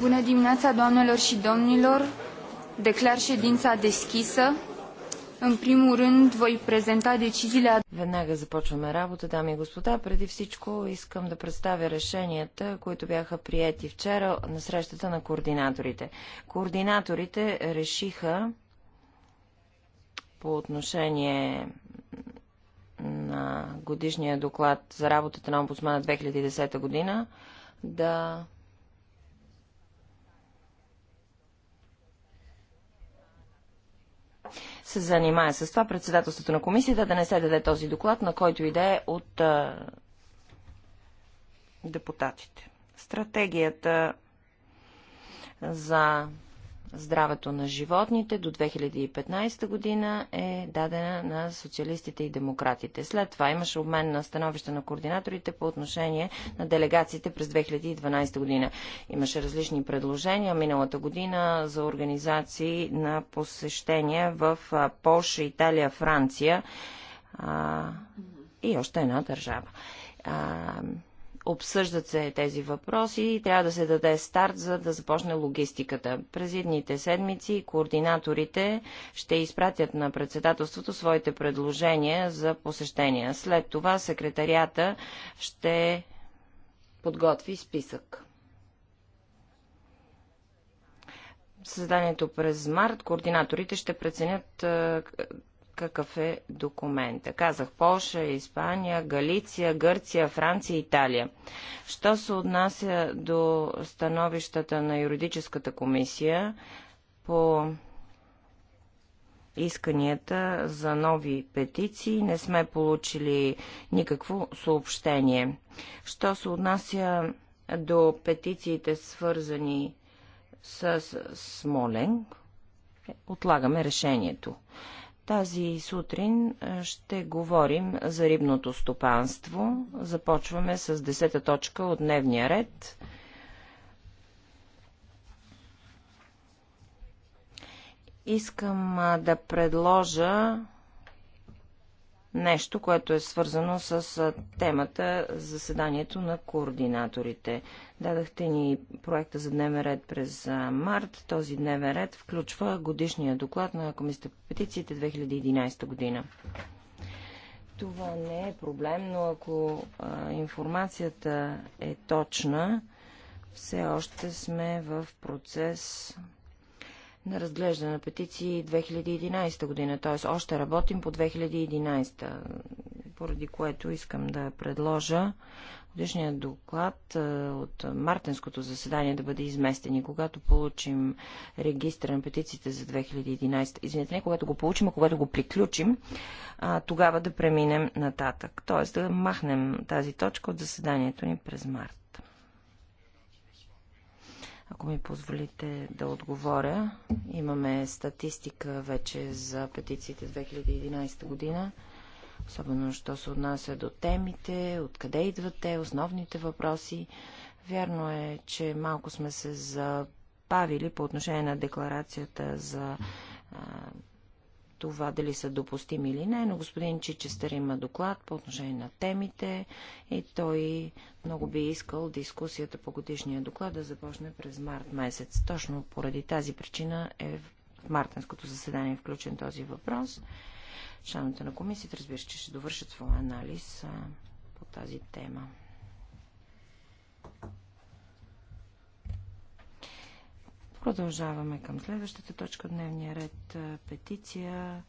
Bună dimineața, doamnelor și domnilor! Declar ședința deschisă. În primul rând, voi prezenta deciziile... Веднага започваме работа, дами и господа. Преди всичко искам да представя решенията, които бяха приети вчера на срещата на координаторите. Координаторите решиха по отношение на годишния доклад за работата на омбудсмана 2010 година да се занимае с това председателството на комисията да не се даде този доклад, на който иде от а, депутатите. Стратегията за здравето на животните до 2015 година е дадена на социалистите и демократите. След това имаше обмен на становище на координаторите по отношение на делегациите през 2012 година. Имаше различни предложения миналата година за организации на посещения в Польша, Италия, Франция а, и още една държава. А, Обсъждат се тези въпроси и трябва да се даде старт, за да започне логистиката. През едните седмици координаторите ще изпратят на председателството своите предложения за посещения. След това секретарията ще подготви списък. Създанието през март координаторите ще преценят какъв е документа. Казах Полша, Испания, Галиция, Гърция, Франция, Италия. Що се отнася до становищата на юридическата комисия по исканията за нови петиции. Не сме получили никакво съобщение. Що се отнася до петициите, свързани с Смолен, отлагаме решението. Тази сутрин ще говорим за рибното стопанство. Започваме с десета точка от дневния ред. Искам да предложа нещо, което е свързано с темата заседанието на координаторите. Дадахте ни проекта за дневен ред през март. Този дневен ред включва годишния доклад на Комисията по петициите 2011 година. Това не е проблем, но ако а, информацията е точна, все още сме в процес на разглеждане на петиции 2011 година, т.е. още работим по 2011, поради което искам да предложа годишният доклад от мартенското заседание да бъде изместен и когато получим регистра на петициите за 2011, извинете, не когато го получим, а когато го приключим, тогава да преминем нататък. Т.е. да махнем тази точка от заседанието ни през март. Ако ми позволите да отговоря, имаме статистика вече за петициите 2011 година, особено що се отнася до темите, откъде идват те, основните въпроси. Вярно е, че малко сме се забавили по отношение на декларацията за това дали са допустими или не, но господин Чичестър има доклад по отношение на темите и той много би искал дискусията по годишния доклад да започне през март месец. Точно поради тази причина е в мартенското заседание включен този въпрос. Членовете на комисията, разбира се, че ще довършат своя анализ а, по тази тема. Продължаваме към следващата точка от дневния ред. Петиция,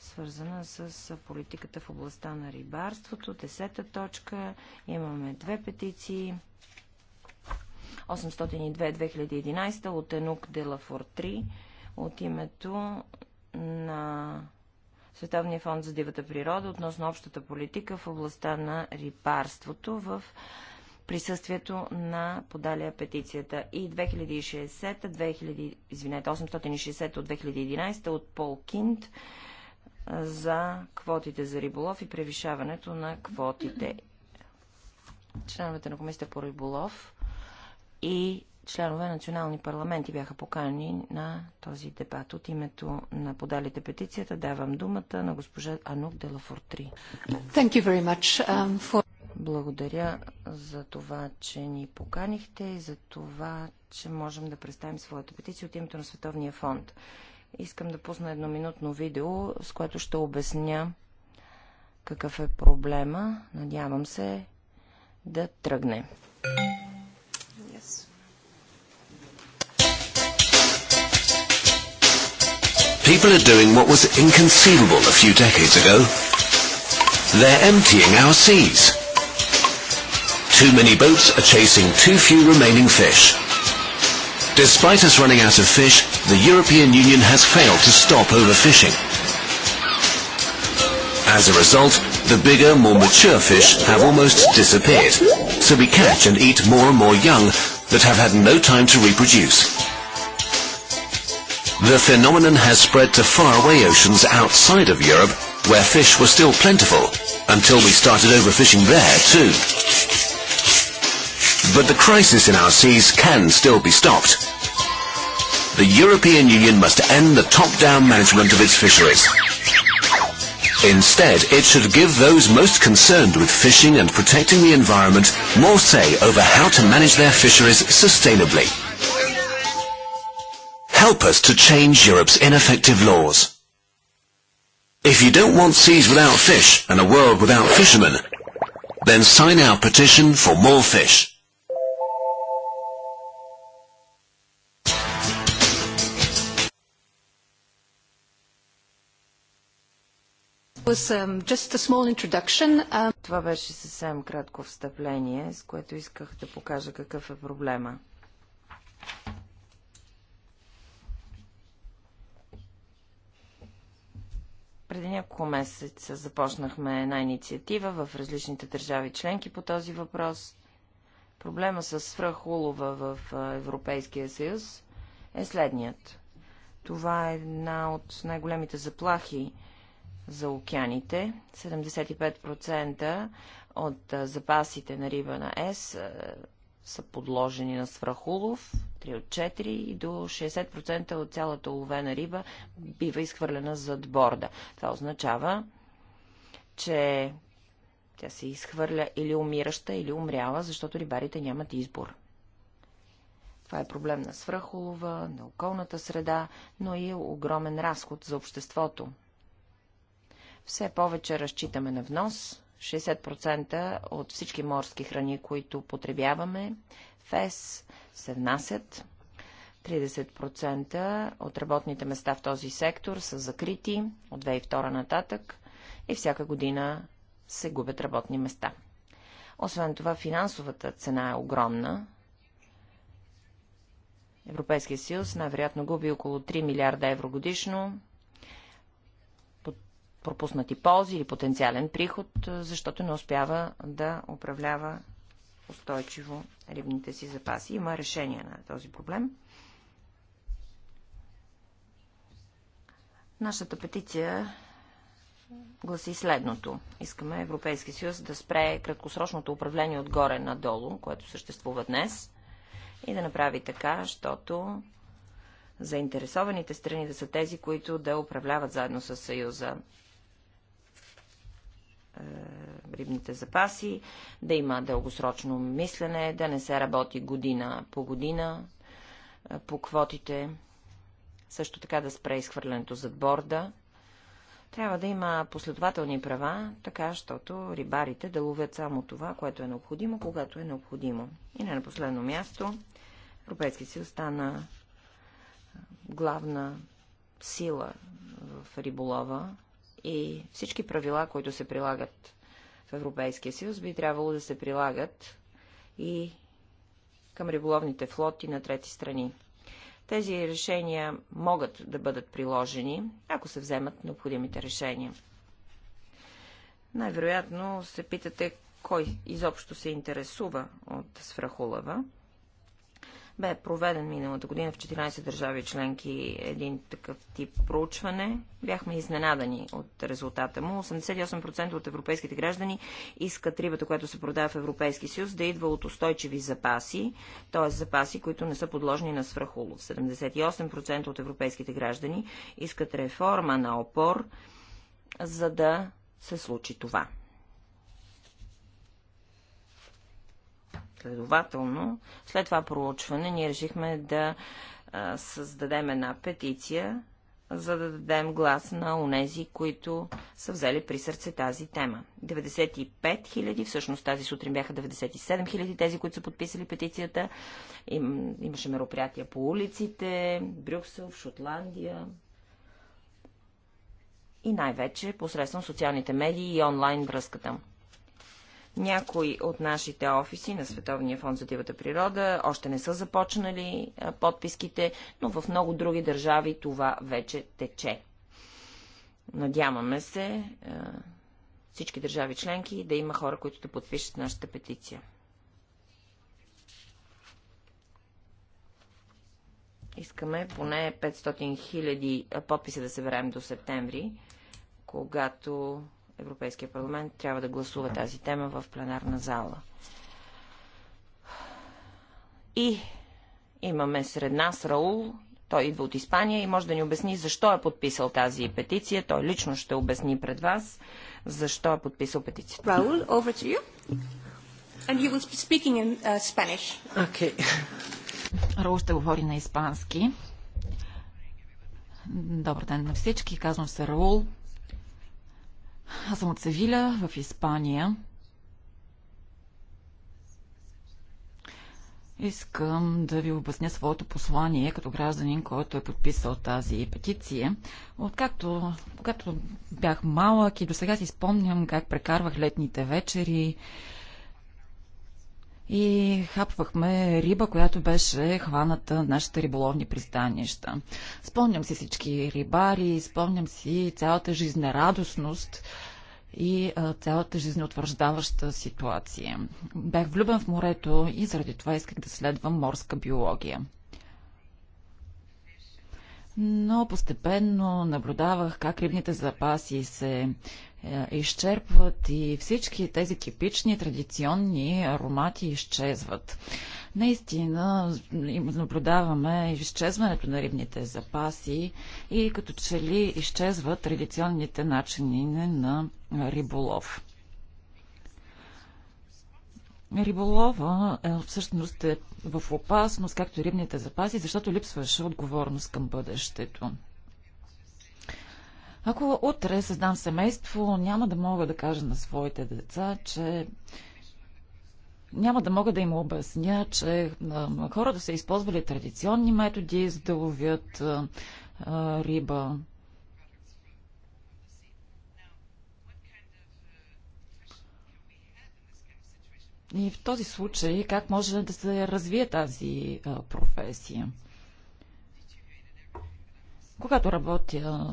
свързана с политиката в областта на рибарството. Десета точка. Имаме две петиции. 802-2011 от Енук Делафор 3 от името на Световния фонд за дивата природа относно общата политика в областта на рибарството в присъствието на подалия петицията. И 2060, 2000, извинете, 860 от 2011 от Пол Кинт за квотите за риболов и превишаването на квотите. Членовете на комисията по риболов и членове на национални парламенти бяха поканени на този дебат. От името на подалите петицията давам думата на госпожа Анук Делафортри. Um, for... Благодаря за това, че ни поканихте и за това, че можем да представим своята петиция от името на Световния фонд. Искам да пусна едноминутно видео, с което ще обясня какъв е проблема. Надявам се да тръгне. People are doing what was inconceivable a few decades ago. They're emptying our seas. Too many boats are chasing too few remaining fish. Despite us running out of fish, the European Union has failed to stop overfishing. As a result, the bigger, more mature fish have almost disappeared, so we catch and eat more and more young that have had no time to reproduce. The phenomenon has spread to faraway oceans outside of Europe, where fish were still plentiful, until we started overfishing there too. But the crisis in our seas can still be stopped. The European Union must end the top-down management of its fisheries. Instead, it should give those most concerned with fishing and protecting the environment more say over how to manage their fisheries sustainably. Help us to change Europe's ineffective laws. If you don't want seas without fish and a world without fishermen, then sign our petition for more fish. Um, um, Това беше съвсем кратко встъпление, с което исках да покажа какъв е проблема. Преди няколко месеца започнахме една инициатива в различните държави членки по този въпрос. Проблема с свръхулова в Европейския съюз е следният. Това е една от най-големите заплахи за океаните. 75% от запасите на риба на ЕС са подложени на свръхулов, 3 от 4 и до 60% от цялата уловена риба бива изхвърлена зад борда. Това означава, че тя се изхвърля или умираща, или умрява, защото рибарите нямат избор. Това е проблем на свръхолова, на околната среда, но и е огромен разход за обществото. Все повече разчитаме на внос. 60% от всички морски храни, които потребяваме, ФЕС се внасят. 30% от работните места в този сектор са закрити от 2002 нататък и всяка година се губят работни места. Освен това, финансовата цена е огромна. Европейския съюз най-вероятно губи около 3 милиарда евро годишно пропуснати ползи или потенциален приход, е, защото не успява да управлява устойчиво рибните си запаси. Има решение на този проблем. Нашата петиция гласи следното. Искаме Европейски съюз да спре краткосрочното управление отгоре надолу, което съществува днес, и да направи така, защото заинтересованите страни да са тези, които да управляват заедно с Съюза е, рибните запаси, да има дългосрочно мислене, да не се работи година по година е, по квотите, също така да спре изхвърлянето зад борда. Трябва да има последователни права, така, защото рибарите да ловят само това, което е необходимо, когато е необходимо. И не на последно място, Европейски съюз стана е, главна сила в риболова и всички правила, които се прилагат в Европейския съюз, би трябвало да се прилагат и към риболовните флоти на трети страни. Тези решения могат да бъдат приложени, ако се вземат необходимите решения. Най-вероятно се питате кой изобщо се интересува от свръхулава. Бе проведен миналата година в 14 държави членки един такъв тип проучване. Бяхме изненадани от резултата му. 88% от европейските граждани искат рибата, която се продава в Европейски съюз, да идва от устойчиви запаси, т.е. запаси, които не са подложни на свръхулов. 78% от европейските граждани искат реформа на опор, за да се случи това. Следователно, след това проучване ние решихме да а, създадем една петиция, за да дадем глас на онези, които са взели при сърце тази тема. 95 000, всъщност тази сутрин бяха 97 000 тези, които са подписали петицията. Им, имаше мероприятия по улиците, Брюксел, в Шотландия, и най-вече посредством социалните медии и онлайн връзката. Някои от нашите офиси на Световния фонд за дивата природа още не са започнали подписките, но в много други държави това вече тече. Надяваме се всички държави членки да има хора, които да подпишат нашата петиция. Искаме поне 500 000 подписи да се до септември, когато Европейския парламент трябва да гласува тази тема в пленарна зала. И имаме сред нас Раул. Той идва от Испания и може да ни обясни защо е подписал тази петиция. Той лично ще обясни пред вас защо е подписал петицията. Раул, over to you. And he was speaking in uh, Spanish. Okay. Раул ще говори на испански. Добър ден на всички. Казвам се Раул. Аз съм от Севиля, в Испания. Искам да ви обясня своето послание като гражданин, който е подписал тази петиция. Откакто, когато бях малък и до сега си спомням как прекарвах летните вечери, и хапвахме риба, която беше хваната в нашите риболовни пристанища. Спомням си всички рибари, спомням си цялата жизнерадостност и цялата жизнеотвърждаваща ситуация. Бях влюбен в морето и заради това исках да следвам морска биология. Но постепенно наблюдавах как рибните запаси се е, изчерпват и всички тези типични традиционни аромати изчезват. Наистина наблюдаваме изчезването на рибните запаси и като че ли изчезват традиционните начини на риболов. Риболова е, всъщност е в опасност, както и рибните запаси, защото липсваше отговорност към бъдещето. Ако утре създам семейство, няма да мога да кажа на своите деца, че няма да мога да им обясня, че хората са използвали традиционни методи, за да ловят риба. И в този случай как може да се развие тази професия? Когато работя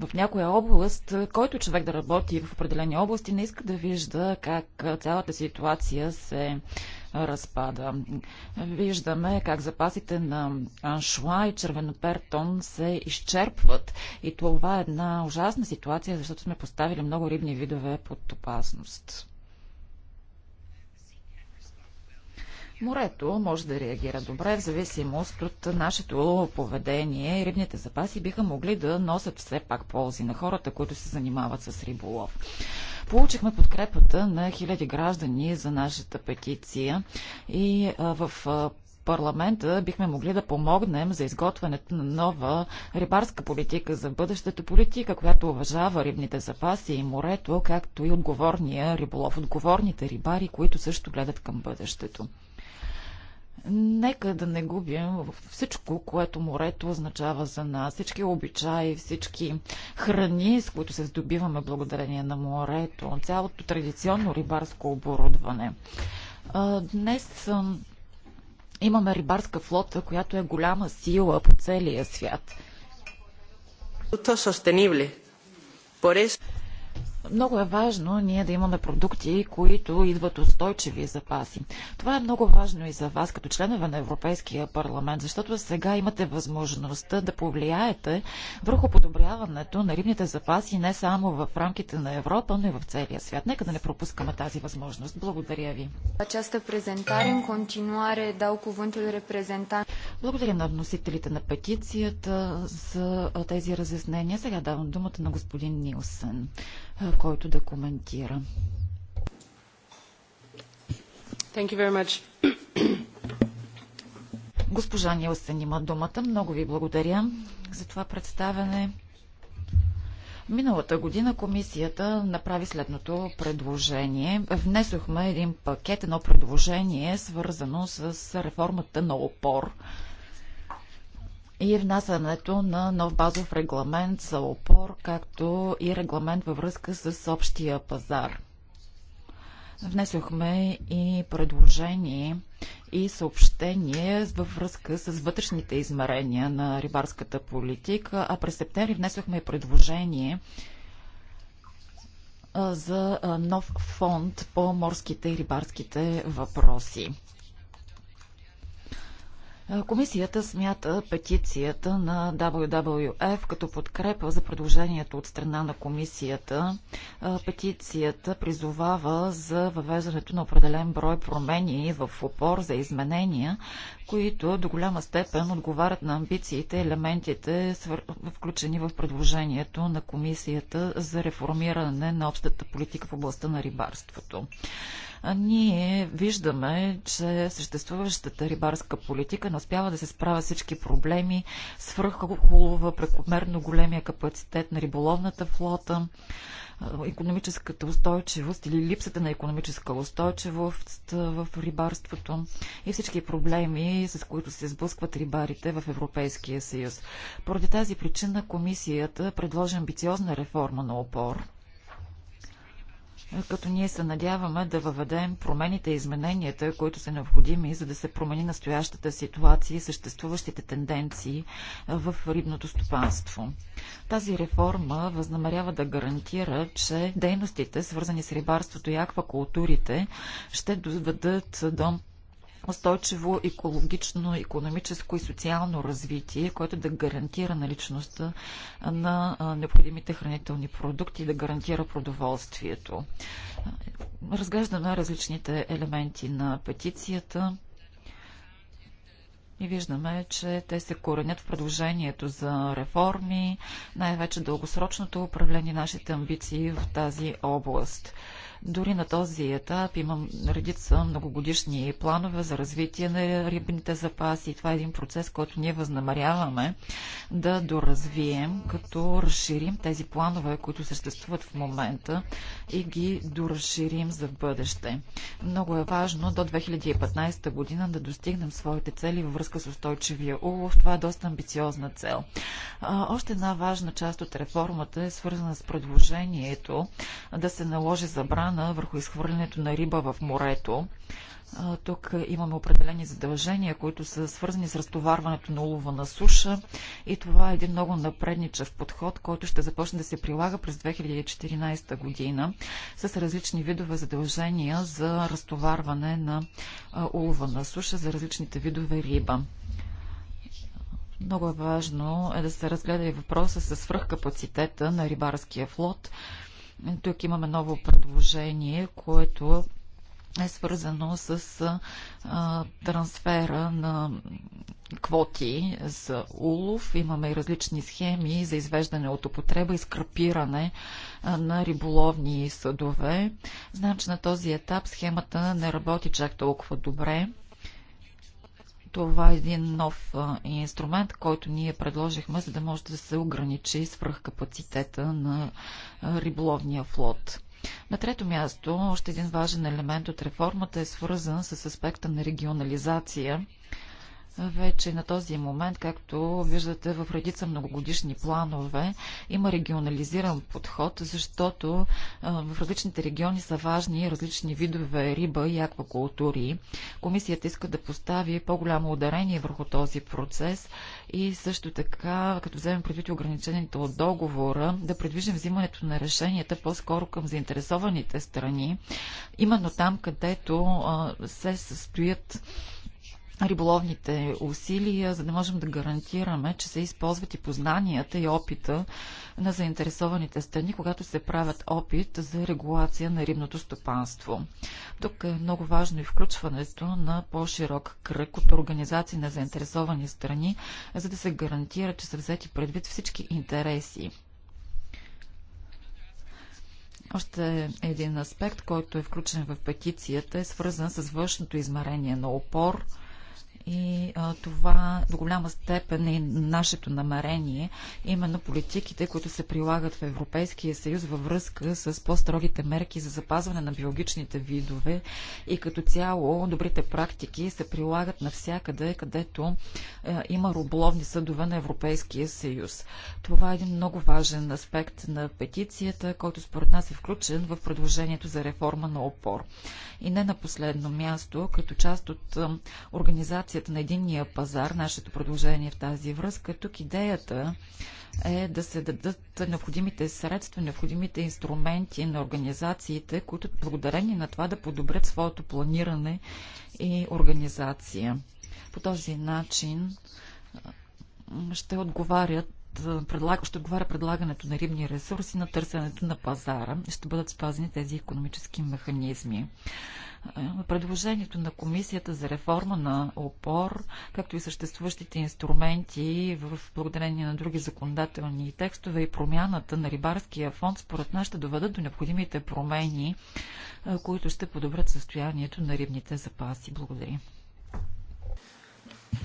в някоя област, който човек да работи в определени области, не иска да вижда как цялата ситуация се разпада. Виждаме как запасите на аншла и червенопертон се изчерпват. И това е една ужасна ситуация, защото сме поставили много рибни видове под опасност. Морето може да реагира добре в зависимост от нашето поведение. Рибните запаси биха могли да носят все пак ползи на хората, които се занимават с риболов. Получихме подкрепата на хиляди граждани за нашата петиция и в парламента бихме могли да помогнем за изготвянето на нова рибарска политика за бъдещето политика, която уважава рибните запаси и морето, както и отговорния риболов, отговорните рибари, които също гледат към бъдещето. Нека да не губим всичко, което морето означава за нас, всички обичаи, всички храни, с които се здобиваме благодарение на морето, цялото традиционно рибарско оборудване. Днес имаме рибарска флота, която е голяма сила по целия свят много е важно ние да имаме продукти, които идват устойчиви запаси. Това е много важно и за вас, като членове на Европейския парламент, защото сега имате възможността да повлияете върху подобряването на рибните запаси не само в рамките на Европа, но и в целия свят. Нека да не пропускаме тази възможност. Благодаря ви. Благодаря на вносителите на петицията за тези разяснения. Сега давам думата на господин Нилсен който да коментира. Thank you very much. Госпожа Нилсен има думата. Много ви благодаря за това представене. Миналата година комисията направи следното предложение. Внесохме един пакет, едно предложение, свързано с реформата на опор и внасянето на нов базов регламент за опор, както и регламент във връзка с общия пазар. Внесохме и предложение и съобщение във връзка с вътрешните измерения на рибарската политика, а през септември внесохме и предложение за нов фонд по морските и рибарските въпроси. Комисията смята петицията на WWF като подкрепа за предложението от страна на комисията. Петицията призовава за въвеждането на определен брой промени в опор за изменения, които до голяма степен отговарят на амбициите, елементите, включени в предложението на Комисията за реформиране на общата политика в областта на рибарството. А ние виждаме, че съществуващата рибарска политика не успява да се справя всички проблеми, свръхолова, прекомерно големия капацитет на риболовната флота, економическата устойчивост или липсата на економическа устойчивост в рибарството и всички проблеми, с които се сблъскват рибарите в Европейския съюз. Поради тази причина комисията предложи амбициозна реформа на опор като ние се надяваме да въведем промените и измененията, които са необходими, за да се промени настоящата ситуация и съществуващите тенденции в рибното стопанство. Тази реформа възнамерява да гарантира, че дейностите, свързани с рибарството и аквакултурите, ще доведат до устойчиво екологично, економическо и социално развитие, което да гарантира наличността на необходимите хранителни продукти и да гарантира продоволствието. Разглеждаме различните елементи на петицията. И виждаме, че те се коренят в предложението за реформи, най-вече дългосрочното управление, нашите амбиции в тази област. Дори на този етап имам редица многогодишни планове за развитие на рибните запаси. Това е един процес, който ние възнамеряваме да доразвием, като разширим тези планове, които съществуват в момента и ги доразширим за бъдеще. Много е важно до 2015 година да достигнем своите цели във връзка с устойчивия улов. Това е доста амбициозна цел. А, още една важна част от реформата е свързана с предложението да се наложи забрана забрана върху изхвърлянето на риба в морето. Тук имаме определени задължения, които са свързани с разтоварването на улова на суша и това е един много напредничав подход, който ще започне да се прилага през 2014 година с различни видове задължения за разтоварване на улова на суша за различните видове риба. Много е важно е да се разгледа и въпроса с свръхкапацитета на рибарския флот, тук имаме ново предложение, което е свързано с а, трансфера на квоти за улов. Имаме и различни схеми за извеждане от употреба и скрапиране а, на риболовни съдове. Значи на този етап схемата не работи чак толкова добре. Това е един нов инструмент, който ние предложихме, за да може да се ограничи свръхкапацитета на риболовния флот. На трето място, още един важен елемент от реформата е свързан с аспекта на регионализация вече на този момент, както виждате в редица многогодишни планове, има регионализиран подход, защото в различните региони са важни различни видове риба и аквакултури. Комисията иска да постави по-голямо ударение върху този процес и също така, като вземем предвид ограничените от договора, да предвижим взимането на решенията по-скоро към заинтересованите страни, именно там, където се състоят риболовните усилия, за да можем да гарантираме, че се използват и познанията и опита на заинтересованите страни, когато се правят опит за регулация на рибното стопанство. Тук е много важно и включването на по-широк кръг от организации на заинтересовани страни, за да се гарантира, че са взети предвид всички интереси. Още един аспект, който е включен в петицията, е свързан с външното измерение на опор – и а, това до голяма степен е нашето намерение, именно политиките, които се прилагат в Европейския съюз във връзка с по-строгите мерки за запазване на биологичните видове и като цяло добрите практики се прилагат навсякъде, където а, има рубловни съдове на Европейския съюз. Това е един много важен аспект на петицията, който според нас е включен в предложението за реформа на опор. И не на последно място, като част от организация Комисията на единния пазар, нашето продължение в тази връзка. Тук идеята е да се дадат необходимите средства, необходимите инструменти на организациите, които благодарение на това да подобрят своето планиране и организация. По този начин ще отговарят ще отговаря предлагането на рибни ресурси на търсенето на пазара. Ще бъдат спазени тези економически механизми. Е, предложението на комисията за реформа на опор, както и съществуващите инструменти в благодарение на други законодателни текстове и промяната на рибарския фонд, според нас ще доведат до необходимите промени, е, които ще подобрят състоянието на рибните запаси. Благодаря.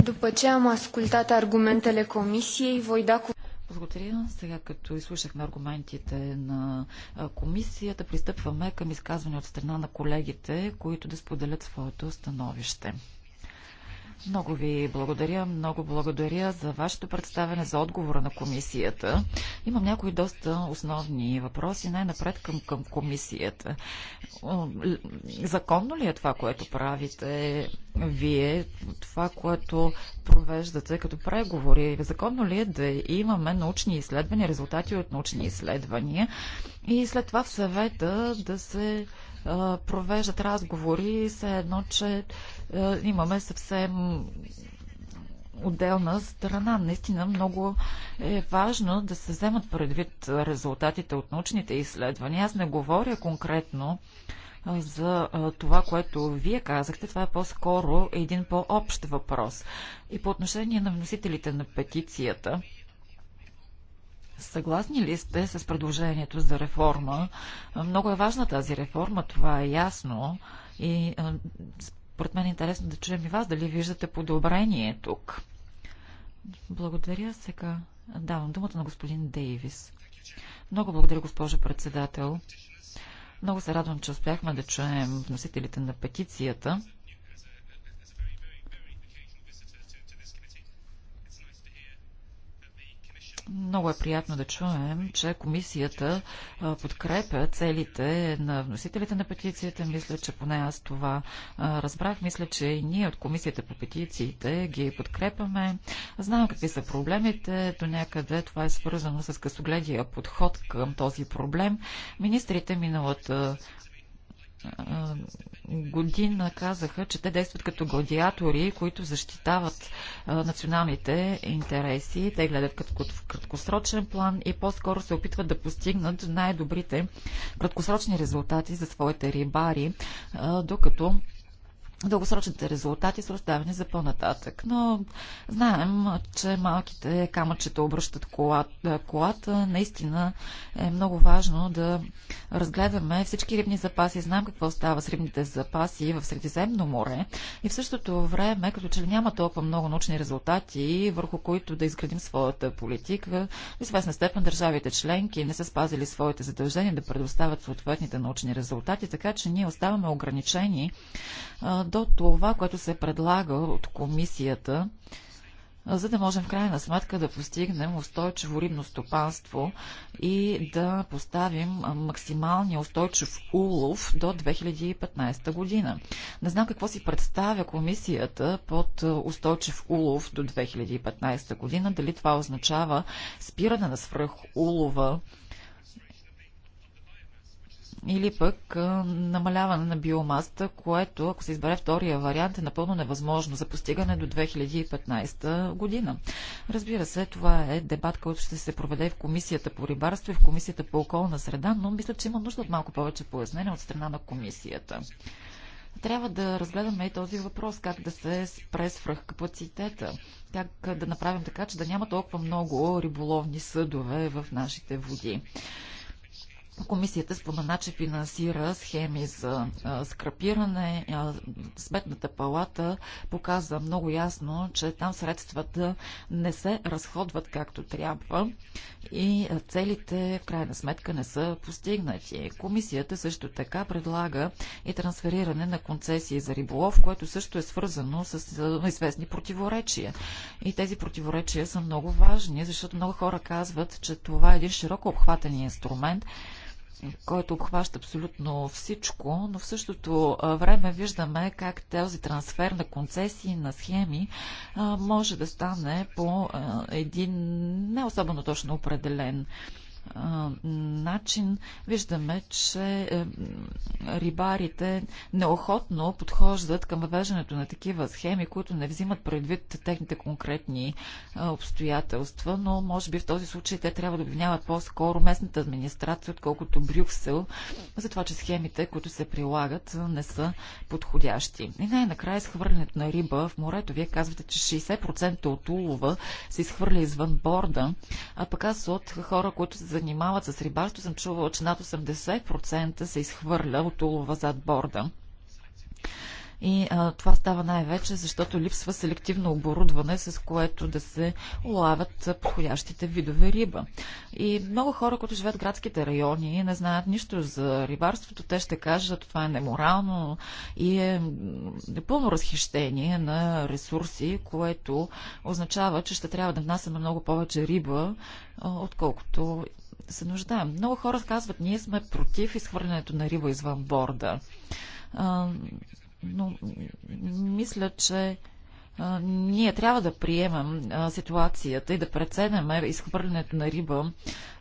După ce am ascultat argumentele comisiei, voi da cu... Благодаря. Сега като изслушахме аргументите на комисията, пристъпваме към изказване от страна на колегите, които да споделят своето становище. Много ви благодаря, много благодаря за вашето представяне, за отговора на комисията. Имам някои доста основни въпроси, най-напред към, към комисията. Законно ли е това, което правите вие, това, което провеждате като преговори? Законно ли е да имаме научни изследвания, резултати от научни изследвания и след това в съвета да се провеждат разговори, все едно, че имаме съвсем отделна страна. Наистина много е важно да се вземат предвид резултатите от научните изследвания. Аз не говоря конкретно за това, което вие казахте. Това е по-скоро един по-общ въпрос. И по отношение на вносителите на петицията – Съгласни ли сте с предложението за реформа? Много е важна тази реформа, това е ясно. И според мен е интересно да чуем и вас, дали виждате подобрение тук. Благодаря сега. Давам думата на господин Дейвис. Много благодаря, госпожо председател. Много се радвам, че успяхме да чуем вносителите на петицията. Много е приятно да чуем, че комисията подкрепя целите на вносителите на петицията. Мисля, че поне аз това разбрах. Мисля, че и ние от комисията по петициите ги подкрепяме. Знам какви са проблемите. До някъде това е свързано с късогледия подход към този проблем. Министрите миналата година казаха, че те действат като гладиатори, които защитават националните интереси. Те гледат като в краткосрочен план и по-скоро се опитват да постигнат най-добрите краткосрочни резултати за своите рибари, докато дългосрочните резултати са оставени за по-нататък. Но знаем, че малките камъчета обръщат колата. колата. Наистина е много важно да разгледаме всички рибни запаси. Знам какво става с рибните запаси в Средиземно море. И в същото време, като че ли няма толкова много научни резултати, върху които да изградим своята политика, в известна степен държавите членки не са спазили своите задължения да предоставят съответните научни резултати, така че ние оставаме ограничени до това, което се предлага от комисията, за да можем в крайна сметка да постигнем устойчиво рибно стопанство и да поставим максималния устойчив улов до 2015 година. Не знам какво си представя комисията под устойчив улов до 2015 година, дали това означава спиране на свръх улова или пък намаляване на биомасата, което, ако се избере втория вариант, е напълно невъзможно за постигане до 2015 година. Разбира се, това е дебат, който ще се проведе в Комисията по рибарство и в Комисията по околна среда, но мисля, че има нужда от малко повече пояснение от страна на Комисията. Трябва да разгледаме и този въпрос, как да се спре свръхкапацитета, как да направим така, че да няма толкова много риболовни съдове в нашите води. Комисията спомена, че финансира схеми за скрапиране. Сметната палата показа много ясно, че там средствата не се разходват както трябва и целите в крайна сметка не са постигнати. Комисията също така предлага и трансфериране на концесии за риболов, което също е свързано с известни противоречия. И тези противоречия са много важни, защото много хора казват, че това е един широко обхватен инструмент, който обхваща абсолютно всичко, но в същото време виждаме как този трансфер на концесии, на схеми може да стане по един не особено точно определен начин виждаме, че е, рибарите неохотно подхождат към въвеждането на такива схеми, които не взимат предвид техните конкретни обстоятелства, но може би в този случай те трябва да обвиняват по-скоро местната администрация, отколкото Брюксел, за това, че схемите, които се прилагат, не са подходящи. И най-накрая изхвърлянето на риба в морето. Вие казвате, че 60% от улова се изхвърля извън борда, а пък аз от хора, които се занимават с рибарство, съм чувала, че над 80% се изхвърля от улова зад борда. И а, това става най-вече, защото липсва селективно оборудване, с което да се улавят подходящите видове риба. И много хора, които живеят в градските райони, не знаят нищо за рибарството. Те ще кажат, това е неморално и е непълно разхищение на ресурси, което означава, че ще трябва да внасяме много повече риба, отколкото се нуждаем. Много хора казват, ние сме против изхвърлянето на риба извън борда. А, но мисля, че а, ние трябва да приемем а, ситуацията и да преценеме изхвърлянето на риба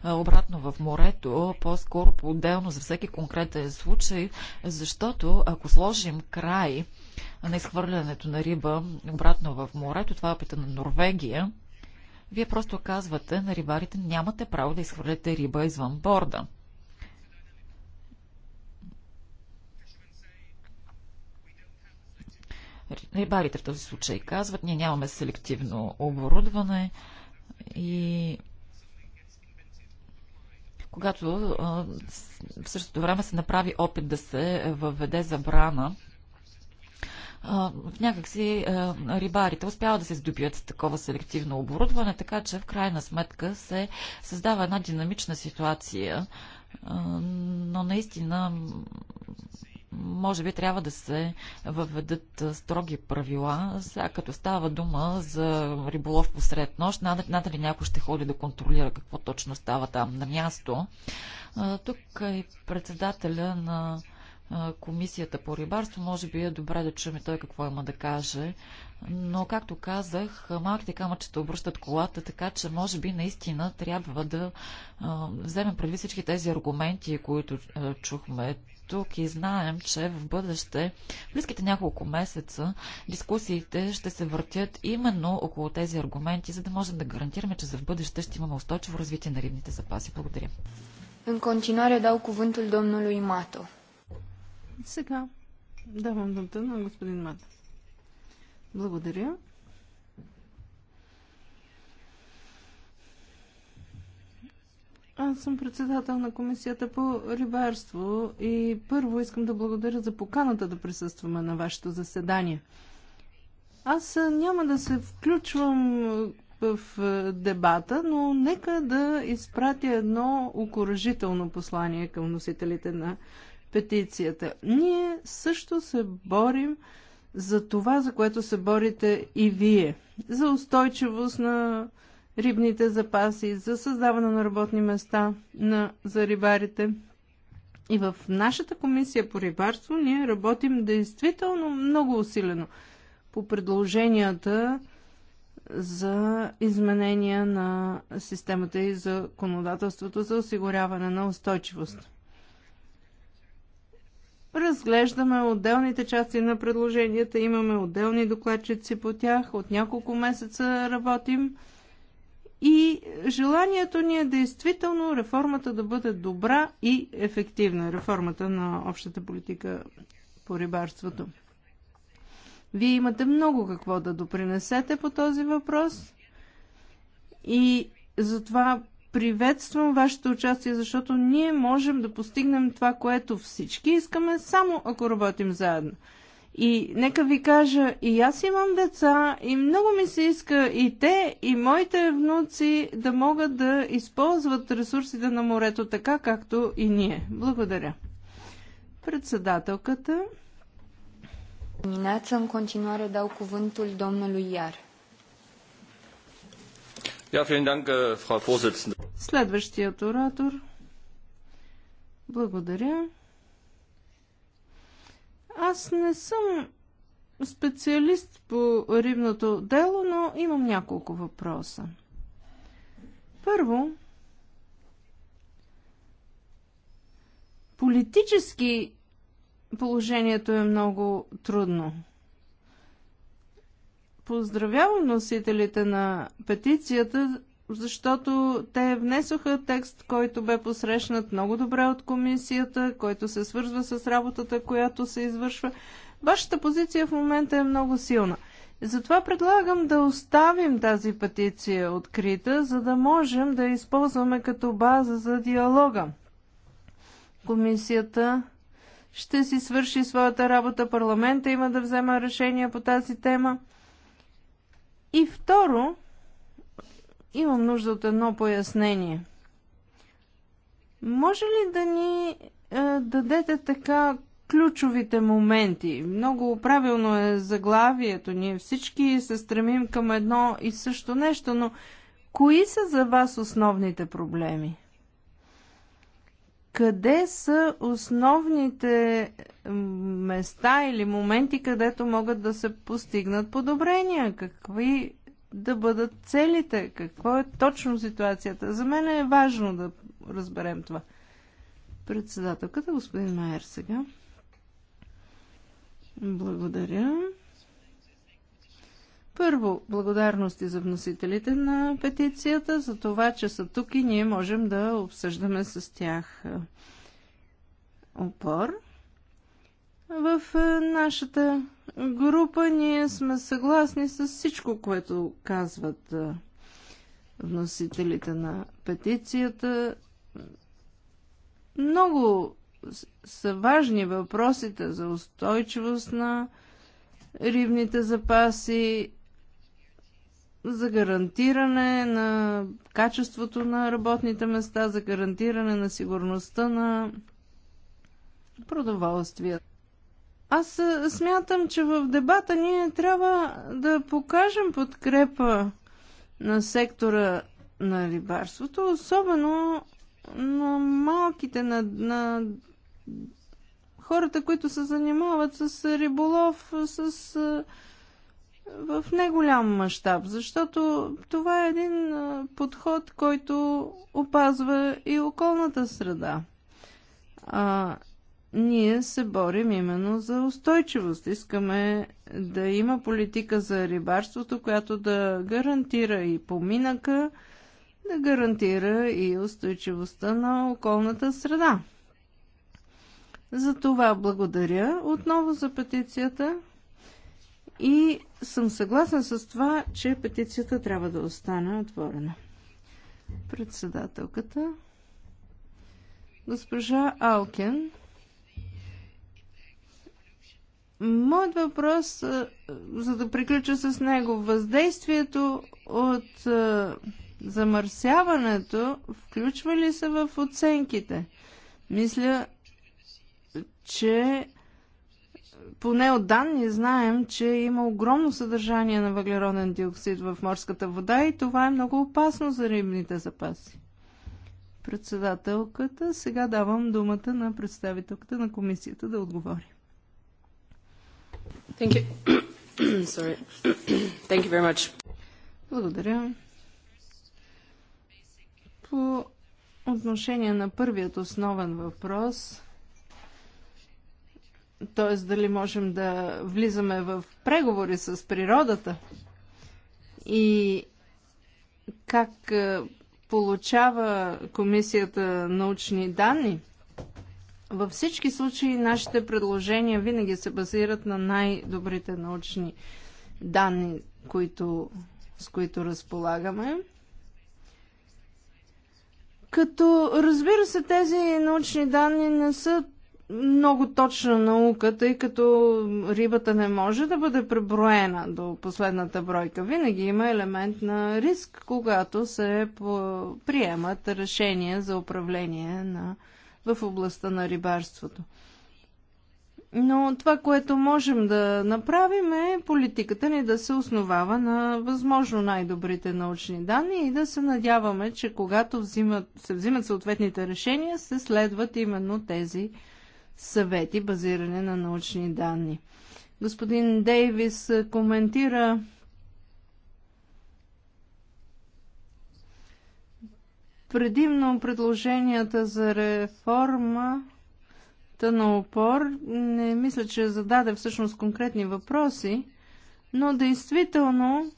а, обратно в морето, по-скоро по-отделно за всеки конкретен случай, защото ако сложим край на изхвърлянето на риба обратно в морето, това е опита на Норвегия, вие просто казвате на рибарите, нямате право да изхвърляте риба извън борда. Рибарите в този случай казват, ние нямаме селективно оборудване и когато в същото време се направи опит да се въведе забрана някакси рибарите успяват да се здобият с такова селективно оборудване, така че в крайна сметка се създава една динамична ситуация, но наистина може би трябва да се въведат строги правила, сега като става дума за риболов посред нощ, надали, някой ще ходи да контролира какво точно става там на място. Тук е и председателя на Комисията по рибарство. Може би е добре да чуем и той какво има да каже. Но, както казах, малките камъчета обръщат колата, така че може би наистина трябва да вземем преди всички тези аргументи, които чухме тук и знаем, че в бъдеще, в близките няколко месеца, дискусиите ще се въртят именно около тези аргументи, за да можем да гарантираме, че за в бъдеще ще имаме устойчиво развитие на рибните запаси. Благодаря. În continuare dau cuvântul domnului Mato. Сега давам думата на господин Мат. Благодаря. Аз съм председател на Комисията по рибарство и първо искам да благодаря за поканата да присъстваме на вашето заседание. Аз няма да се включвам в е, дебата, но нека да изпратя едно окоръжително послание към носителите на петицията. Ние също се борим за това, за което се борите и вие. За устойчивост на рибните запаси, за създаване на работни места на, за рибарите. И в нашата комисия по рибарство ние работим действително много усилено по предложенията за изменения на системата и законодателството за осигуряване на устойчивост разглеждаме отделните части на предложенията, имаме отделни докладчици по тях, от няколко месеца работим. И желанието ни е действително реформата да бъде добра и ефективна, реформата на общата политика по рибарството. Вие имате много какво да допринесете по този въпрос и затова приветствам вашето участие, защото ние можем да постигнем това, което всички искаме, само ако работим заедно. И нека ви кажа, и аз имам деца, и много ми се иска и те, и моите внуци да могат да използват ресурсите на морето така, както и ние. Благодаря. Председателката. Dimineața, în continuare, dau cuvântul domnului Iar. Äh, Следващият оратор. Благодаря. Аз не съм специалист по рибното дело, но имам няколко въпроса. Първо, политически положението е много трудно поздравявам носителите на петицията, защото те внесоха текст, който бе посрещнат много добре от комисията, който се свързва с работата, която се извършва. Вашата позиция в момента е много силна. Затова предлагам да оставим тази петиция открита, за да можем да използваме като база за диалога. Комисията ще си свърши своята работа, парламента има да взема решение по тази тема. И второ, имам нужда от едно пояснение. Може ли да ни е, дадете така ключовите моменти? Много правилно е заглавието. Ние всички се стремим към едно и също нещо, но кои са за вас основните проблеми? къде са основните места или моменти, където могат да се постигнат подобрения? Какви да бъдат целите? Какво е точно ситуацията? За мен е важно да разберем това. Председателката, господин Майер, сега. Благодаря. Първо, благодарности за вносителите на петицията, за това, че са тук и ние можем да обсъждаме с тях е, опор. В е, нашата група ние сме съгласни с всичко, което казват е, вносителите на петицията. Много са важни въпросите за устойчивост на рибните запаси, за гарантиране на качеството на работните места, за гарантиране на сигурността на продоволствията. Аз смятам, че в дебата ние трябва да покажем подкрепа на сектора на рибарството, особено на малките, на, на хората, които се занимават с риболов, с в неголям мащаб, защото това е един подход, който опазва и околната среда. А, ние се борим именно за устойчивост. Искаме да има политика за рибарството, която да гарантира и поминъка, да гарантира и устойчивостта на околната среда. За това благодаря отново за петицията и съм съгласна с това, че петицията трябва да остане отворена. Председателката госпожа Алкен. Моят въпрос, е, за да приключа с него, въздействието от е, замърсяването включва ли се в оценките? Мисля, че поне от данни знаем, че има огромно съдържание на въглероден диоксид в морската вода и това е много опасно за рибните запаси. Председателката, сега давам думата на представителката на комисията да отговори. Thank you. Sorry. Thank you very much. Благодаря. По отношение на първият основен въпрос – т.е. дали можем да влизаме в преговори с природата и как е, получава комисията научни данни. Във всички случаи нашите предложения винаги се базират на най-добрите научни данни, които, с които разполагаме. Като разбира се, тези научни данни не са много точна наука, тъй като рибата не може да бъде преброена до последната бройка. Винаги има елемент на риск, когато се приемат решения за управление на, в областта на рибарството. Но това, което можем да направим е политиката ни да се основава на възможно най-добрите научни данни и да се надяваме, че когато взимат, се взимат съответните решения, се следват именно тези решения съвети, базирани на научни данни. Господин Дейвис коментира предимно предложенията за реформа на опор. Не мисля, че зададе всъщност конкретни въпроси, но действително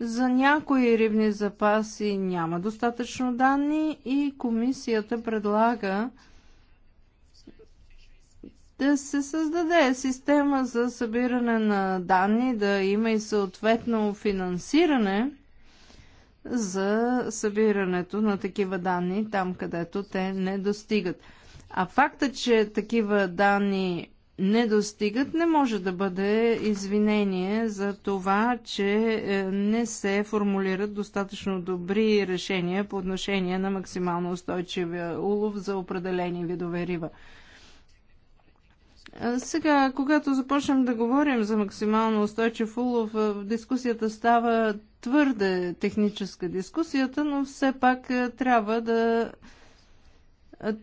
за някои рибни запаси няма достатъчно данни и комисията предлага да се създаде система за събиране на данни, да има и съответно финансиране за събирането на такива данни там, където те не достигат. А факта, че такива данни не достигат, не може да бъде извинение за това, че е, не се формулират достатъчно добри решения по отношение на максимално устойчивия улов за определени видове риба. Сега, когато започнем да говорим за максимално устойчив улов, дискусията става твърде техническа дискусията, но все пак трябва да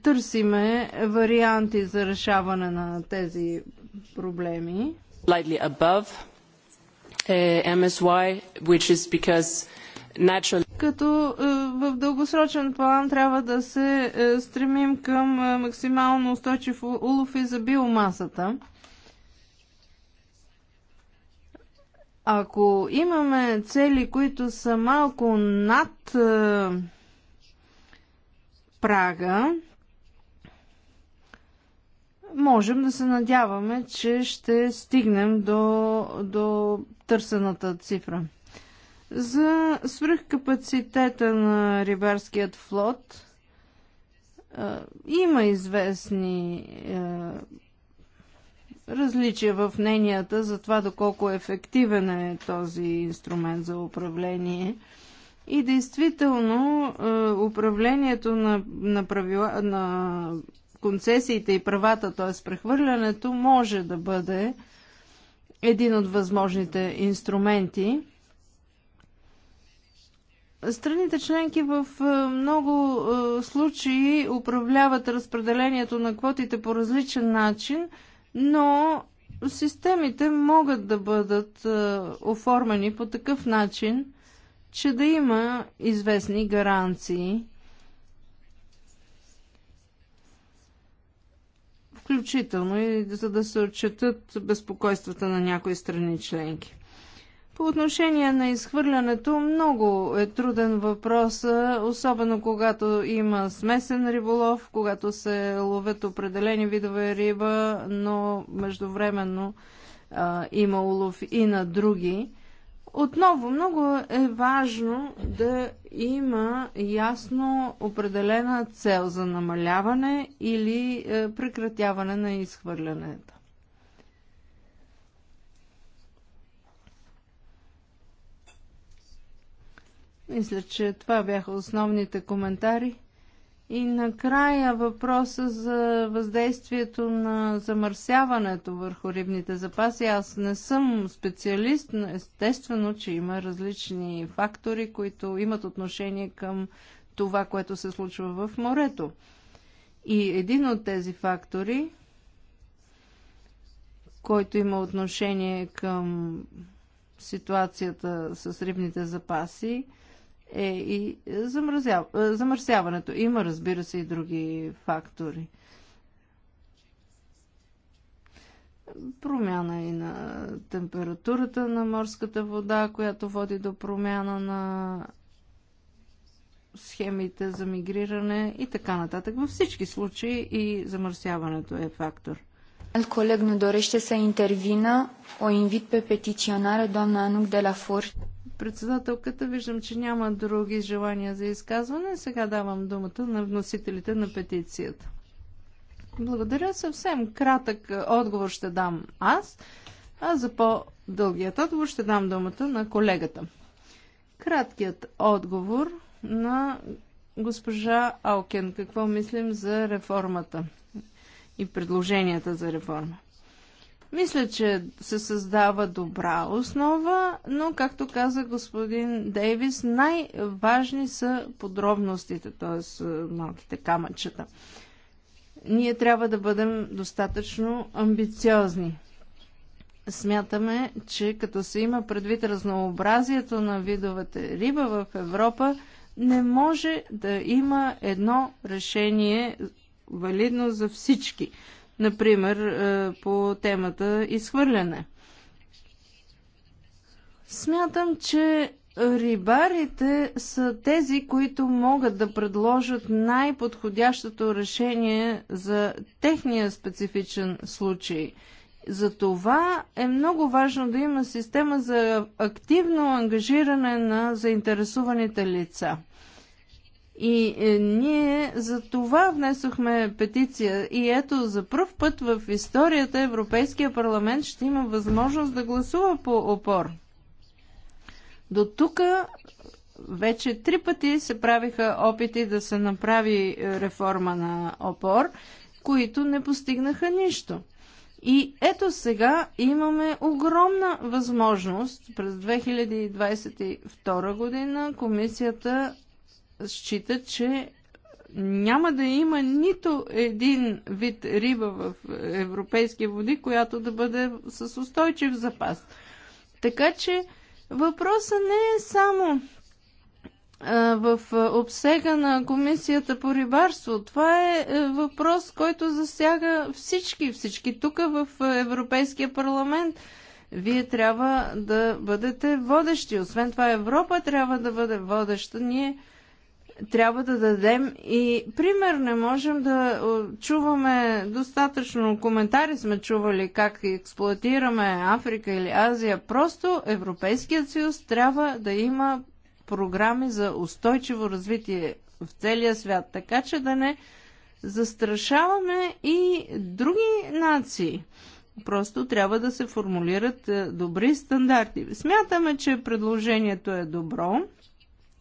търсиме варианти за решаване на тези проблеми. Slightly above uh, MSY, which is because като е, в дългосрочен план трябва да се е, стремим към е, максимално устойчив улов и за биомасата. Ако имаме цели, които са малко над прага, можем да се надяваме, че ще стигнем до, до търсената цифра. За свръхкапацитета на рибарският флот има известни различия в мненията за това доколко ефективен е този инструмент за управление. И действително управлението на, на, правила, на концесиите и правата, т.е. прехвърлянето, може да бъде един от възможните инструменти. Страните членки в е, много е, случаи управляват разпределението на квотите по различен начин, но системите могат да бъдат е, оформени по такъв начин, че да има известни гаранции, включително и за да се отчетат безпокойствата на някои страни членки. По отношение на изхвърлянето, много е труден въпрос, особено когато има смесен риболов, когато се ловят определени видове риба, но междувременно а, има улов и на други. Отново, много е важно да има ясно определена цел за намаляване или прекратяване на изхвърлянето. Мисля, че това бяха основните коментари. И накрая въпроса за въздействието на замърсяването върху рибните запаси. Аз не съм специалист, но естествено, че има различни фактори, които имат отношение към това, което се случва в морето. И един от тези фактори, който има отношение към ситуацията с рибните запаси, е и е, замърсяването. Има, разбира се, и други фактори. Промяна и на температурата на морската вода, която води до промяна на схемите за мигриране и така нататък. Във всички случаи и замърсяването е фактор. Alt coleg nu dorește să intervină. O invit pe petiționară, doamna Anuc de la Furt. Председателката, виждам, че няма други желания за изказване. Сега давам думата на вносителите на петицията. Благодаря. Съвсем кратък е, отговор ще дам аз, а за по-дългият отговор ще дам думата на колегата. Краткият отговор на госпожа Алкен. Какво мислим за реформата и предложенията за реформа? Мисля, че се създава добра основа, но, както каза господин Дейвис, най-важни са подробностите, т.е. малките камъчета. Ние трябва да бъдем достатъчно амбициозни. Смятаме, че като се има предвид разнообразието на видовете риба в Европа, не може да има едно решение валидно за всички например е, по темата изхвърляне. Смятам, че рибарите са тези, които могат да предложат най-подходящото решение за техния специфичен случай. За това е много важно да има система за активно ангажиране на заинтересуваните лица. И е, ние за това внесохме петиция. И ето, за първ път в историята Европейския парламент ще има възможност да гласува по опор. До тук е, вече три пъти се правиха опити да се направи е, реформа на опор, които не постигнаха нищо. И ето сега имаме огромна възможност през 2022 година комисията счита, че няма да има нито един вид риба в европейски води, която да бъде с устойчив запас. Така че въпросът не е само в обсега на Комисията по рибарство. Това е, е въпрос, който засяга всички, всички тук в е, Европейския парламент. Вие трябва да бъдете водещи. Освен това Европа трябва да бъде водеща. Ние трябва да дадем и пример. Не можем да чуваме достатъчно коментари, сме чували как експлуатираме Африка или Азия. Просто Европейският съюз трябва да има програми за устойчиво развитие в целия свят, така че да не застрашаваме и други нации. Просто трябва да се формулират е, добри стандарти. Смятаме, че предложението е добро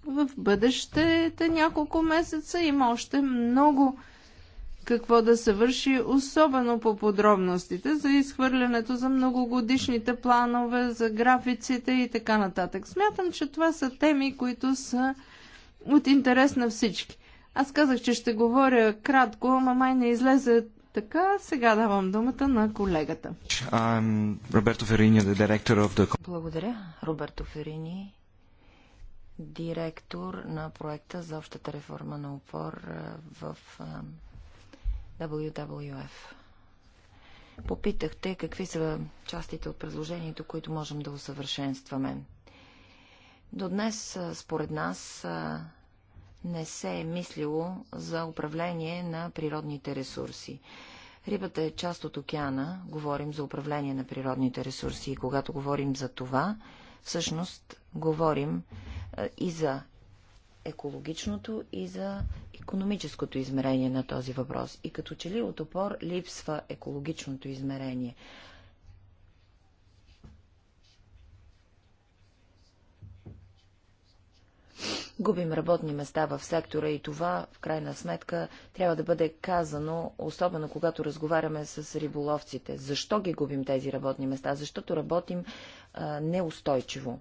в бъдещите няколко месеца има още много какво да се върши, особено по подробностите за изхвърлянето за многогодишните планове, за графиците и така нататък. Смятам, че това са теми, които са от интерес на всички. Аз казах, че ще говоря кратко, ама май не излезе така. Сега давам думата на колегата. Роберто Ферини, директор of the... Благодаря, Роберто Ферини, директор на проекта за общата реформа на опор в WWF. Попитахте какви са частите от предложението, които можем да усъвършенстваме. До днес, според нас, не се е мислило за управление на природните ресурси. Рибата е част от океана, говорим за управление на природните ресурси и когато говорим за това, Всъщност говорим и за екологичното и за економическото измерение на този въпрос. И като че ли от опор липсва екологичното измерение. губим работни места в сектора и това, в крайна сметка, трябва да бъде казано, особено когато разговаряме с риболовците. Защо ги губим тези работни места? Защото работим а, неустойчиво.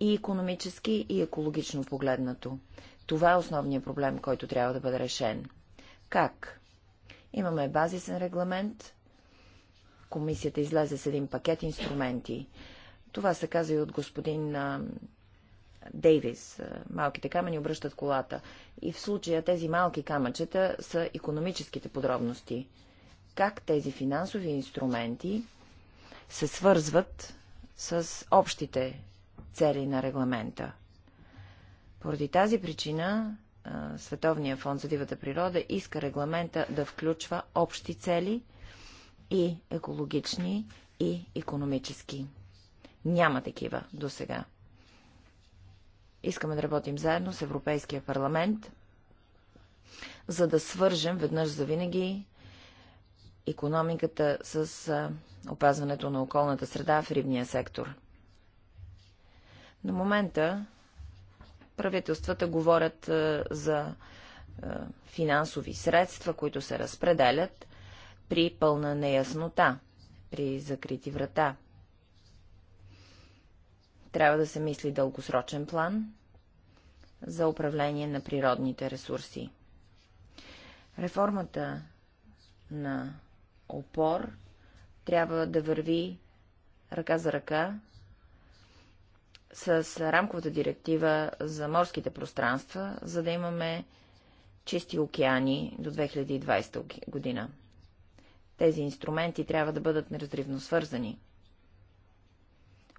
И економически, и екологично погледнато. Това е основният проблем, който трябва да бъде решен. Как? Имаме базисен регламент. Комисията излезе с един пакет инструменти. Това се каза и от господин Дейвис. Малките камъни обръщат колата. И в случая тези малки камъчета са економическите подробности. Как тези финансови инструменти се свързват с общите цели на регламента. Поради тази причина Световния фонд за дивата природа иска регламента да включва общи цели и екологични и економически. Няма такива до сега. Искаме да работим заедно с Европейския парламент, за да свържем веднъж за винаги економиката с опазването на околната среда в рибния сектор. На момента правителствата говорят за финансови средства, които се разпределят при пълна неяснота, при закрити врата. Трябва да се мисли дългосрочен план за управление на природните ресурси. Реформата на опор трябва да върви ръка за ръка с рамковата директива за морските пространства, за да имаме чисти океани до 2020 година. Тези инструменти трябва да бъдат неразривно свързани –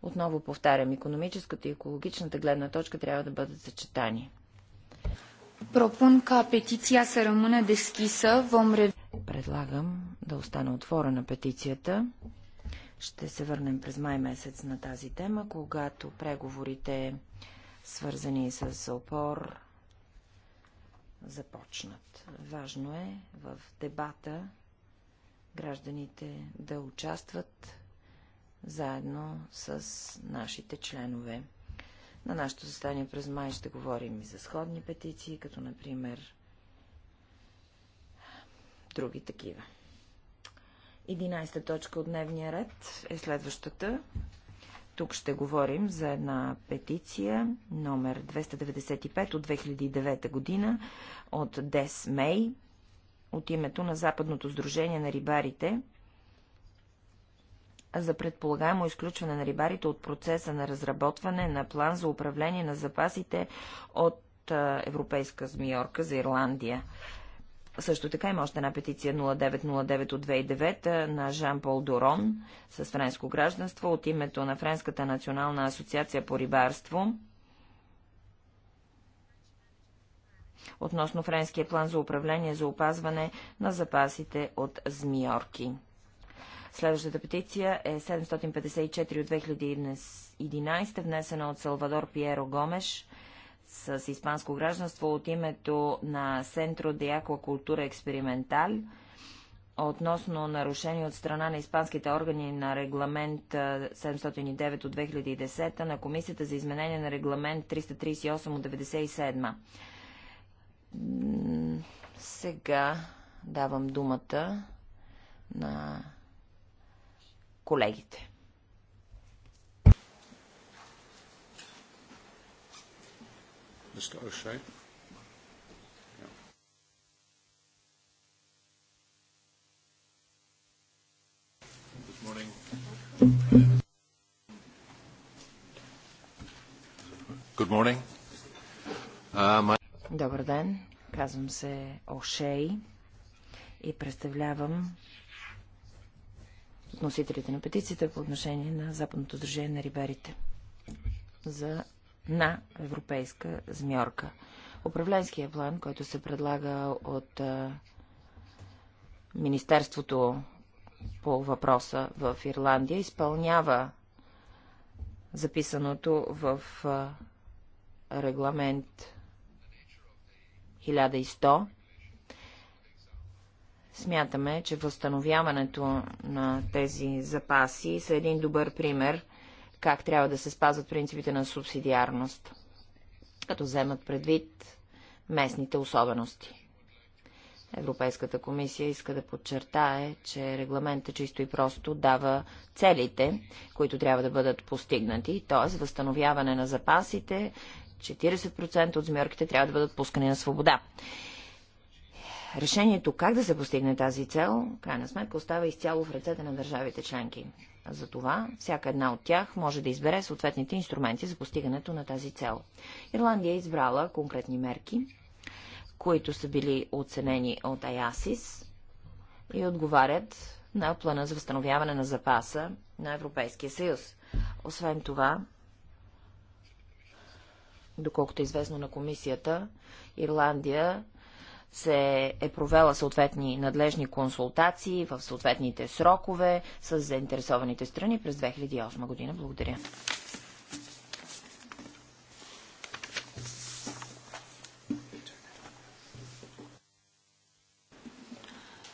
отново повтарям, економическата и екологичната гледна точка трябва да бъдат съчетани. ка петиция се Предлагам да остана отворена петицията. Ще се върнем през май месец на тази тема, когато преговорите, свързани с опор, започнат. Важно е в дебата гражданите да участват заедно с нашите членове. На нашето състояние през май ще говорим и за сходни петиции, като например други такива. 11-та точка от дневния ред е следващата. Тук ще говорим за една петиция номер 295 от 2009 година от ДЕС мей от името на Западното сдружение на рибарите – за предполагаемо изключване на рибарите от процеса на разработване на план за управление на запасите от европейска змиорка за Ирландия. Също така има още една петиция 0909 от 2009 на Жан-Пол Дорон с френско гражданство от името на Френската национална асоциация по рибарство относно френския план за управление за опазване на запасите от змиорки. Следващата петиция е 754 от 2011, внесена от Салвадор Пиеро Гомеш с испанско гражданство от името на Центро де Аквакултура Експерименталь относно нарушение от страна на испанските органи на регламент 709 от 2010 на Комисията за изменение на регламент 338 от 97. Сега давам думата на колегите. Uh, Добър ден, казвам се Ошей и представлявам вносителите на петицията по отношение на Западното дружение на риберите за, на европейска змьорка. Управленския план, който се предлага от а, Министерството по въпроса в Ирландия, изпълнява записаното в а, регламент Смятаме, че възстановяването на тези запаси са един добър пример как трябва да се спазват принципите на субсидиарност, като вземат предвид местните особености. Европейската комисия иска да подчертае, че регламентът чисто и просто дава целите, които трябва да бъдат постигнати, т.е. възстановяване на запасите, 40% от змиорките трябва да бъдат пускани на свобода решението как да се постигне тази цел, крайна сметка, остава изцяло в ръцете на държавите членки. Затова всяка една от тях може да избере съответните инструменти за постигането на тази цел. Ирландия е избрала конкретни мерки, които са били оценени от АЯСИС и отговарят на плана за възстановяване на запаса на Европейския съюз. Освен това, доколкото е известно на комисията, Ирландия се е провела съответни надлежни консултации в съответните срокове с заинтересованите страни през 2008 година. Благодаря.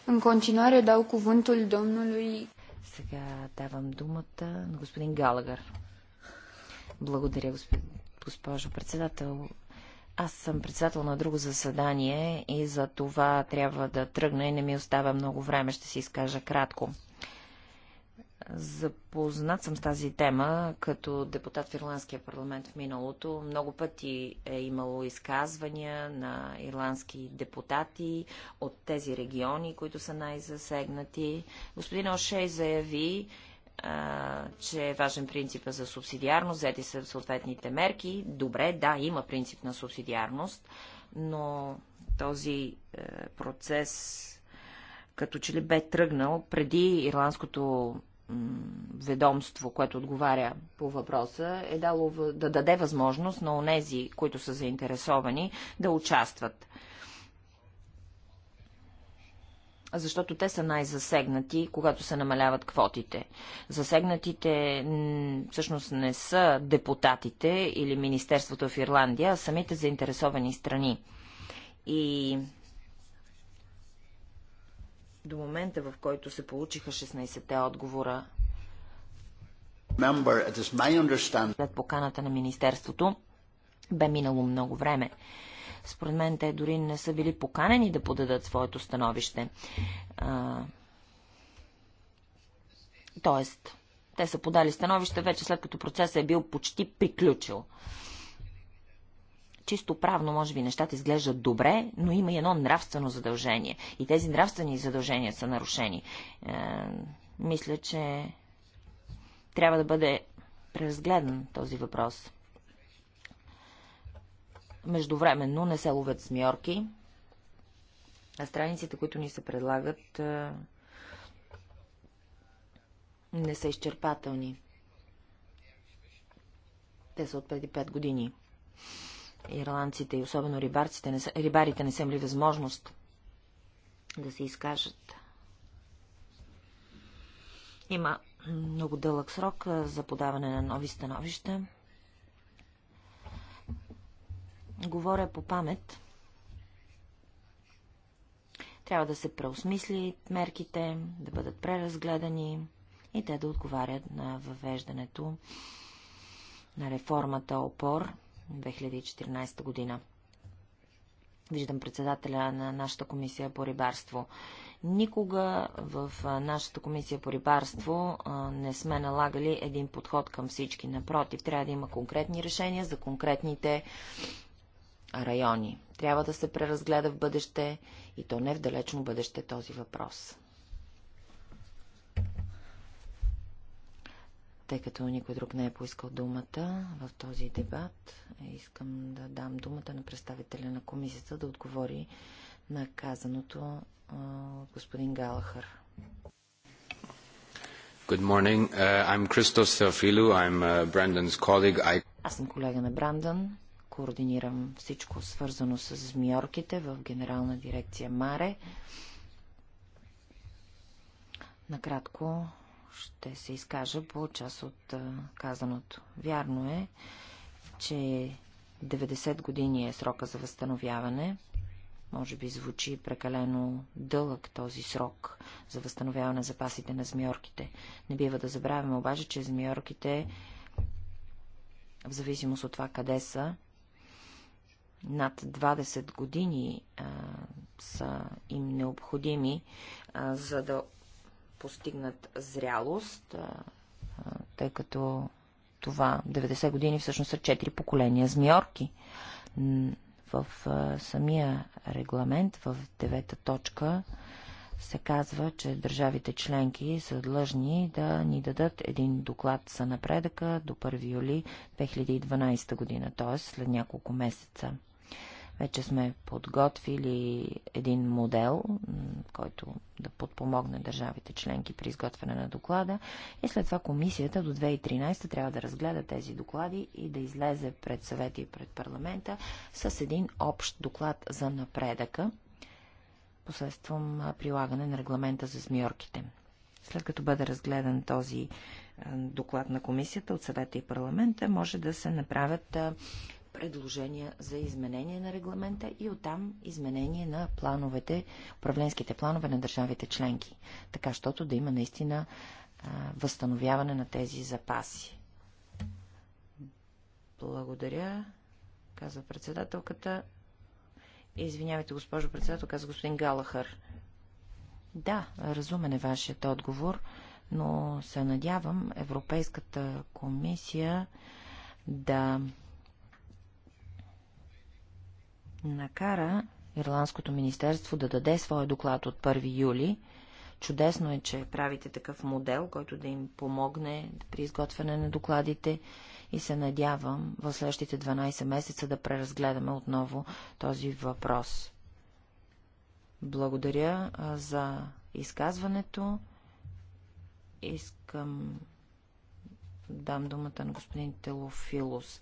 În continuare dau cuvântul domnului... Сега давам думата на господин Галагър. Благодаря, госпожо председател. Аз съм председател на друго заседание и за това трябва да тръгна и не ми остава много време. Ще си изкажа кратко. Запознат съм с тази тема като депутат в Ирландския парламент в миналото. Много пъти е имало изказвания на ирландски депутати от тези региони, които са най-засегнати. Господин Ошей заяви, че е важен принципа за субсидиарност, взети са съответните мерки. Добре, да, има принцип на субсидиарност, но този е, процес като че ли бе тръгнал преди ирландското ведомство, което отговаря по въпроса, е дало да даде възможност на онези, които са заинтересовани, да участват. защото те са най-засегнати, когато се намаляват квотите. Засегнатите всъщност не са депутатите или Министерството в Ирландия, а самите заинтересовани страни. И до момента, в който се получиха 16-те отговора след поканата на Министерството, бе минало много време. Според мен те дори не са били поканени да подадат своето становище. А, тоест, те са подали становище вече след като процесът е бил почти приключил. Чисто правно, може би, нещата изглеждат добре, но има и едно нравствено задължение. И тези нравствени задължения са нарушени. Е, мисля, че трябва да бъде преразгледан този въпрос. Междувременно не се ловят смьорки, а страниците, които ни се предлагат, не са изчерпателни. Те са от преди 5 години. Ирландците и особено рибарците не са, рибарите не са имали възможност да се изкажат. Има много дълъг срок за подаване на нови становища. Говоря по памет. Трябва да се преосмисли мерките, да бъдат преразгледани и те да отговарят на въвеждането на реформата ОПОР 2014 година. Виждам председателя на нашата комисия по рибарство. Никога в нашата комисия по рибарство не сме налагали един подход към всички. Напротив, трябва да има конкретни решения за конкретните райони. Трябва да се преразгледа в бъдеще и то не в далечно бъдеще този въпрос. Тъй като никой друг не е поискал думата в този дебат, искам да дам думата на представителя на комисията да отговори на казаното господин Галахър. Good morning. Uh, I'm Christos Theofilou. I'm uh, Brandon's colleague. I... Аз съм колега на Брандън координирам всичко свързано с змиорките в Генерална дирекция Маре. Накратко ще се изкажа по част от казаното. Вярно е, че 90 години е срока за възстановяване. Може би звучи прекалено дълъг този срок за възстановяване на запасите на змиорките. Не бива да забравяме обаче, че змиорките в зависимост от това къде са, над 20 години а, са им необходими, а, за да постигнат зрялост, а, а, тъй като това 90 години всъщност са 4 поколения змиорки. В а, самия регламент, в девета точка, се казва, че държавите членки са длъжни да ни дадат един доклад за напредъка до 1 юли 2012 година, т.е. след няколко месеца. Вече сме подготвили един модел, който да подпомогне държавите членки при изготвяне на доклада и след това комисията до 2013 трябва да разгледа тези доклади и да излезе пред съвети и пред парламента с един общ доклад за напредъка посредством прилагане на регламента за змиорките. След като бъде разгледан този доклад на комисията от съвета и парламента, може да се направят предложения за изменение на регламента и оттам изменение на плановете, управленските планове на държавите членки, така щото да има наистина а, възстановяване на тези запаси. Благодаря, казва председателката. Извинявайте, госпожо председател, казва господин Галахър. Да, разумен е вашият отговор, но се надявам Европейската комисия да накара Ирландското министерство да даде своя доклад от 1 юли. Чудесно е, че правите такъв модел, който да им помогне при изготвяне на докладите и се надявам в следващите 12 месеца да преразгледаме отново този въпрос. Благодаря за изказването. Искам дам думата на господин Телофилос.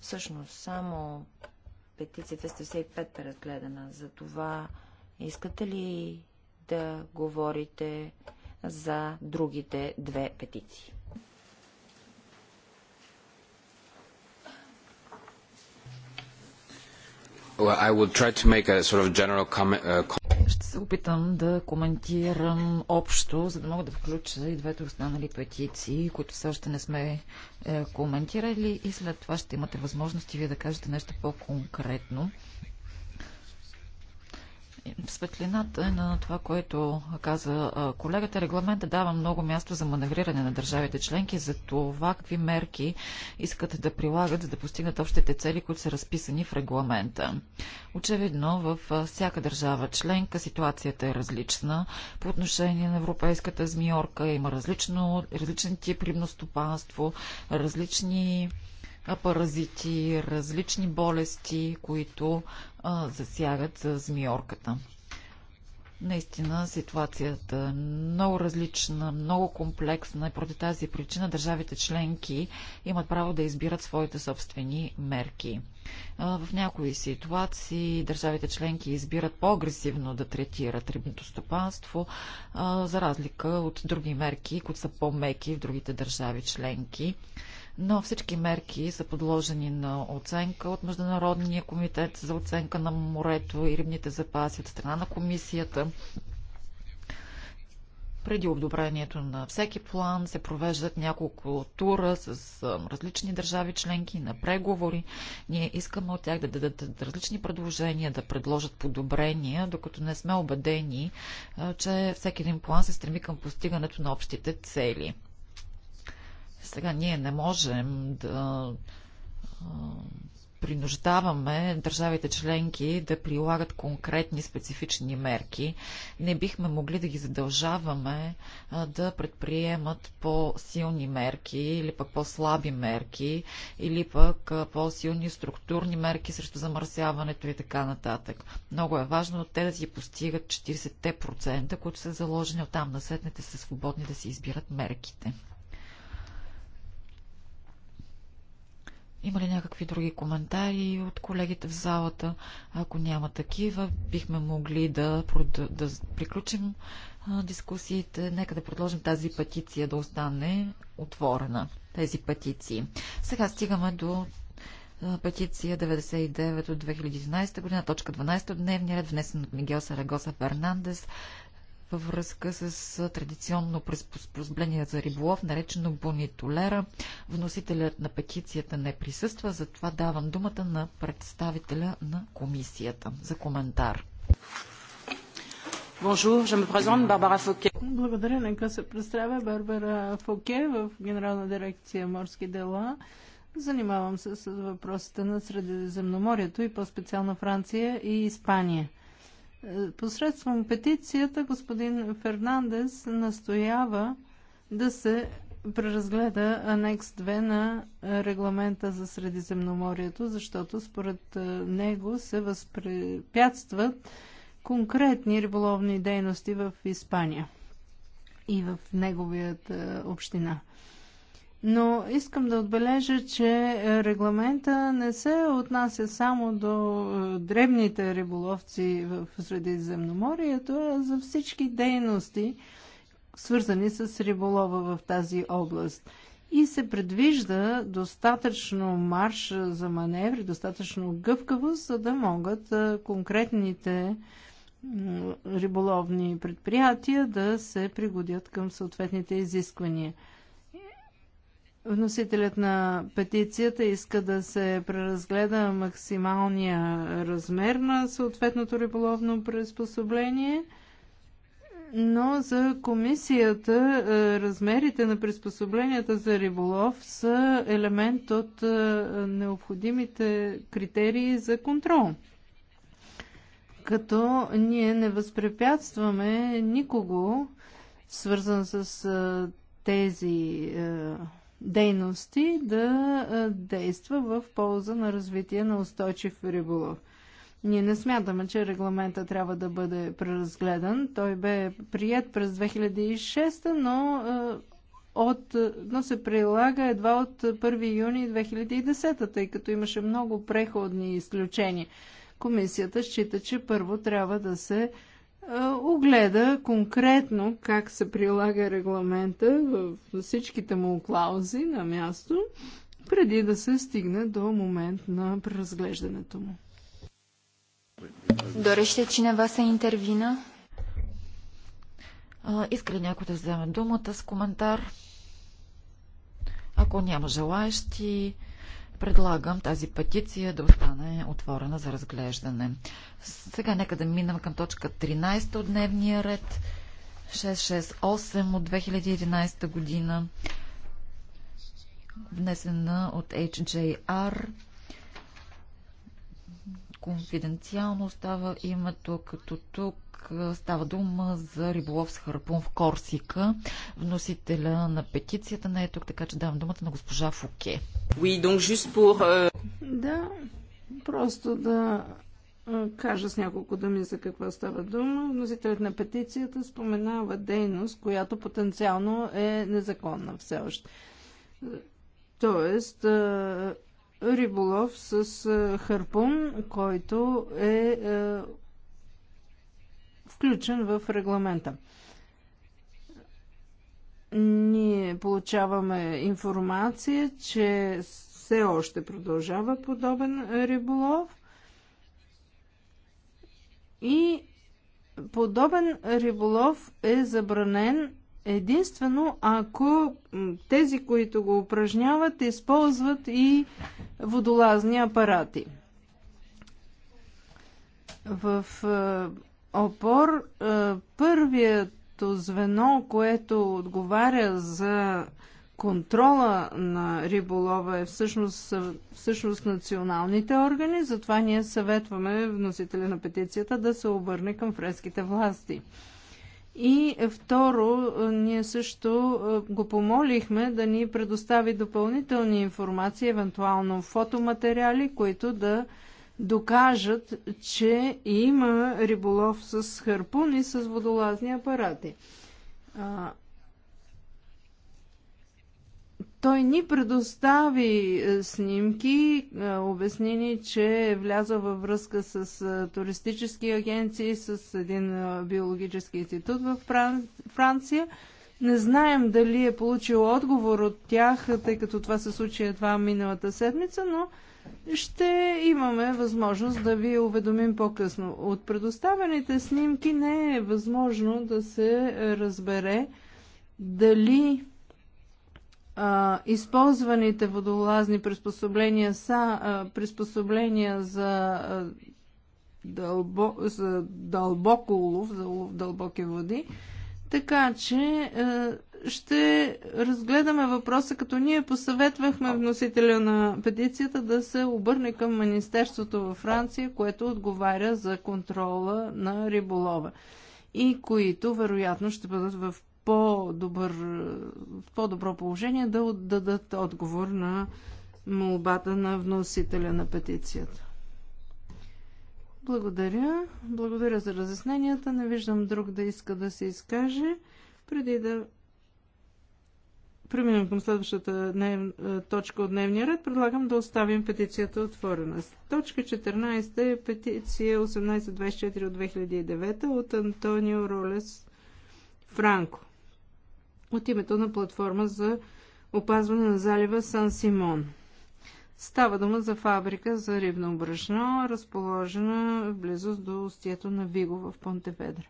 Всъщност, само петиция 205 е разгледана. За това искате ли да говорите за другите две петиции? Well, I will try to make a sort of general comment, uh, comment се опитам да коментирам общо, за да мога да включа и двете останали петиции, които все още не сме е, коментирали и след това ще имате възможности вие да кажете нещо по-конкретно светлината е на това, което каза колегата, регламента дава много място за маневриране на държавите членки за това какви мерки искат да прилагат, за да постигнат общите цели, които са разписани в регламента. Очевидно, в всяка държава членка ситуацията е различна. По отношение на европейската змиорка има различно, различен тип рибно стопанство, различни паразити, различни болести, които а, засягат змиорката. Наистина ситуацията е много различна, много комплексна и поради тази причина държавите членки имат право да избират своите собствени мерки. В някои ситуации държавите членки избират по-агресивно да третират рибното стопанство, за разлика от други мерки, които са по-меки в другите държави членки но всички мерки са подложени на оценка от Международния комитет за оценка на морето и рибните запаси от страна на комисията. Преди одобрението на всеки план се провеждат няколко тура с различни държави членки на преговори. Ние искаме от тях да дадат различни предложения, да предложат подобрения, докато не сме убедени, че всеки един план се стреми към постигането на общите цели. Сега ние не можем да принуждаваме държавите членки да прилагат конкретни специфични мерки. Не бихме могли да ги задължаваме да предприемат по-силни мерки или пък по-слаби мерки или пък по-силни структурни мерки срещу замърсяването и така нататък. Много е важно те да си постигат 40%, които са заложени от там насетнете са свободни да си избират мерките. Има ли някакви други коментари от колегите в залата? Ако няма такива, бихме могли да, да приключим дискусиите. Нека да продължим тази петиция да остане отворена. Тези петиции. Сега стигаме до петиция 99 от 2011 година, точка 12 от дневния ред, внесен от Мигел Сарагоса Фернандес във връзка с традиционно приспособление за риболов, наречено бонитолера. Вносителят на петицията не присъства, затова давам думата на представителя на комисията за коментар. Bonjour, je me présente Барбара Фоке. Благодаря, нека се представя Барбара Фоке в Генерална дирекция Морски дела. Занимавам се с въпросите на Средиземноморието и по-специално Франция и Испания. Посредством петицията господин Фернандес настоява да се преразгледа анекс 2 на регламента за Средиземноморието, защото според е, него се възпрепятстват конкретни риболовни дейности в Испания и в неговията е, община. Но искам да отбележа, че регламента не се отнася само до е, дребните риболовци в Средиземноморието, а за всички дейности, свързани с риболова в тази област. И се предвижда достатъчно марш за маневри, достатъчно гъвкавост, за да могат е, конкретните риболовни предприятия да се пригодят към съответните изисквания. Вносителят на петицията иска да се преразгледа максималния размер на съответното риболовно приспособление, но за комисията е, размерите на приспособленията за риболов са елемент от е, необходимите критерии за контрол. Като ние не възпрепятстваме никого, свързан с е, тези дейности да действа в полза на развитие на устойчив риболов. Ние не смятаме, че регламента трябва да бъде преразгледан. Той бе прият през 2006, но, от, но се прилага едва от 1 юни 2010, тъй като имаше много преходни изключения. Комисията счита, че първо трябва да се огледа конкретно как се прилага регламента в всичките му клаузи на място, преди да се стигне до момент на преразглеждането му. Дореще вас е интервина. Иска ли някой да вземе думата с коментар? Ако няма желаещи, Предлагам тази петиция да остане отворена за разглеждане. Сега нека да минем към точка 13 от дневния ред 668 от 2011 година, внесена от HJR. Конфиденциално остава името, като тук става дума за риболов с харпун в Корсика. Вносителя на петицията на е така че давам думата на госпожа Фуке. Oui, donc juste pour... Euh, да, просто да кажа с няколко думи за какво става дума. Вносителят на петицията споменава дейност, която потенциално е незаконна все още. Тоест, риболов с харпун, който е включен в регламента. Ние получаваме информация, че все още продължава подобен риболов и подобен риболов е забранен единствено ако тези, които го упражняват, използват и водолазни апарати. В опор. Е, първието звено, което отговаря за контрола на риболова е всъщност, всъщност националните органи, затова ние съветваме вносителя на петицията да се обърне към френските власти. И второ, ние също е, го помолихме да ни предостави допълнителни информации, евентуално фотоматериали, които да докажат, че има риболов с харпун и с водолазни апарати. А, той ни предостави е, снимки, е, обяснени, че е влязъл във връзка с е, туристически агенции, с един биологически институт в Франция. Не знаем дали е получил отговор от тях, тъй като това се случи едва миналата седмица, но ще имаме възможност да ви уведомим по-късно. От предоставените снимки не е възможно да се разбере дали а, използваните водолазни приспособления са а, приспособления за, а, дълбо, за дълбоко улов, за улов дълбоки води. Така че а, ще разгледаме въпроса, като ние посъветвахме вносителя на петицията да се обърне към Министерството във Франция, което отговаря за контрола на риболова и които вероятно ще бъдат в по-добър, по-добро положение да отдадат отговор на молбата на вносителя на петицията. Благодаря. Благодаря за разясненията. Не виждам друг да иска да се изкаже. Преди да преминем към следващата днев, е, точка от дневния ред, предлагам да оставим петицията отворена. Точка 14 е петиция 1824 от 2009 от Антонио Ролес Франко от името на платформа за опазване на залива Сан Симон. Става дума за фабрика за рибно брашно, разположена в близост до устието на Виго в Понтеведра.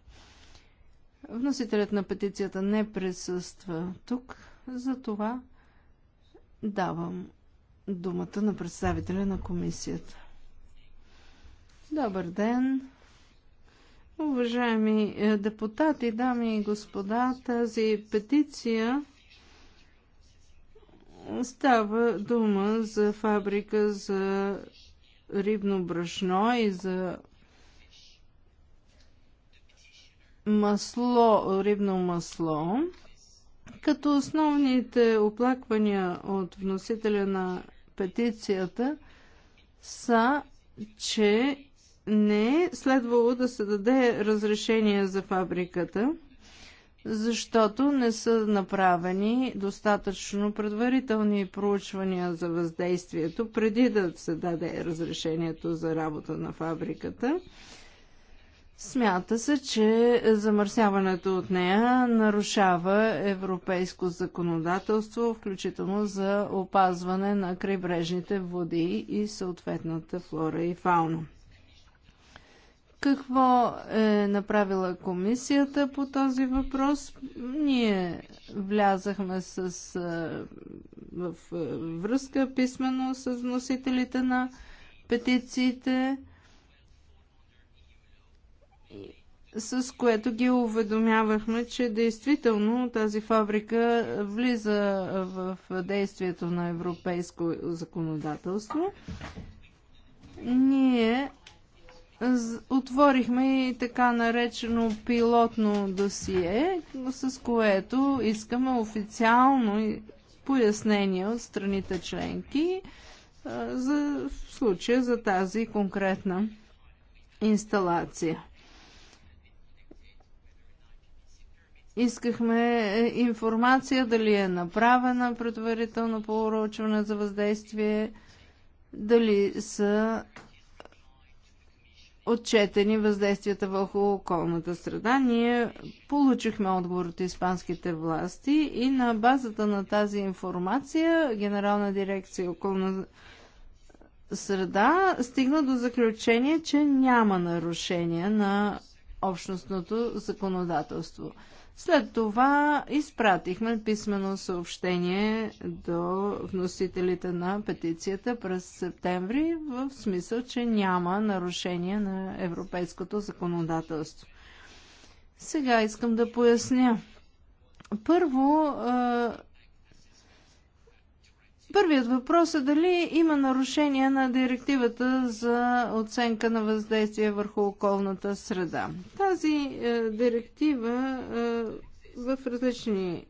Вносителят на петицията не присъства тук. За това давам думата на представителя на комисията. Добър ден! Уважаеми е, депутати, дами и господа, тази петиция става дума за фабрика за рибно брашно и за масло, рибно масло. Като основните оплаквания от вносителя на петицията са, че не е следвало да се даде разрешение за фабриката, защото не са направени достатъчно предварителни проучвания за въздействието преди да се даде разрешението за работа на фабриката. Смята се, че замърсяването от нея нарушава европейско законодателство, включително за опазване на крайбрежните води и съответната флора и фауна. Какво е направила комисията по този въпрос? Ние влязахме с, в връзка писменно с вносителите на петициите с което ги уведомявахме, че действително тази фабрика влиза в действието на европейско законодателство. Ние отворихме и така наречено пилотно досие, с което искаме официално пояснение от страните членки за случая за тази конкретна инсталация. Искахме е, информация дали е направена предварително проучване за въздействие, дали са отчетени въздействията върху околната среда. Ние получихме отговор от испанските власти и на базата на тази информация Генерална дирекция околна среда стигна до заключение, че няма нарушения на общностното законодателство. След това изпратихме писмено съобщение до вносителите на петицията през септември, в смисъл, че няма нарушение на европейското законодателство. Сега искам да поясня. Първо, Първият въпрос е дали има нарушение на директивата за оценка на въздействие върху околната среда. Тази е, директива е, в различни.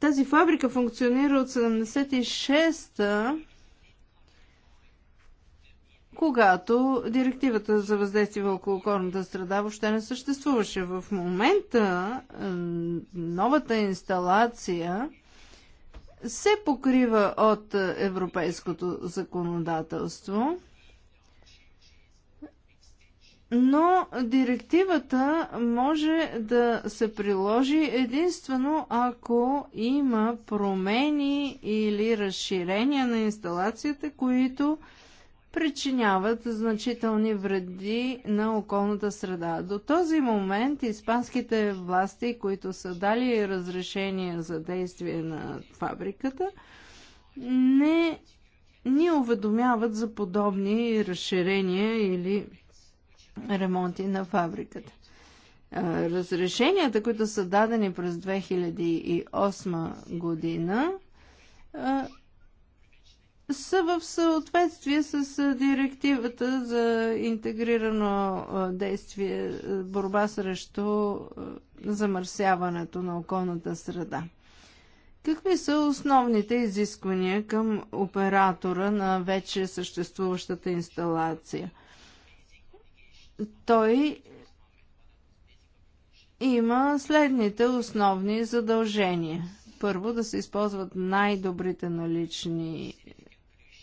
Тази фабрика функционира от 76-та, когато директивата за въздействие върху околната среда въобще не съществуваше. В момента е, новата инсталация се покрива от е, европейското законодателство, но директивата може да се приложи единствено ако има промени или разширения на инсталацията, които причиняват значителни вреди на околната среда. До този момент испанските власти, които са дали разрешение за действие на фабриката, не ни уведомяват за подобни разширения или ремонти на фабриката. Разрешенията, които са дадени през 2008 година, са в съответствие с директивата за интегрирано действие борба срещу замърсяването на околната среда. Какви са основните изисквания към оператора на вече съществуващата инсталация? Той има следните основни задължения. Първо, да се използват най-добрите налични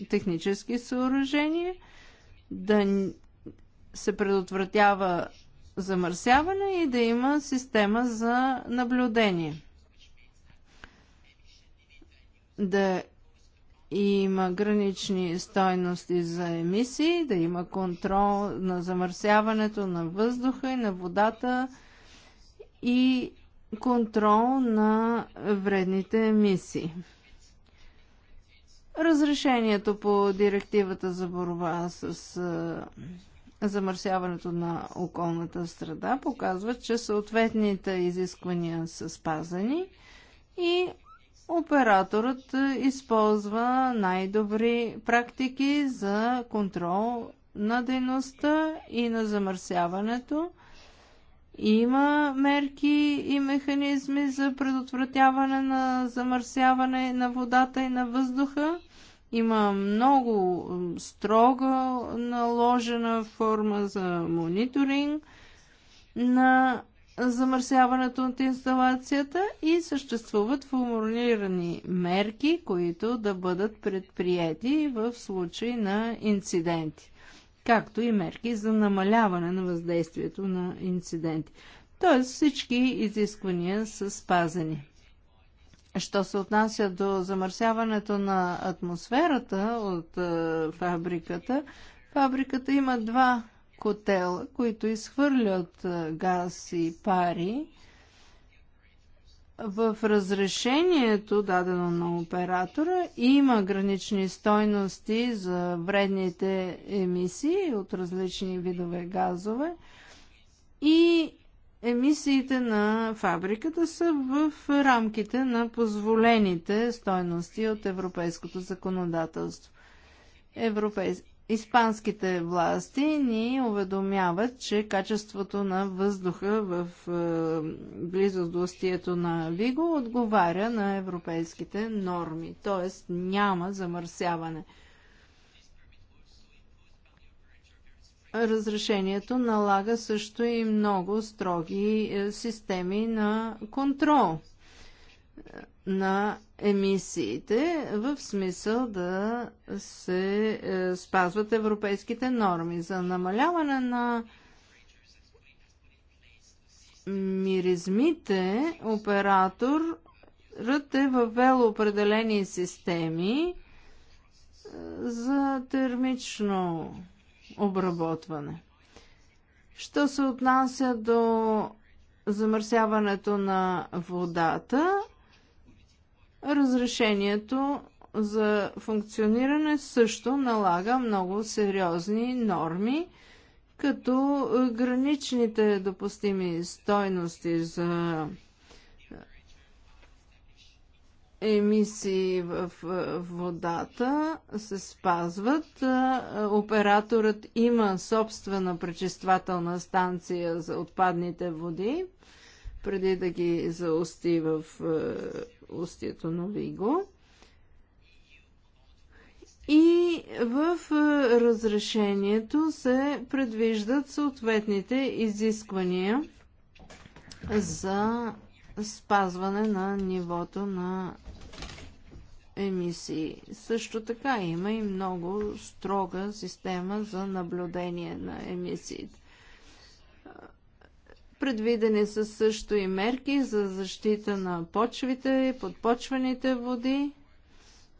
технически съоръжения, да се предотвратява замърсяване и да има система за наблюдение. Да има гранични стойности за емисии, да има контрол на замърсяването на въздуха и на водата и контрол на вредните емисии разрешението по директивата за борба с замърсяването на околната среда показва, че съответните изисквания са спазени и операторът използва най-добри практики за контрол на дейността и на замърсяването има мерки и механизми за предотвратяване на замърсяване на водата и на въздуха. Има много строго наложена форма за мониторинг на замърсяването от инсталацията и съществуват формулирани мерки, които да бъдат предприяти в случай на инциденти както и мерки за намаляване на въздействието на инциденти. Тоест всички изисквания са спазени. Що се отнася до замърсяването на атмосферата от е, фабриката, фабриката има два котела, които изхвърлят е, газ и пари в разрешението, дадено на оператора, има гранични стойности за вредните емисии от различни видове газове и емисиите на фабриката са в рамките на позволените стойности от европейското законодателство. Европейс... Испанските власти ни уведомяват, че качеството на въздуха в е, близост до остието на Виго отговаря на европейските норми, т.е. няма замърсяване. Разрешението налага също и много строги е, системи на контрол – на емисиите, в смисъл да се е, спазват европейските норми за намаляване на миризмите. Операторът е въвел определени системи е, за термично обработване. Що се отнася до замърсяването на водата, Разрешението за функциониране също налага много сериозни норми, като е, граничните допустими стойности за е, емисии в е, водата се спазват. Операторът има собствена пречиствателна станция за отпадните води, преди да ги заости в устието на Виго. И в разрешението се предвиждат съответните изисквания за спазване на нивото на емисии. Също така има и много строга система за наблюдение на емисиите. Предвидени са също и мерки за защита на почвите, подпочвените води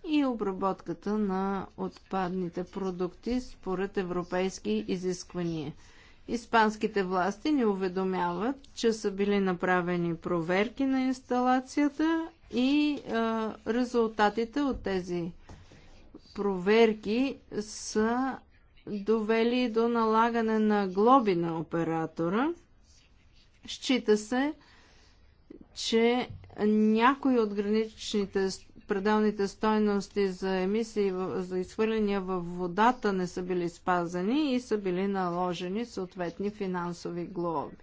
и обработката на отпадните продукти според европейски изисквания. Испанските власти ни уведомяват, че са били направени проверки на инсталацията и а, резултатите от тези проверки са довели до налагане на глоби на оператора – Счита се, че някои от граничните пределните стойности за емисии за изхвърления във водата не са били спазени и са били наложени съответни финансови глоби.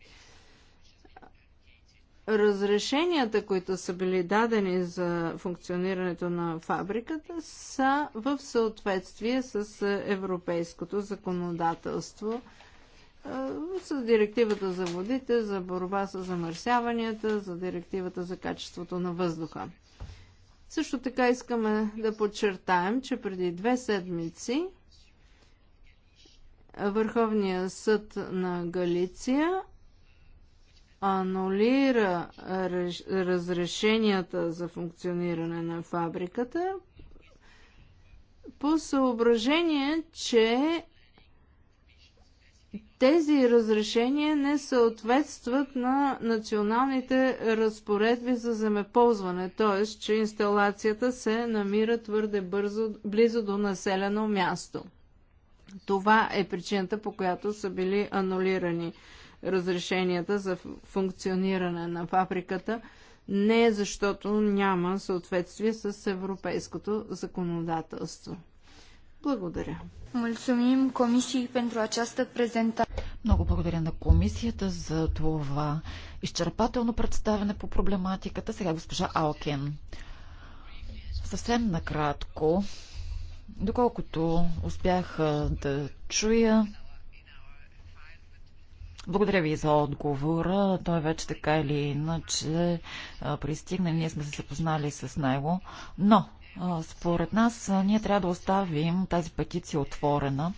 Разрешенията, които са били дадени за функционирането на фабриката, са в съответствие с е, европейското законодателство – е, с директивата за водите, за борба с замърсяванията, за директивата за качеството на въздуха. Също така искаме да подчертаем, че преди две седмици Върховния съд на Галиция анулира разрешенията за функциониране на фабриката по съображение, че тези разрешения не съответстват на националните разпоредби за земеползване, т.е. че инсталацията се намира твърде бързо, близо до населено място. Това е причината, по която са били анулирани разрешенията за функциониране на фабриката, не защото няма съответствие с европейското законодателство. Благодаря. комисии Много благодаря на комисията за това изчерпателно представяне по проблематиката. Сега госпожа Алкен. Съвсем накратко, доколкото успях да чуя, благодаря ви за отговора. Той вече така или иначе пристигна. Ние сме се запознали с него. Но според нас ние трябва да оставим тази петиция отворена,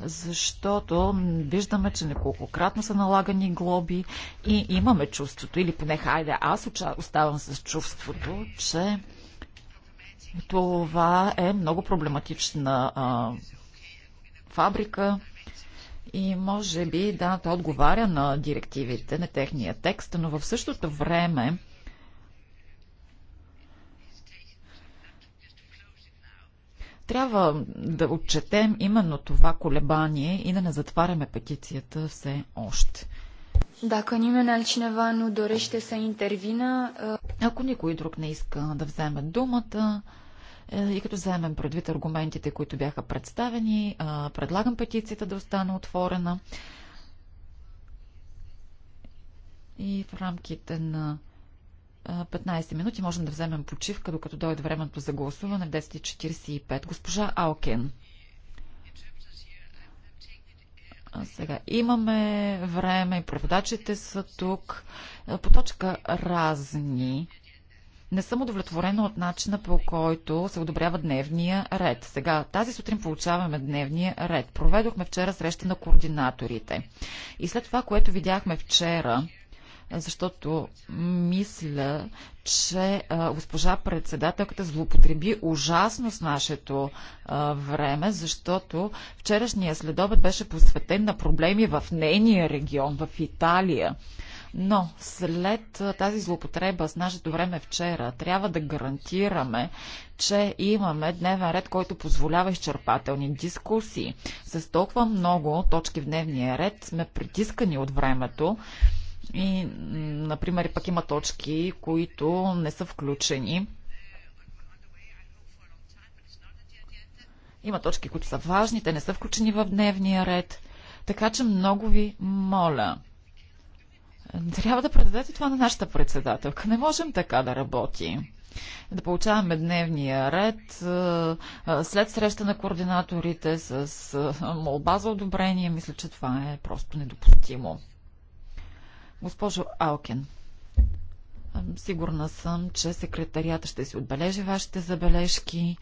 защото виждаме, че неколкократно са налагани глоби и имаме чувството, или поне хайде аз оставам с чувството, че това е много проблематична а, фабрика и може би, да, отговаря на директивите, на техния текст, но в същото време Трябва да отчетем именно това колебание и да не затваряме петицията все още. Dacă nimeni altcineva nu dorește să intervină... Ако никой друг не иска да вземе думата, е, и като вземем предвид аргументите, които бяха представени, е, предлагам петицията да остане отворена. И в рамките на 15 минути можем да вземем почивка, докато дойде времето за гласуване в 10.45. Госпожа Алкен. Сега имаме време, и преводачите са тук. По точка разни. Не съм удовлетворена от начина по който се одобрява дневния ред. Сега, тази сутрин получаваме дневния ред. Проведохме вчера среща на координаторите. И след това, което видяхме вчера, защото мисля, че а, госпожа председателката злоупотреби ужасно с нашето а, време, защото вчерашния следобед беше посветен на проблеми в нейния регион, в Италия. Но след тази злоупотреба с нашето време вчера, трябва да гарантираме, че имаме дневен ред, който позволява изчерпателни дискусии. С толкова много точки в дневния ред сме притискани от времето и, например, пък има точки, които не са включени. Има точки, които са важни, те не са включени в дневния ред. Така че много ви моля, трябва да предадете това на нашата председателка. Не можем така да работи. Да получаваме дневния ред след среща на координаторите с молба за одобрение. Мисля, че това е просто недопустимо. Госпожо Алкен, сигурна съм, че секретарията ще си отбележи вашите забележки.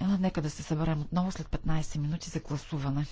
Е, нека да се съберем отново след 15 минути за гласуване.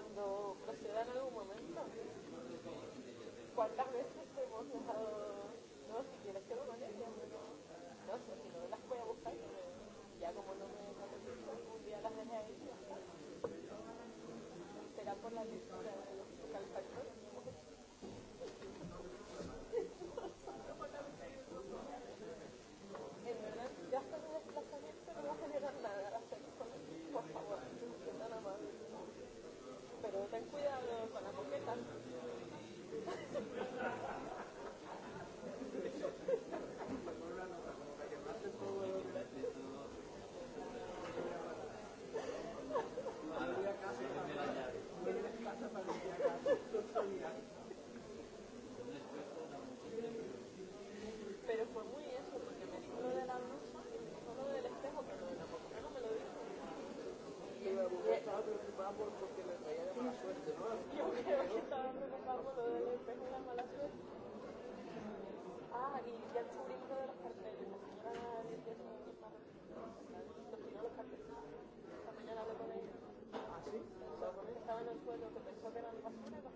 cuando proceda en algún momento. ¿Cuántas veces hemos dejado? No, si quieres que lo maneje, no. No, si no las voy a buscar, ya como no me un día las dejé ahí, será por la lectura. estaba en el suelo que pensó que eran vacunas, las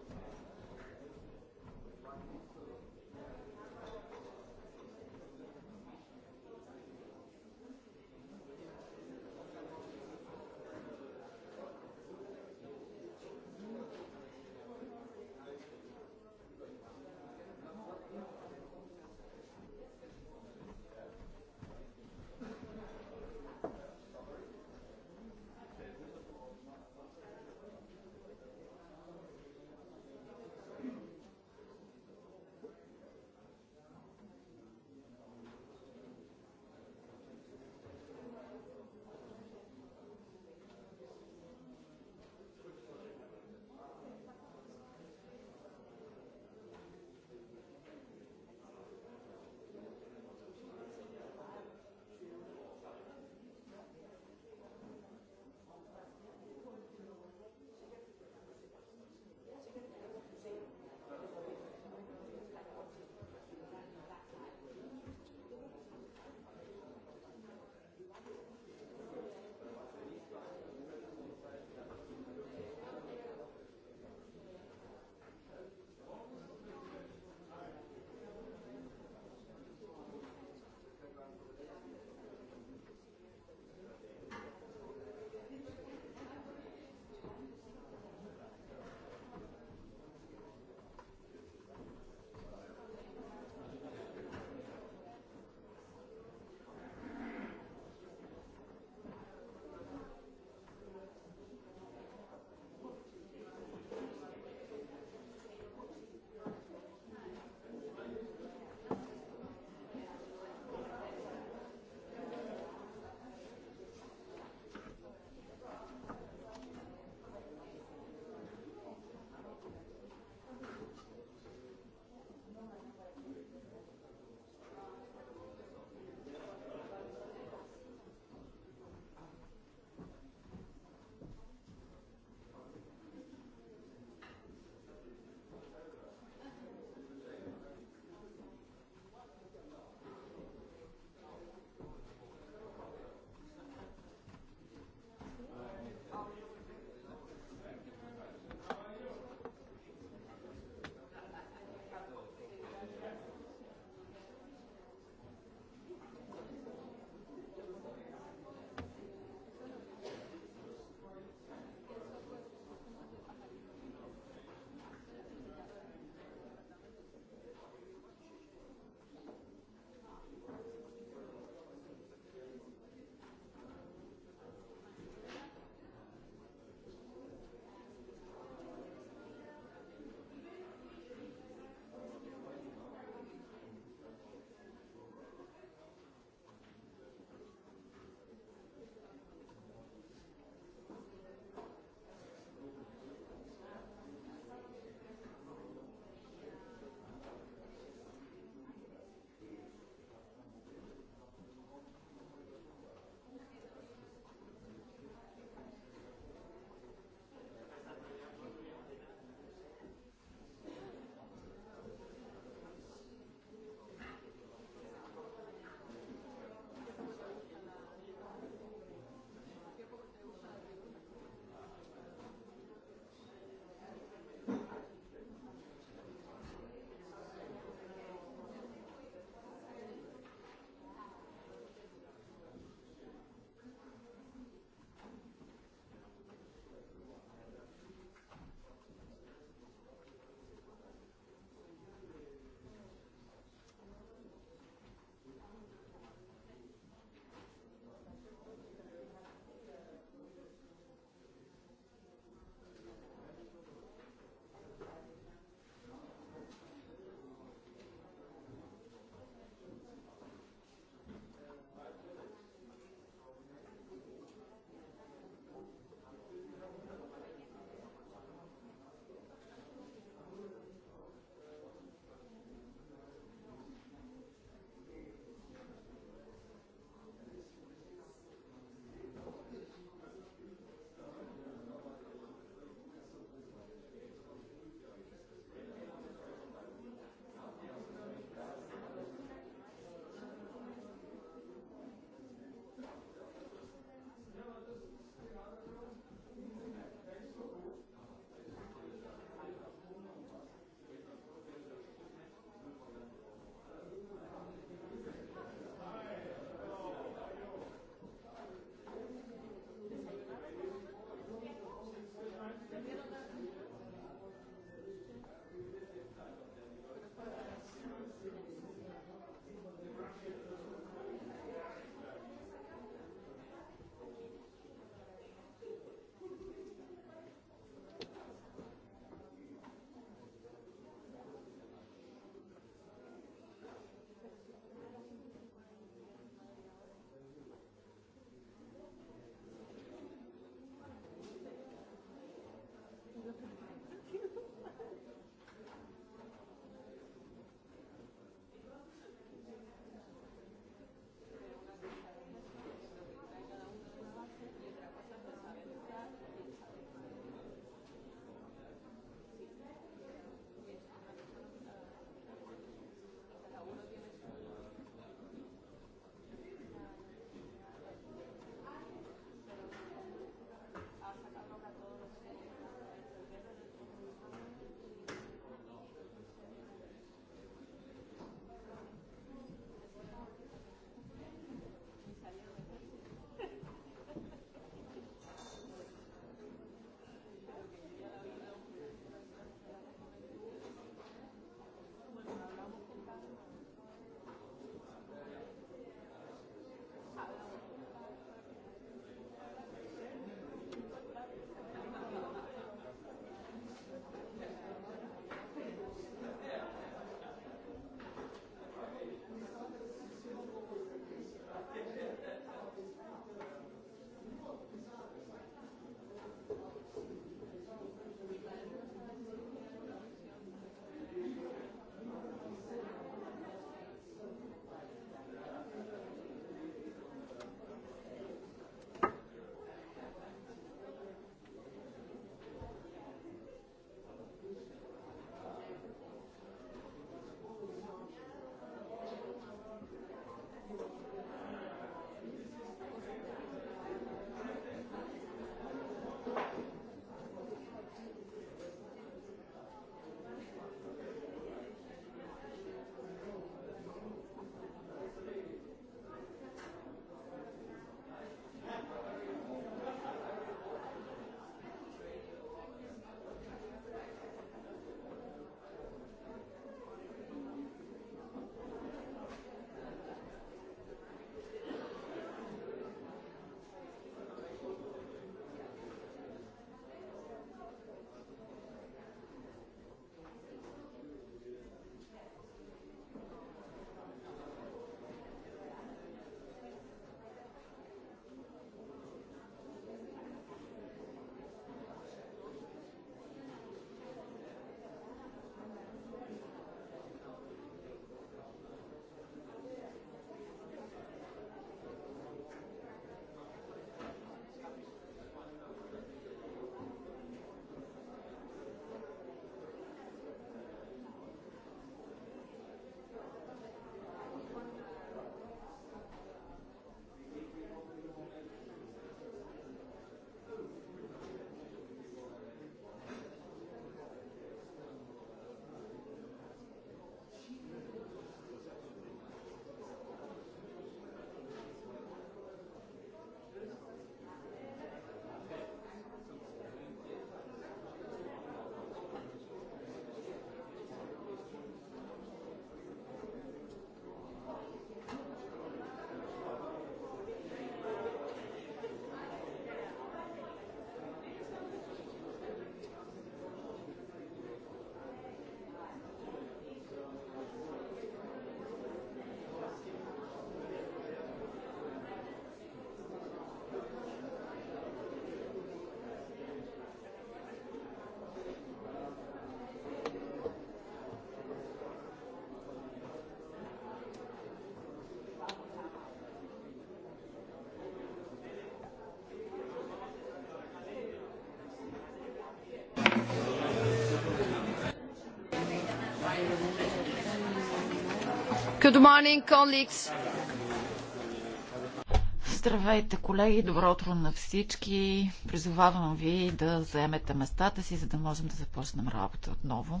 Здравейте, колеги! Добро утро на всички! Призовавам ви да заемете местата си, за да можем да започнем работа отново.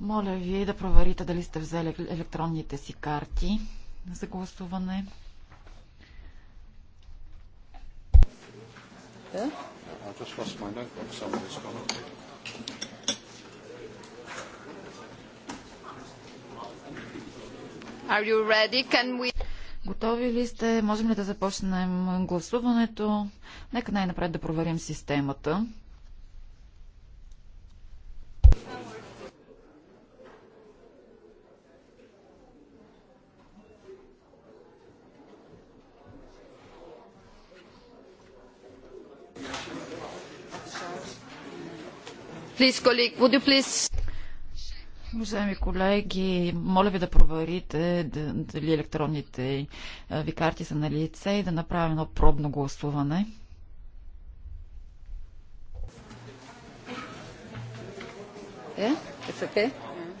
Моля ви да проверите дали сте взели електронните си карти за гласуване. Yeah? I just lost my notebook. Somebody's gone. Are you ready? Can we... Готови ли сте? Можем ли да започнем гласуването? Нека най-напред да проверим системата. Please, colleague, would you please Уважаеми колеги, моля ви да проверите дали електронните ви карти са на лице и да направим едно пробно гласуване. Yeah, it's okay.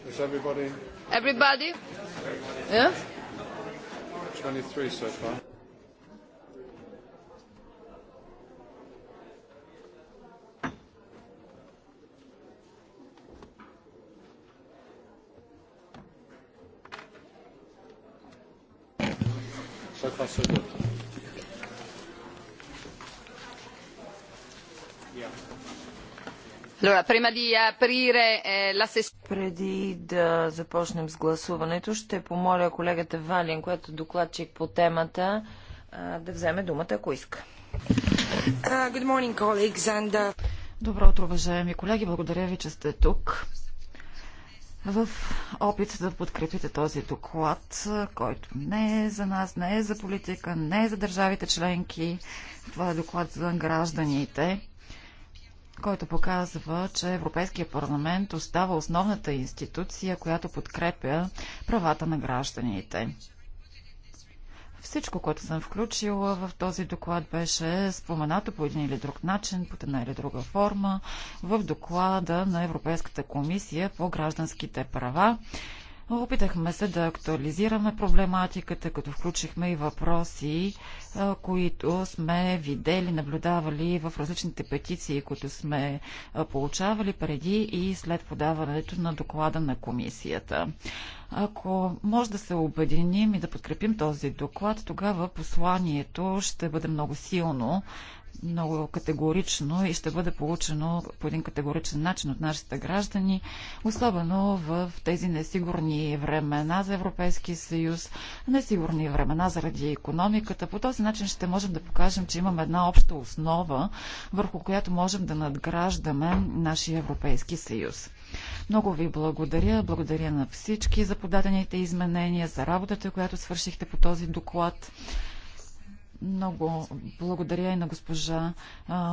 Is everybody? Everybody? Е? Yeah. 23 so far. Eh, Преди да започнем с гласуването, ще помоля колегата Валин, която е докладчик по темата, да вземе думата, ако иска. Uh, uh, Добро утро, уважаеми колеги. Благодаря ви, че сте тук. В опит да подкрепите този доклад, който не е за нас, не е за политика, не е за държавите членки, това е доклад за гражданите който показва, че Европейския парламент остава основната институция, която подкрепя правата на гражданите. Всичко, което съм включила в този доклад, беше споменато по един или друг начин, под една или друга форма, в доклада на Европейската комисия по гражданските права Опитахме се да актуализираме проблематиката, като включихме и въпроси, които сме видели, наблюдавали в различните петиции, които сме получавали преди и след подаването на доклада на комисията. Ако може да се обединим и да подкрепим този доклад, тогава посланието ще бъде много силно много категорично и ще бъде получено по един категоричен начин от нашите граждани, особено в тези несигурни времена за Европейския съюз, несигурни времена заради економиката. По този начин ще можем да покажем, че имаме една обща основа, върху която можем да надграждаме нашия Европейски съюз. Много ви благодаря. Благодаря на всички за подадените изменения, за работата, която свършихте по този доклад. Много благодаря и на госпожа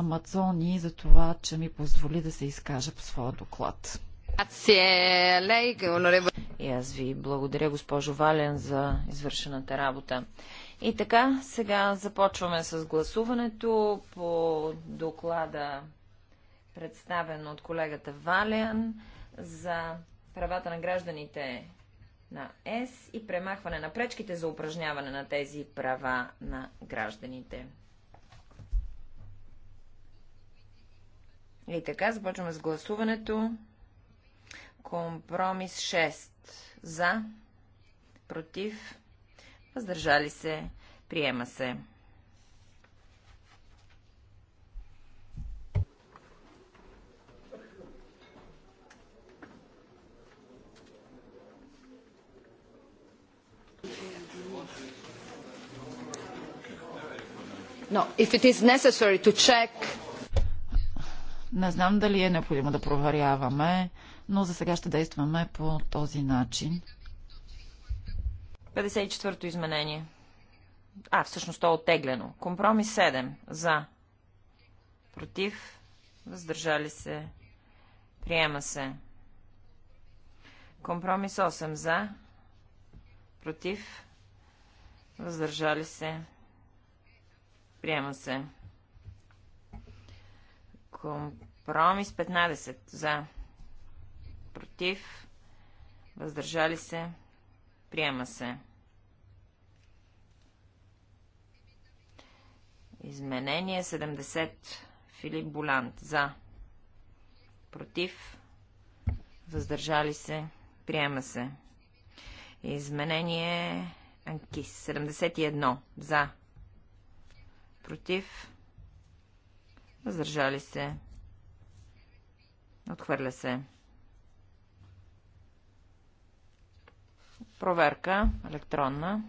Мацони за това, че ми позволи да се изкажа по своя доклад. И аз ви благодаря, госпожо Вален, за извършената работа. И така, сега започваме с гласуването по доклада, представен от колегата Вален за правата на гражданите на ЕС и премахване на пречките за упражняване на тези права на гражданите. И така, започваме с гласуването. Компромис 6. За, против, въздържали се, приема се. Не знам дали е необходимо да проверяваме, но за сега ще действаме по този начин. 54-то изменение. А, всъщност то е оттеглено. Компромис 7. За. Против. Въздържали се. Приема се. Компромис 8. За. Против. Въздържали се. Приема се. Компромис 15 за. Против. Въздържали се. Приема се. Изменение 70. Филип Болант. За. Против. Въздържали се. Приема се. Изменение Анкис. 71. За против, въздържали се, отхвърля се. Проверка електронна.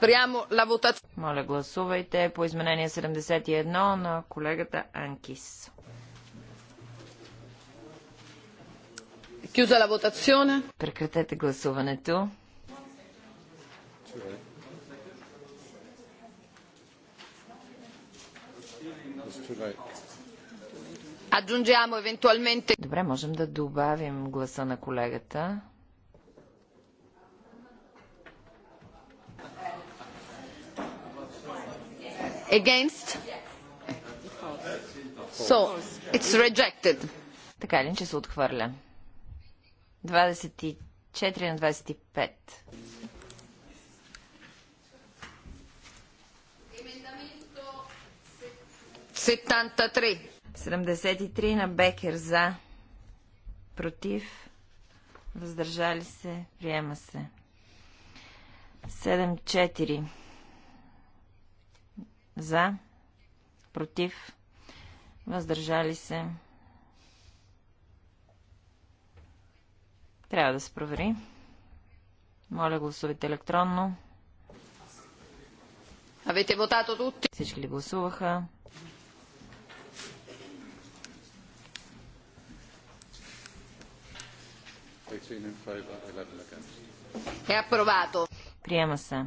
Прямо лавутът. Моля, гласувайте по изменение 71 на колегата Анкис. Chiusa Прекратете гласуването. Добре, можем да добавим гласа на колегата. Against? So, it's rejected. Така или че се отхвърля. 24 на 25. 73. 73 на Бекер за. Против. Въздържали се. Приема се. 7-4. За. Против. Въздържали се. Трябва да се провери. Моля, гласувайте електронно. Авете вотато Всички ли гласуваха? Е Приема се.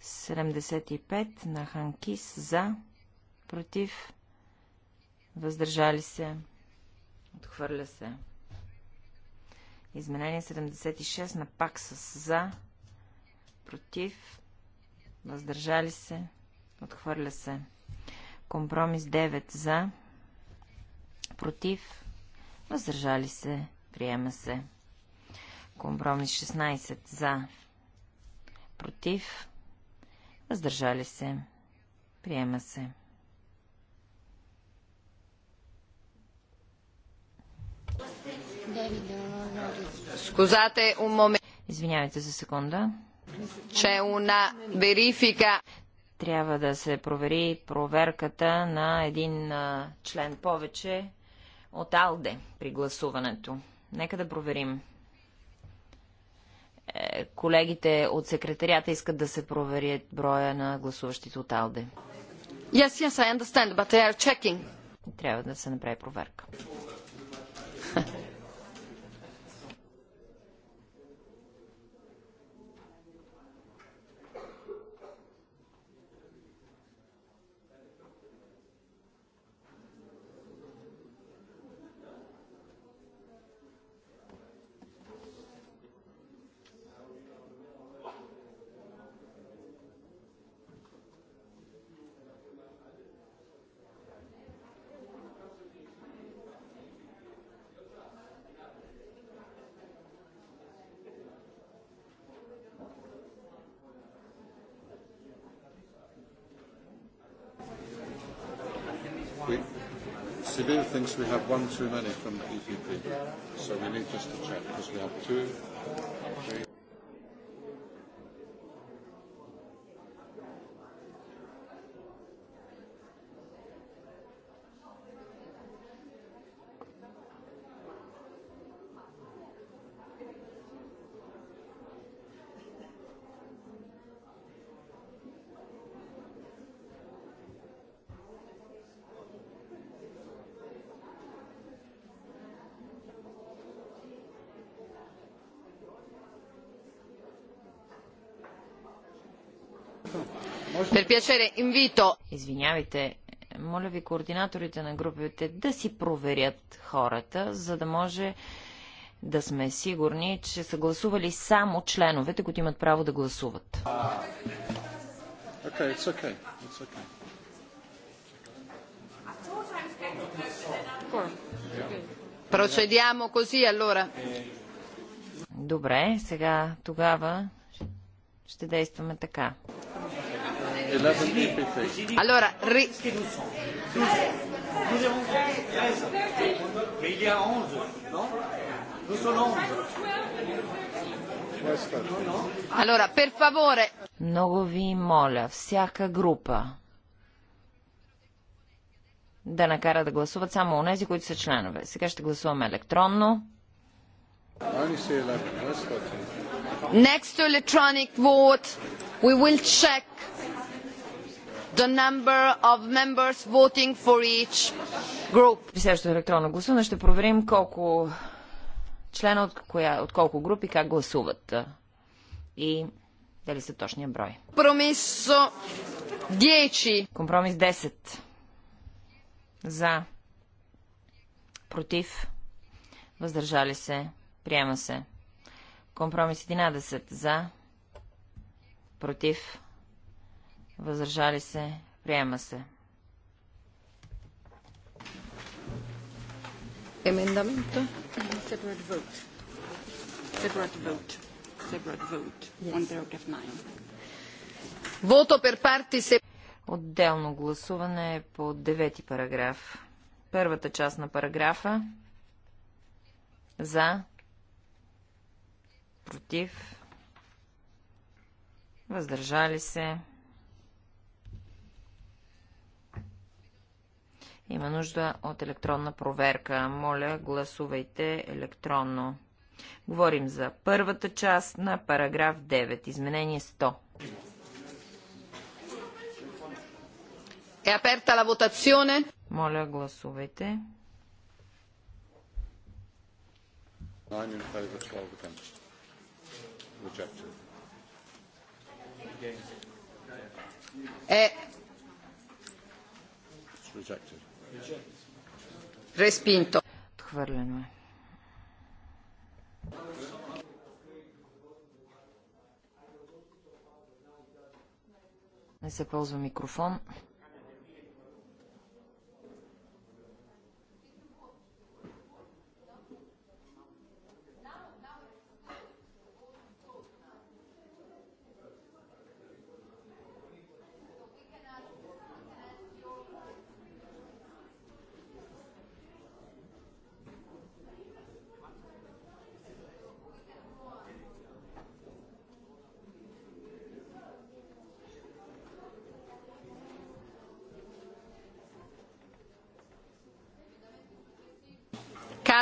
Седемдесет и пет на Ханкис за, против, въздържали се, отхвърля се. Изменение 76 на Паксас за, против, въздържали се, отхвърля се. Компромис 9 за, против, въздържали се, приема се. Компромис 16 за, против, въздържали се, приема се. un Извинявайте за секунда. Че una verifica. Трябва да се провери проверката на един член повече от Алде при гласуването. Нека да проверим. Е, колегите от секретарията искат да се проверят броя на гласуващите от Алде. Yes, yes, I understand, but they are checking. Трябва да се направи проверка. Greens, we have one too many from the EPP. So we need just to check because we have two, three. Извинявайте, моля ви координаторите на групите да си проверят хората, за да може да сме сигурни, че са гласували само членовете, които имат право да гласуват. Okay, it's okay. It's okay. Procediamo così allora. Добре, сега тогава ще действаме така. Allora, ri... Allora, per favore. Много ви моля, всяка група да накара да гласуват само у нези, които са членове. Сега ще гласуваме електронно. Next to electronic vote, we will check the number of members voting for each group. При следващото електронно гласуване ще проверим колко члена от, коя, от колко групи как гласуват и дали са точния брой. Компромис 10. Компромис 10. За. Против. Въздържали се. Приема се. Компромис 11. За. Против Въздържали се. Приема се. Separate vote. Separate vote. Separate vote. Voto per parti se... Отделно гласуване е по девети параграф. Първата част на параграфа. За. Против. Въздържали се. Има нужда от електронна проверка. Моля, гласувайте електронно. Говорим за първата част на параграф 9, изменение 100. Е аперта ла вотационе. Моля, гласувайте. Е. rejected. Респинто. Отхвърлено е. Не се ползва микрофон.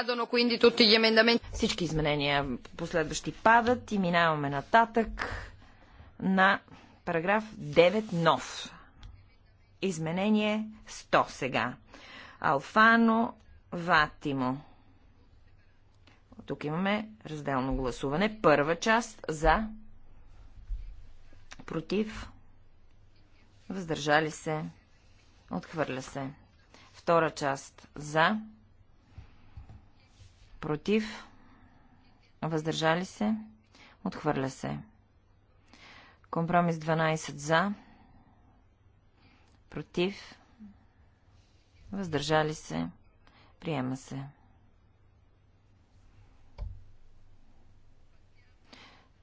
cadono quindi tutti gli emendamenti. Всички изменения последващи падат и минаваме нататък на параграф 9 нов. Изменение 100 сега. Алфано Ватимо. Тук имаме разделно гласуване. Първа част за против въздържали се, отхвърля се. Втора част за против, въздържали се, отхвърля се. Компромис 12 за, против, въздържали се, приема се.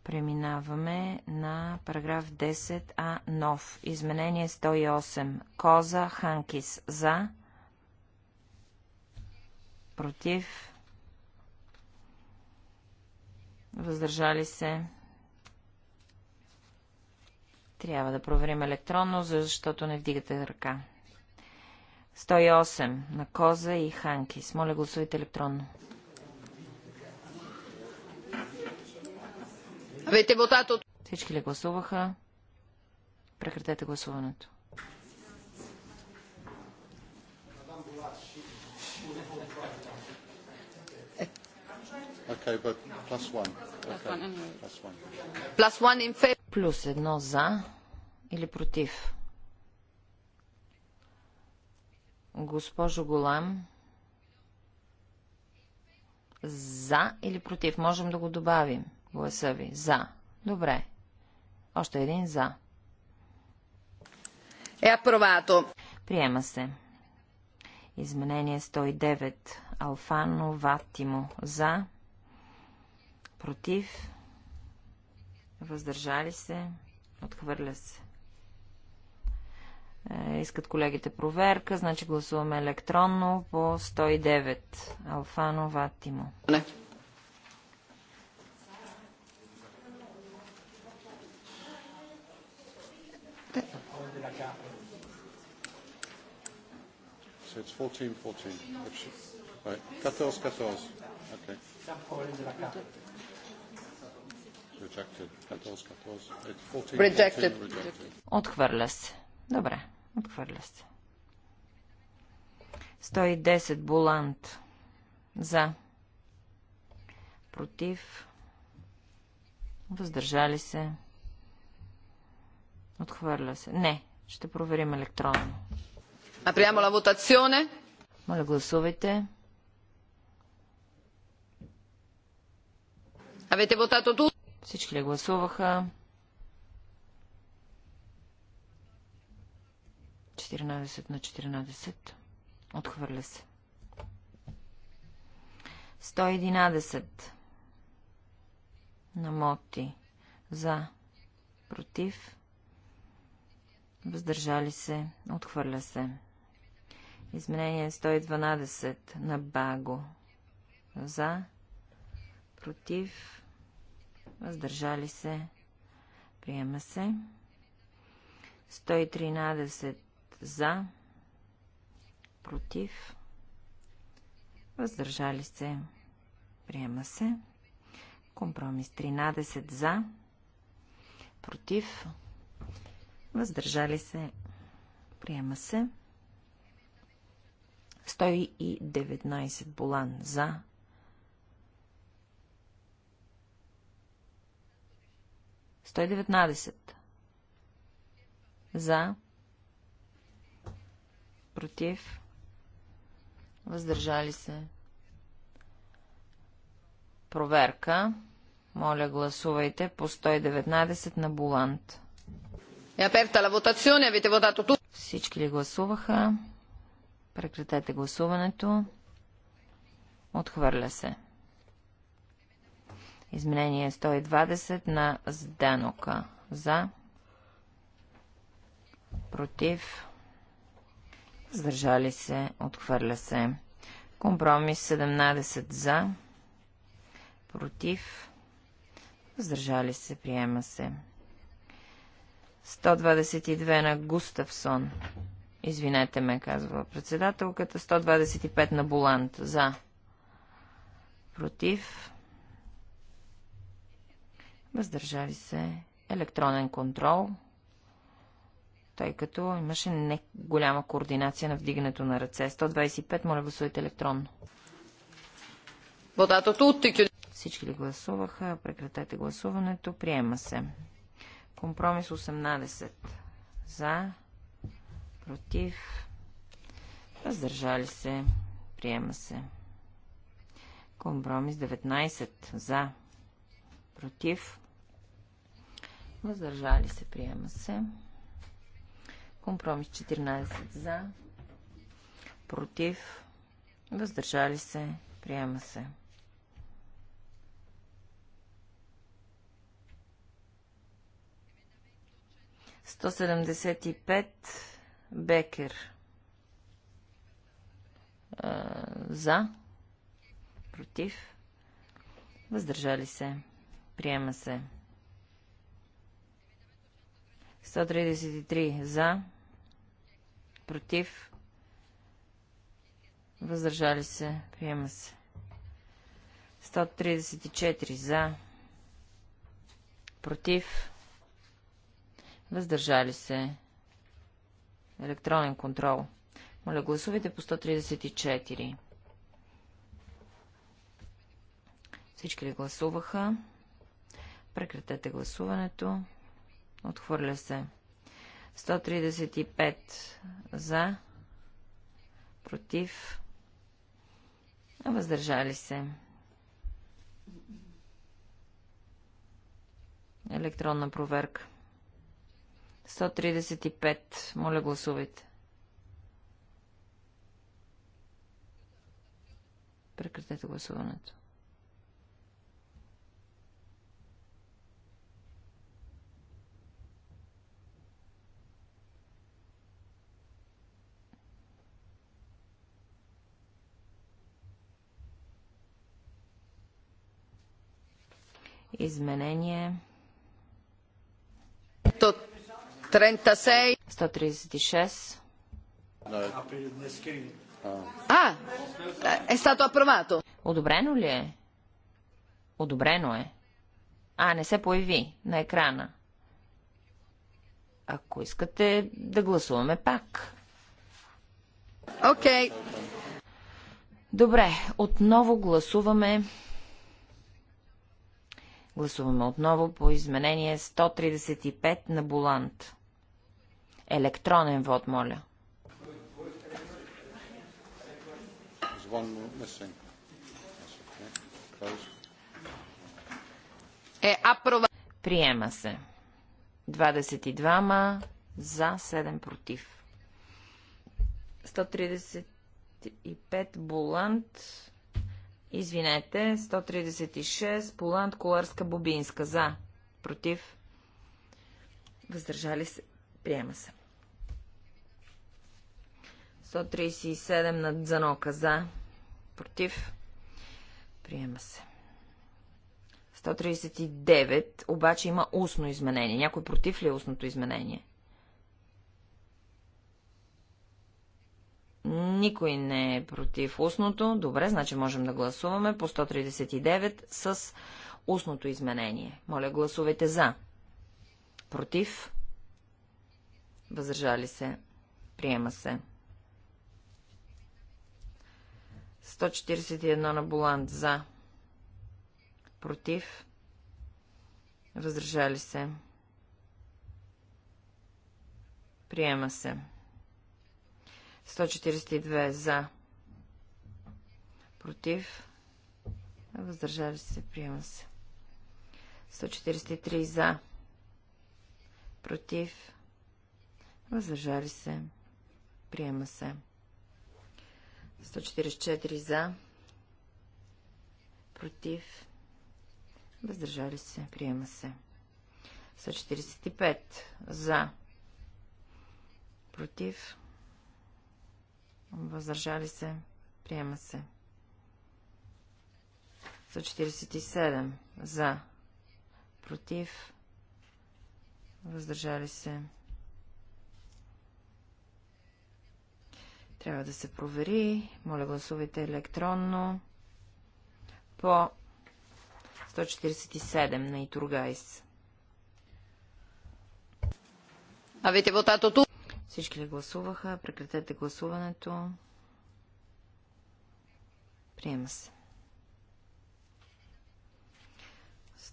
Преминаваме на параграф 10а нов. Изменение 108. Коза Ханкис за. Против. Въздържали се. Трябва да проверим електронно, защото не вдигате ръка. 108 на Коза и Ханкис. Моля гласувайте електронно. Всички ли гласуваха? Прекратете гласуването. Okay, but plus one. Okay. Plus one. Plus one in favor. Плюс едно за или против. Госпожо Голам, за или против? Можем да го добавим. Гласа ви. За. Добре. Още един за. Е апровато. Приема се. Изменение 109. Алфано Ватимо. За против, въздържали се, отхвърля се. Е, искат колегите проверка, значи гласуваме електронно по 109 Алфано Ватимо. Не. So it's 14-14. 14-14. Okay. Rejected. Отхвърля се. Добре, отхвърля се. 110 Булант. За. Против. Въздържали се. Отхвърля се. Не, ще проверим електронно. Апрямо ла вотационе. Моля, гласувайте. Авете вотато ту? Всички ли гласуваха? 14 на 14. Отхвърля се. 111. На Моти. За. Против. Въздържали се. Отхвърля се. Изменение 112. На Баго. За. Против въздържали се, приема се. 113 за, против, въздържали се, приема се. Компромис 13 за, против, въздържали се, приема се. 119 Болан за, 119. За. Против. Въздържали се. Проверка. Моля, гласувайте по 119 на Булант. Е аперта ла вотационе, авете вотато ту. Всички ли гласуваха? Прекратете гласуването. Отхвърля се. Изменение 120 на Зданока. За. Против. Сдържали се. Отхвърля се. Компромис 17 за. Против. Сдържали се. Приема се. 122 на Густавсон. Извинете ме, казва председателката. 125 на Булант. За. Против въздържали се, електронен контрол, тъй като имаше не голяма координация на вдигането на ръце. 125, моля гласувайте електронно. Всички ли гласуваха? Прекратете гласуването. Приема се. Компромис 18. За. Против. Въздържали се. Приема се. Компромис 19. За. Против. Въздържали се. Приема се. Компромис 14 за. Против. Въздържали се. Приема се. Сто седемдесет и пет Бекер за, против, въздържали се, приема се. 133 за, против, въздържали се, приема се. 134 за, против, въздържали се, електронен контрол. Моля, гласувайте по 134. Всички ли гласуваха? Прекратете гласуването. Отхвърля се. 135 за. Против. Въздържали се. Електронна проверка. 135. Моля гласувайте. Прекратете гласуването. Изменение. 136. А, е стато апровато. Одобрено ли е? Одобрено е. А, не се появи на екрана. Ако искате да гласуваме пак. Окей. Okay. Добре, отново гласуваме Гласуваме отново по изменение 135 на Булант. Електронен вод, моля. Е, апрова... Приема се. 22 ма за 7 против. 135 Булант. Извинете, 136, Поланд, Коларска, Бобинска. За. Против. Въздържали се. Приема се. 137 на Дзанока. За. Против. Приема се. 139, обаче има устно изменение. Някой против ли е устното изменение? Никой не е против устното. Добре, значи можем да гласуваме по 139 с устното изменение. Моля, гласувайте за. Против. Въздържали се. Приема се. 141 на Боланд за. Против. Въздържали се. Приема се. 142 за. Против. Въздържали се. Приема се. 143 за. Против. Въздържали се. Приема се. 144 за. Против. Въздържали се. Приема се. 145 за. Против. Въздържали се. Приема се. 147. За. Против. Въздържали се. Трябва да се провери. Моля, гласувайте електронно по 147 на Итургайс. Avete votato tu? Всички ли гласуваха? Прекратете гласуването. Приема се.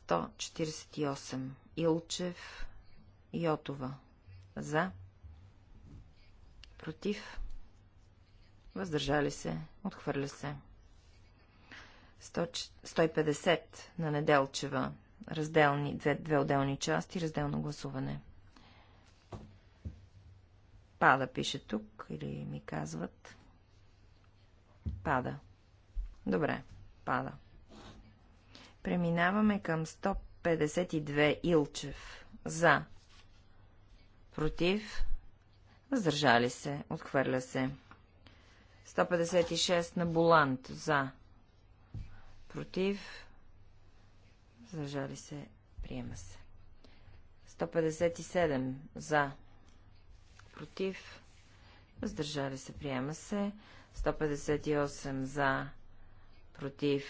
148. Илчев. Йотова. За. Против. Въздържали се. Отхвърля се. 150 на Неделчева. Разделни, две, две отделни части. Разделно гласуване. 151. Пада, пише тук, или ми казват. Пада. Добре, пада. Преминаваме към 152 Илчев. За. Против. Въздържали се. Отхвърля се. 156 на Булант. За. Против. Въздържали се. Приема се. 157 за против, въздържали се, приема се. 158 за, против,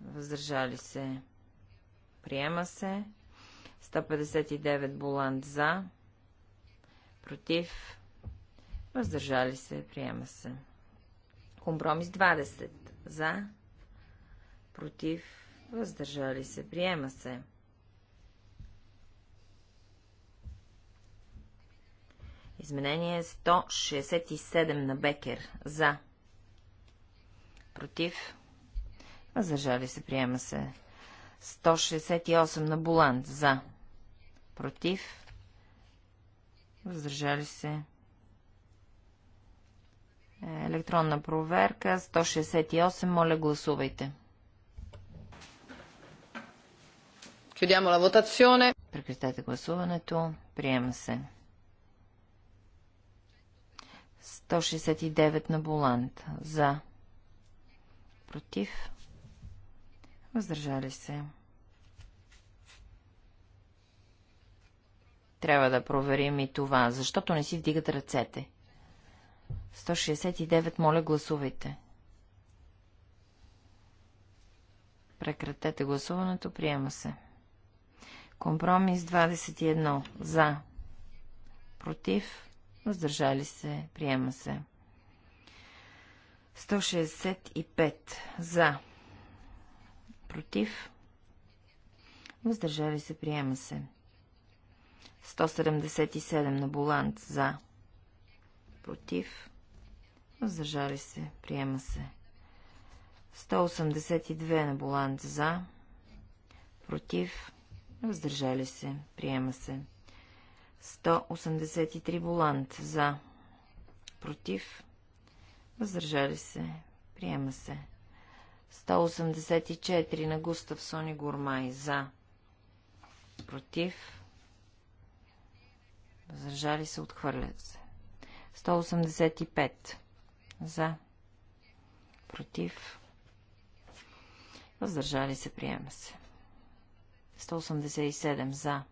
въздържали се, приема се. 159 Булант за, против, въздържали се, приема се. Компромис 20 за, против, въздържали се, приема се. Изменение 167 на Бекер. За. Против. Въздържали се. Приема се. 168 на Буланд. За. Против. Въздържали се. Е, електронна проверка. 168. Моля, гласувайте. Chiudiamo la votazione. Прекратете гласуването. Приема се. 169 на Боланд. За. Против. Въздържали се. Трябва да проверим и това, защото не си вдигат ръцете. 169, моля, гласувайте. Прекратете гласуването, приема се. Компромис 21. За. Против въздържали се, приема се. 165 за, против, въздържали се, приема се. 177 на Болант за, против, въздържали се, приема се. 182 на Болант за, против, въздържали се, приема се. 183 Волант за. Против. Въздържали се. Приема се. 184 на Густав Сони Гурмай за. Против. Въздържали се. Отхвърлят се. 185 за. Против. Въздържали се. Приема се. 187 за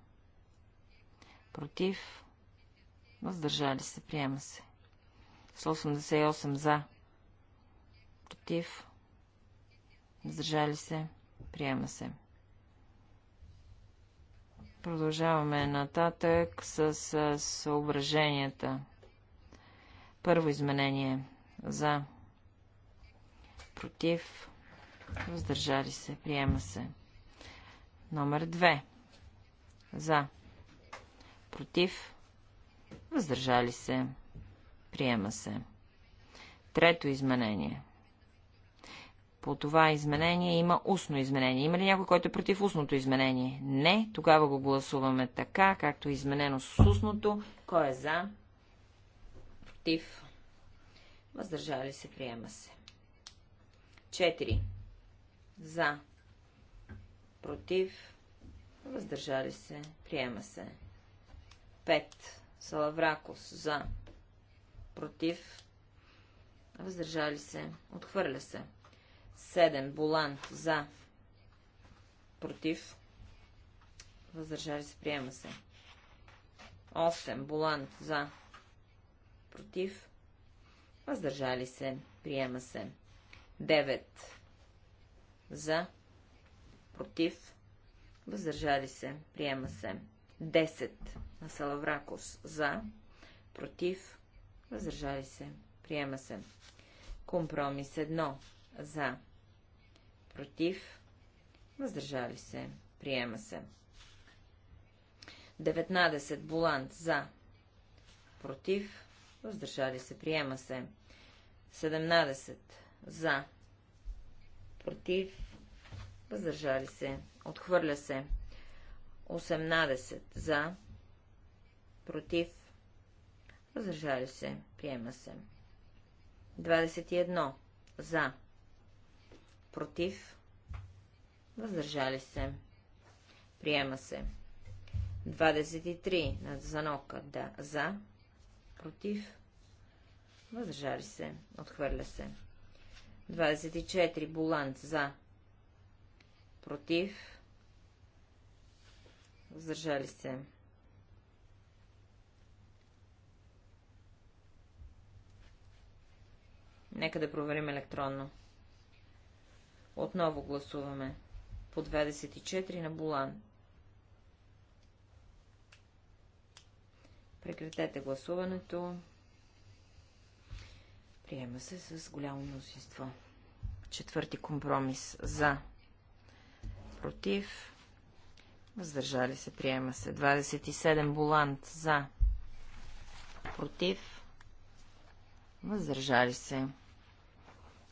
против, въздържали се, приема се. 188 за, против, въздържали се, приема се. Продължаваме нататък с съображенията. Първо изменение за, против, въздържали се, приема се. Номер 2. За против, въздържали се, приема се. Трето изменение. По това изменение има устно изменение. Има ли някой, който е против устното изменение? Не. Тогава го гласуваме така, както е изменено с устното. Кой е за? Против. Въздържали се, приема се. Четири. За. Против. Въздържали се. Приема се. 5. Салавракос за. Против. Въздържали се. Отхвърля се. 7. Болан за. Против. Въздържали се. Приема се. 8. Болан за. Против. Въздържали се. Приема се. 9. За. Против. Въздържали се. Приема се. 10 на Салавракос за, против, въздържали се, приема се. Компромис 1 за, против, въздържали се, приема се. 19 Булант за, против, въздържали се, приема се. 17 за, против, въздържали се, отхвърля се. 18 за, против, въздържали се, приема се. 21 за, против, въздържали се, приема се. 23 на занока, да, за, против, въздържали се, отхвърля се. 24 булант за, против, Въздържали се. Нека да проверим електронно. Отново гласуваме. По 24 на Булан. Прекратете гласуването. Приема се с голямо мнозинство. Четвърти компромис. За. Против. Въздържали се, приема се. 27 Болант за. Против. Въздържали се.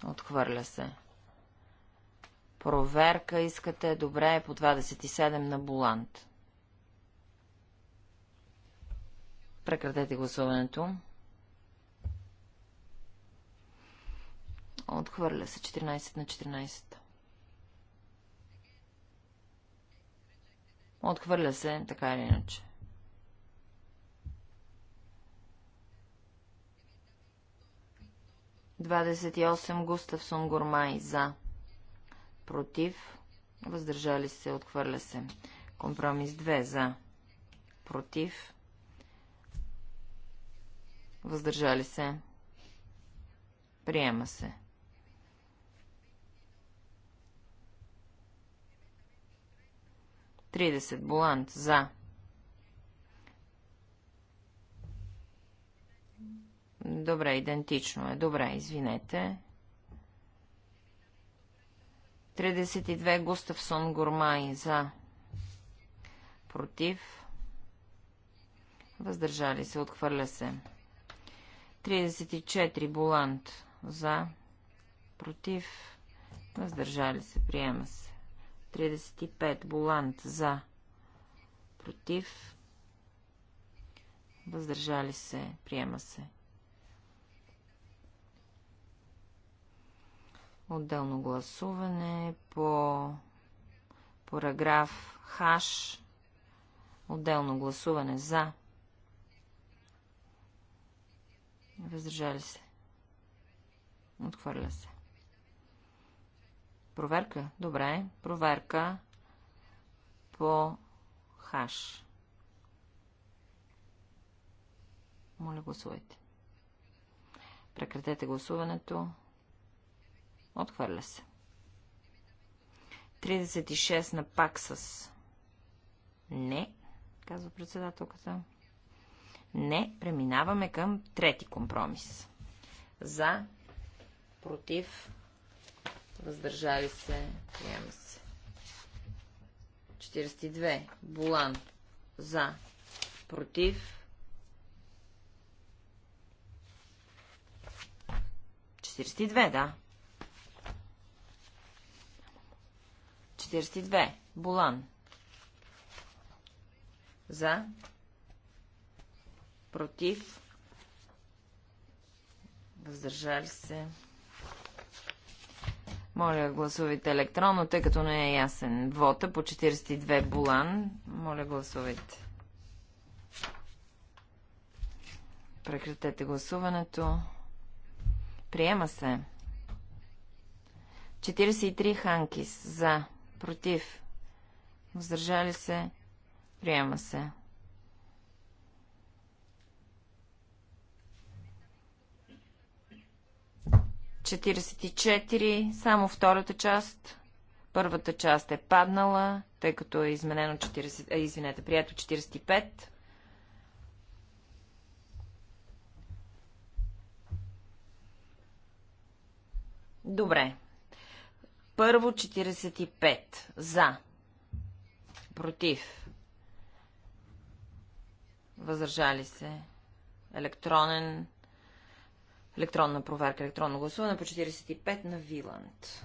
Отхвърля се. Проверка искате. Добре, по 27 на Болант. Прекратете гласуването. Отхвърля се 14 на 14. Отхвърля се, така или иначе. Двадесет и осем Густав Гормай за. Против. Въздържали се, отхвърля се. Компромис 2 за. Против. Въздържали се. Приема се. 30. Булант За. Добре, идентично е. Добре, извинете. 32. Густавсон Гурмай За. Против. Въздържали се. Отхвърля се. 34. Булант За. Против. Въздържали се. Приема се. 35. Болант за. Против. Въздържали се. Приема се. Отделно гласуване по параграф Хаш. Отделно гласуване за. Въздържали се. Отхвърля се. Проверка? Добре. Проверка по хаш. Моля, гласувайте. Прекратете гласуването. Отхвърля се. 36 на Паксас. Не, казва председателката. Не, преминаваме към трети компромис. За, против, въздържали се, приема се. 42. Булан. За. Против. 42, да. 42. Булан. За. Против. Въздържали се. Моля, гласувайте електронно, тъй като не е ясен. Вота по 42 Булан. Моля, гласувайте. Прекратете гласуването. Приема се. 43 Ханкис. За. Против. Въздържали се. Приема се. 44, само втората част. Първата част е паднала, тъй като е изменено 40, а, е, извинете, прието 45. Добре. Първо 45. За. Против. Възражали се. Електронен електронна проверка, електронно гласуване по 45 на Виланд.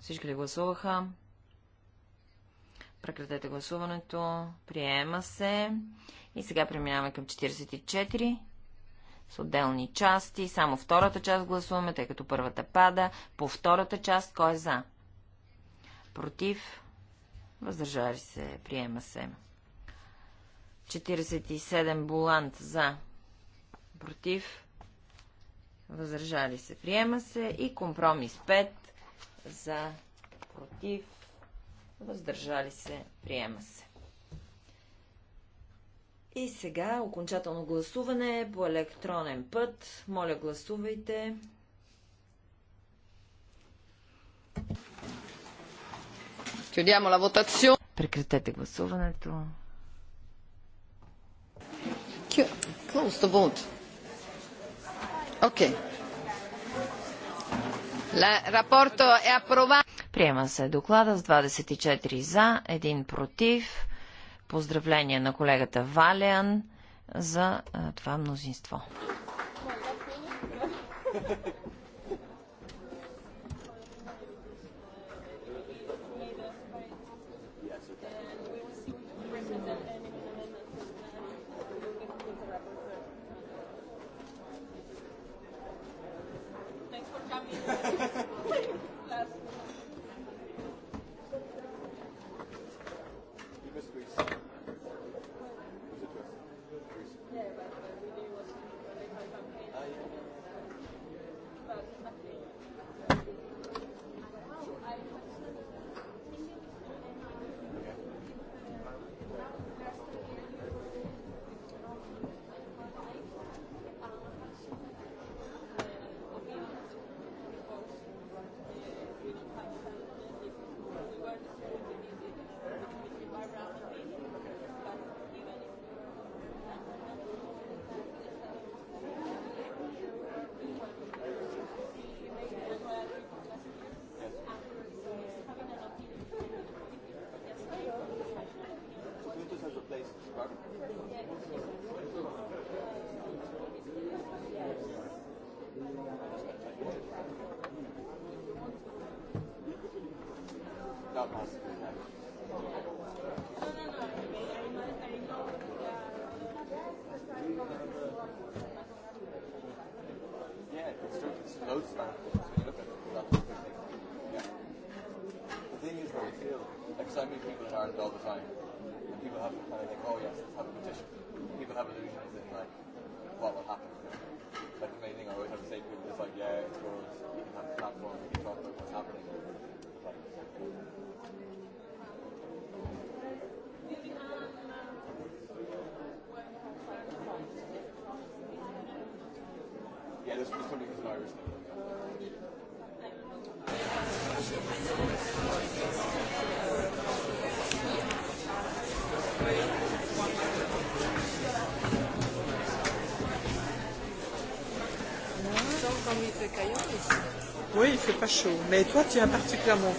Всички ли гласуваха? Прекратете гласуването. Приема се. И сега преминаваме към 44 с отделни части. Само втората част гласуваме, тъй като първата пада. По втората част кой е за? Против? Въздържали се. Приема се. 47 Булант за. Против. Въздържали се. Приема се. И компромис 5 за. Против. Въздържали се. Приема се. И сега окончателно гласуване по електронен път. Моля, гласувайте. Прекратете гласуването. Close the vote. Okay. Приема се доклада с 24 за, 1 против. Поздравление на колегата Валиан за това мнозинство. Pas chaud mais toi, tu as particulièrement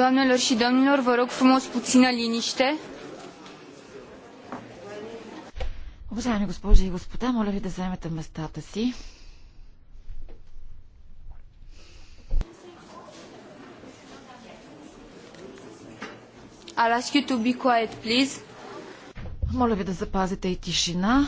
Doamnelor și domnilor, vă rog frumos puțină liniște. Уважаеми госпожи и господа, моля ви да заемете местата си. I'll ask you to be quiet, please. Моля ви да запазите и тишина.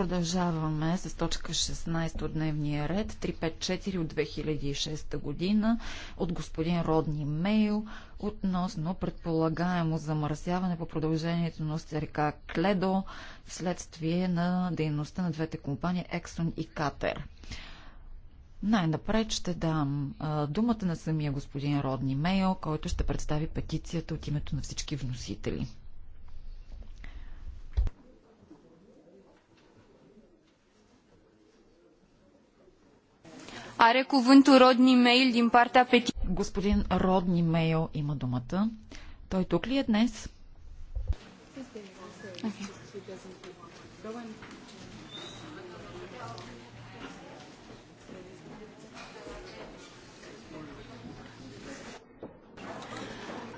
Продължаваме с точка 16 от дневния ред 354 от 2006 година от господин Родни Мейл относно предполагаемо замърсяване по продължението на река Кледо вследствие на дейността на двете компании Ексон и Катер. Най-напред ще дам а, думата на самия господин Родни Мейл, който ще представи петицията от името на всички вносители. Are cuvântul Rodni Мейл din partea peti... Господин Родни Мейл има думата. Той тук ли е днес? Okay.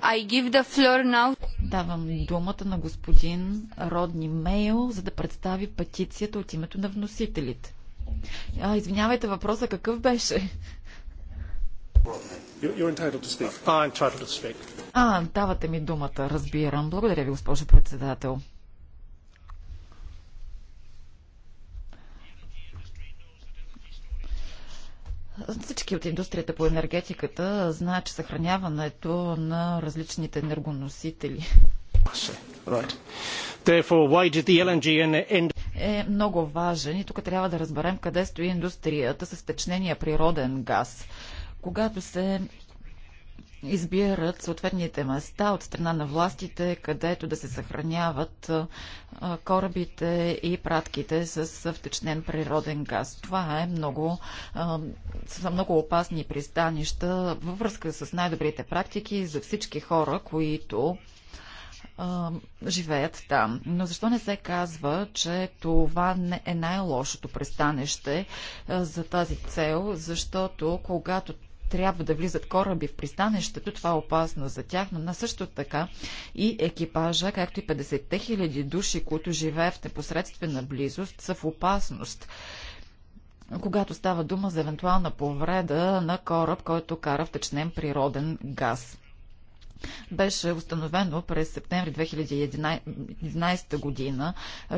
I give the floor now. Давам думата на господин Родни Мейл, за да представи петицията от името на вносителите. А, извинявайте, въпроса какъв беше? Oh, а, давате ми думата, разбирам. Благодаря ви, госпожо председател. Всички от индустрията по енергетиката знаят, че съхраняването на различните енергоносители. Right. Therefore, why did the LNG and е много важен и тук трябва да разберем къде стои индустрията с течнения природен газ. Когато се избират съответните места от страна на властите, където да се съхраняват корабите и пратките с втечнен природен газ. Това е много, са много опасни пристанища във връзка с най-добрите практики за всички хора, които а, живеят там. Но защо не се казва, че това не е най-лошото пристанище а, за тази цел, защото когато трябва да влизат кораби в пристанището, това е опасно за тях, но на също така и екипажа, както и 50-те хиляди души, които живеят в непосредствена близост, са в опасност когато става дума за евентуална повреда на кораб, който кара втечнен природен газ. Беше установено през септември 2011 година,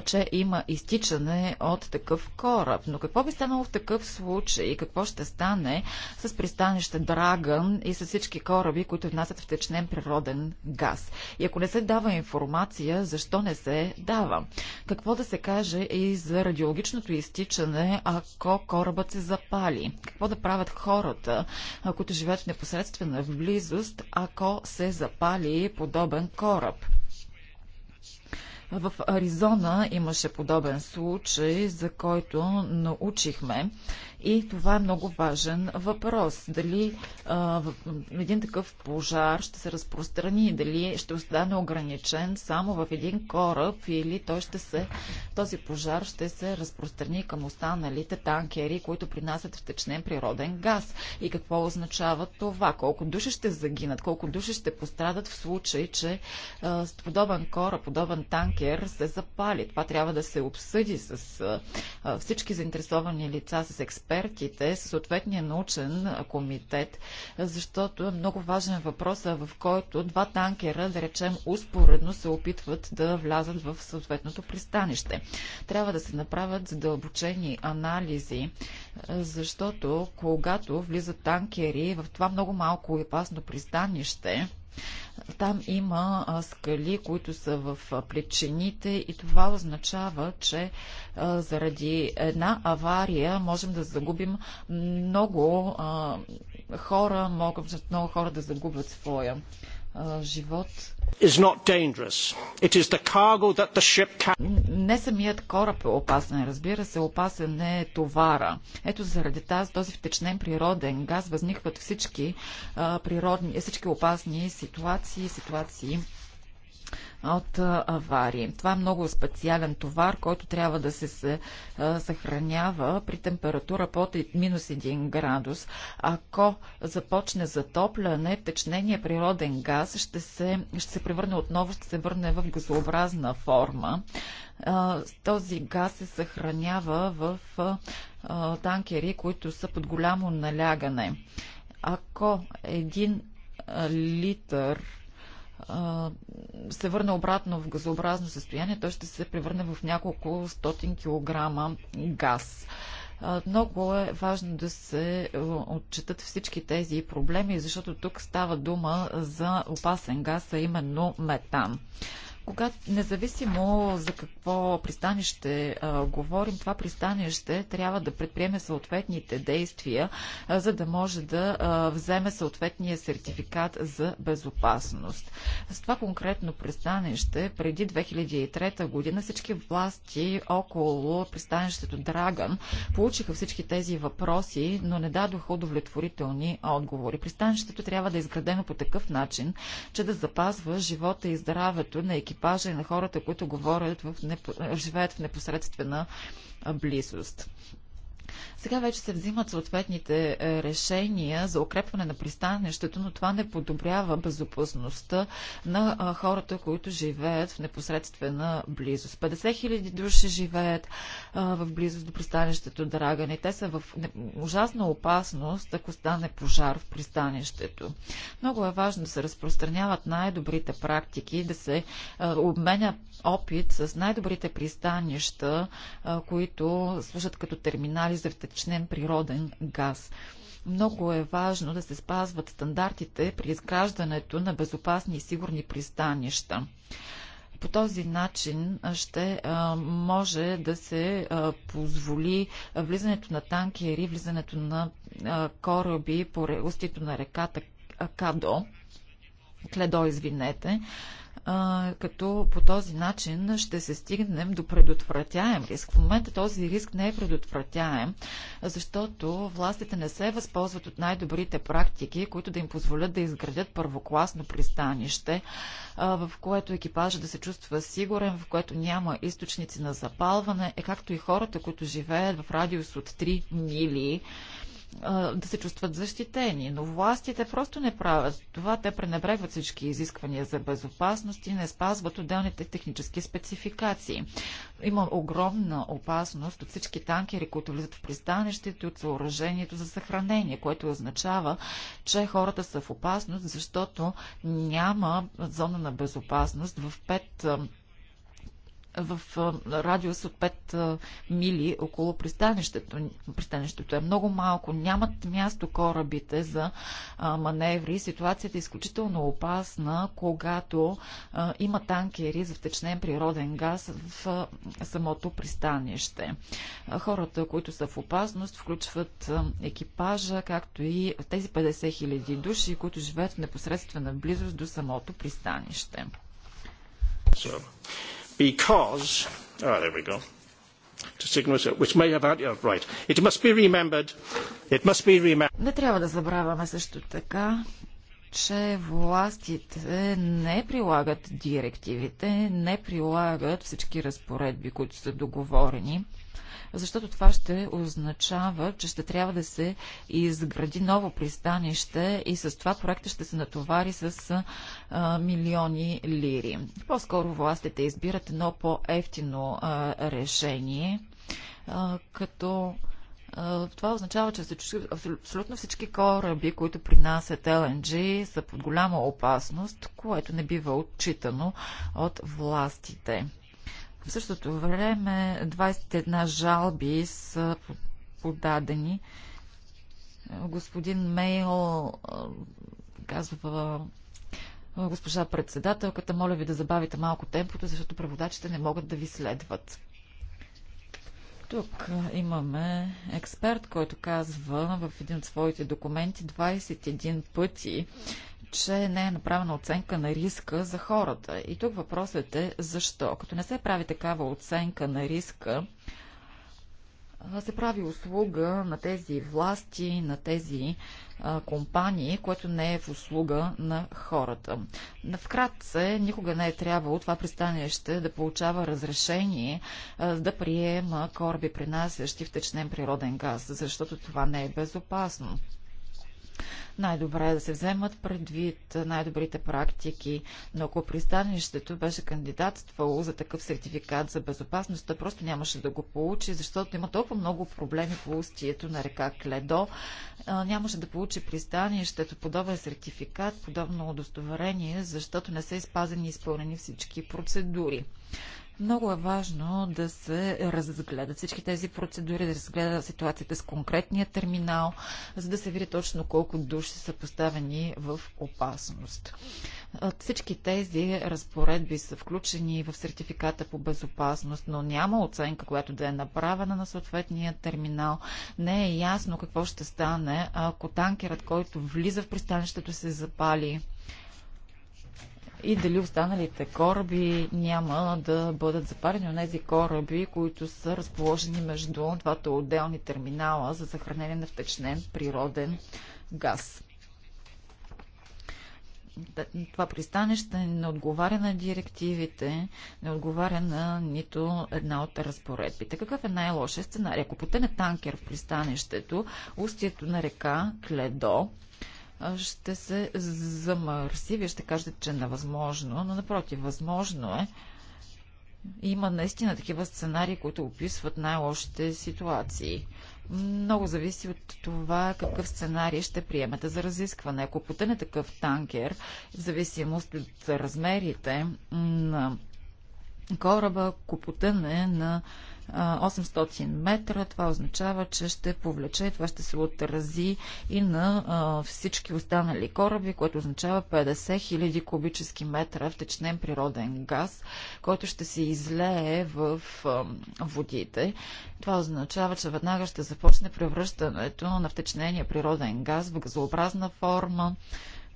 че има изтичане от такъв кораб. Но какво би станало в такъв случай? Какво ще стане с пристанище Драгън и с всички кораби, които внасят втечнен природен газ? И ако не се дава информация, защо не се дава? Какво да се каже и за радиологичното изтичане, ако корабът се запали? Какво да правят хората, които живеят в непосредствена близост, ако се запали подобен кораб. В Аризона имаше подобен случай, за който научихме, и това е много важен въпрос. Дали а, един такъв пожар ще се разпространи, дали ще остане ограничен само в един кораб или той ще се, този пожар ще се разпространи към останалите танкери, които принасят втечнен природен газ. И какво означава това? Колко души ще загинат? Колко души ще пострадат в случай, че а, подобен кораб, подобен танкер се запали? Това трябва да се обсъди с а, всички заинтересовани лица, с експерти експертите, съответния научен комитет, защото е много важен въпрос, в който два танкера, да речем, успоредно се опитват да влязат в съответното пристанище. Трябва да се направят задълбочени анализи, защото когато влизат танкери в това много малко и опасно пристанище, там има скали, които са в плечените и това означава, че заради една авария можем да загубим много хора, могат много хора да загубят своя живот. Ship... Не самият кораб е опасен, разбира се, опасен е товара. Ето заради тази, този втечнен природен газ възникват всички, а, природни, всички опасни ситуации, ситуации от аварии. Това е много специален товар, който трябва да се, съхранява при температура под минус 1 градус. Ако започне затопляне, течнение природен газ ще се, ще се превърне отново, ще се върне в газообразна форма. Този газ се съхранява в танкери, които са под голямо налягане. Ако един литър се върне обратно в газообразно състояние, то ще се превърне в няколко стотин килограма газ. Много е важно да се отчитат всички тези проблеми, защото тук става дума за опасен газ, а именно метан. Когато, независимо за какво пристанище а, говорим, това пристанище трябва да предприеме съответните действия, а, за да може да а, вземе съответния сертификат за безопасност. С това конкретно пристанище, преди 2003 година всички власти около пристанището Драган получиха всички тези въпроси, но не дадоха удовлетворителни отговори. Пристанището трябва да е изградено по такъв начин, че да запазва живота и здравето на екипа екипажа и на хората, които говорят в, живеят в непосредствена близост. Сега вече се взимат съответните е, решения за укрепване на пристанището, но това не подобрява безопасността на хората, които живеят в непосредствена близост. 50 хиляди души живеят в близост до пристанището Драгани. Те са в ужасна опасност, ако стане пожар в пристанището. Много е важно да се разпространяват най-добрите практики, да се обменя опит с най-добрите пристанища, които служат като терминали за втечнен природен газ. Много е важно да се спазват стандартите при изграждането на безопасни и сигурни пристанища. По този начин ще може да се позволи влизането на танкери, влизането на кораби по устието на реката Кадо, Кледо, извинете, като по този начин ще се стигнем до предотвратяем риск. В момента този риск не е предотвратяем, защото властите не се възползват от най-добрите практики, които да им позволят да изградят първокласно пристанище, в което екипажа да се чувства сигурен, в което няма източници на запалване, е както и хората, които живеят в радиус от 3 мили да се чувстват защитени, но властите просто не правят това. Те пренебрегват всички изисквания за безопасност и не спазват отделните технически спецификации. Има огромна опасност от всички танкери, които влизат в пристанището и от съоръжението за съхранение, което означава, че хората са в опасност, защото няма зона на безопасност в пет в радиус от 5 мили около пристанището. Пристанището е много малко, нямат място корабите за маневри. Ситуацията е изключително опасна, когато има танкери за втечнен природен газ в самото пристанище. Хората, които са в опасност, включват екипажа, както и тези 50 хиляди души, които живеят в непосредствена близост до самото пристанище because oh, there we go to signal which may have yeah, right. It must be remembered. It must be remembered. Не трябва да забравяме също така, че властите не прилагат директивите, не прилагат всички разпоредби, които са договорени защото това ще означава, че ще трябва да се изгради ново пристанище и с това проекта ще се натовари с а, милиони лири. По-скоро властите избират едно по-ефтино решение, а, като това означава, че абсолютно всички кораби, които принасят ЛНГ, са под голяма опасност, което не бива отчитано от властите. В същото време 21 жалби са подадени. Господин Мейл казва госпожа председателката, моля ви да забавите малко темпото, защото преводачите не могат да ви следват. Тук имаме експерт, който казва в един от своите документи 21 пъти че не е направена оценка на риска за хората. И тук въпросът е защо. Като не се прави такава оценка на риска, се прави услуга на тези власти, на тези а, компании, което не е в услуга на хората. Вкратце, никога не е трябвало това пристанище да получава разрешение а, да приема кораби, принасящи втечнен природен газ, защото това не е безопасно най-добре е да се вземат предвид най-добрите практики. Но ако пристанището беше кандидатствало за такъв сертификат за безопасност, просто нямаше да го получи, защото има толкова много проблеми по устието на река Кледо. Нямаше да получи пристанището подобен сертификат, подобно удостоверение, защото не са изпазени и изпълнени всички процедури. Много е важно да се разгледат всички тези процедури, да разгледа ситуацията с конкретния терминал, за да се види точно колко души са поставени в опасност. Всички тези разпоредби са включени в сертификата по безопасност, но няма оценка, която да е направена на съответния терминал. Не е ясно какво ще стане, ако танкерът, който влиза в пристанището, се запали и дали останалите кораби няма да бъдат запарени от тези кораби, които са разположени между двата отделни терминала за съхранение на втечнен природен газ. Това пристанище не отговаря на директивите, не отговаря на нито една от разпоредбите. Какъв е най лошия сценарий? Ако потъне танкер в пристанището, устието на река Кледо, ще се замърси. Вие ще кажете, че е невъзможно, но напротив, възможно е. Има наистина такива сценарии, които описват най-лошите ситуации. Много зависи от това какъв сценарий ще приемете за разискване. Ако потъне такъв танкер, в зависимост от размерите на кораба, ако потъне на 800 метра. Това означава, че ще повлече и това ще се отрази и на всички останали кораби, което означава 50 000 кубически метра втечнен природен газ, който ще се излее в водите. Това означава, че веднага ще започне превръщането на втечнения природен газ в газообразна форма,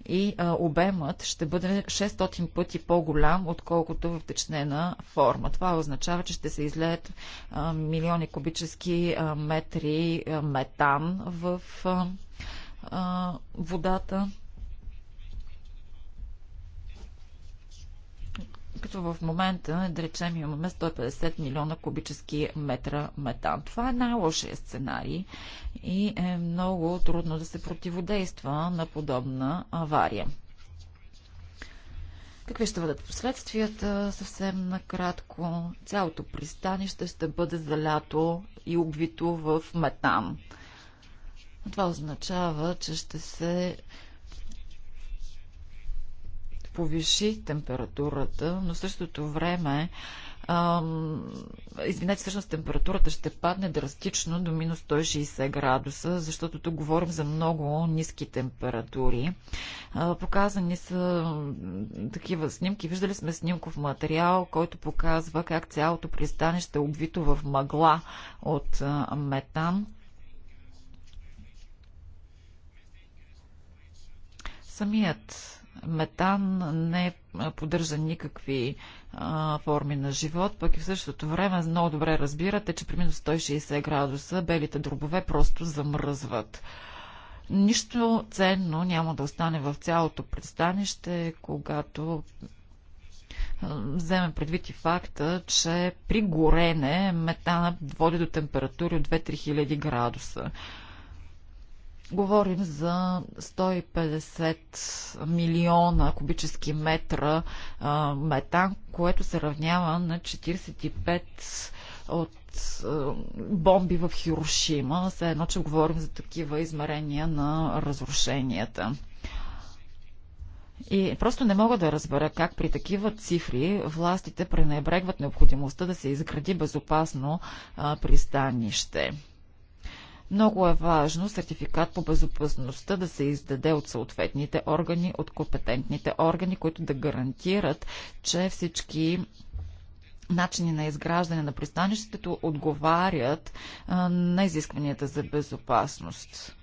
и а, обемът ще бъде 600 пъти по-голям, отколкото в течнена форма. Това означава, че ще се излеят а, милиони кубически а, метри а, метан в а, а, водата. като в момента, да речем, имаме 150 милиона кубически метра метан. Това е най-лошия сценарий и е много трудно да се противодейства на подобна авария. Какви ще бъдат последствията? Съвсем накратко. Цялото пристанище ще бъде залято и обвито в метан. Това означава, че ще се повиши температурата, но в същото време извинете, всъщност температурата ще падне драстично до минус 160 градуса, защото тук говорим за много ниски температури. Показани са такива снимки. Виждали сме снимков материал, който показва как цялото пристанище е обвито в мъгла от метан. Самият метан не поддържа никакви а, форми на живот, пък и в същото време много добре разбирате, че при минус 160 градуса белите дробове просто замръзват. Нищо ценно няма да остане в цялото пристанище, когато вземем предвид и факта, че при горене метана води до температури от 2-3 хиляди градуса. Говорим за 150 милиона кубически метра а, метан, което се равнява на 45 от а, бомби в Хирошима. Все едно, че говорим за такива измерения на разрушенията. И просто не мога да разбера как при такива цифри властите пренебрегват необходимостта да се изгради безопасно а, пристанище. Много е важно сертификат по безопасността да се издаде от съответните органи, от компетентните органи, които да гарантират, че всички начини на изграждане на пристанището отговарят а, на изискванията за безопасност.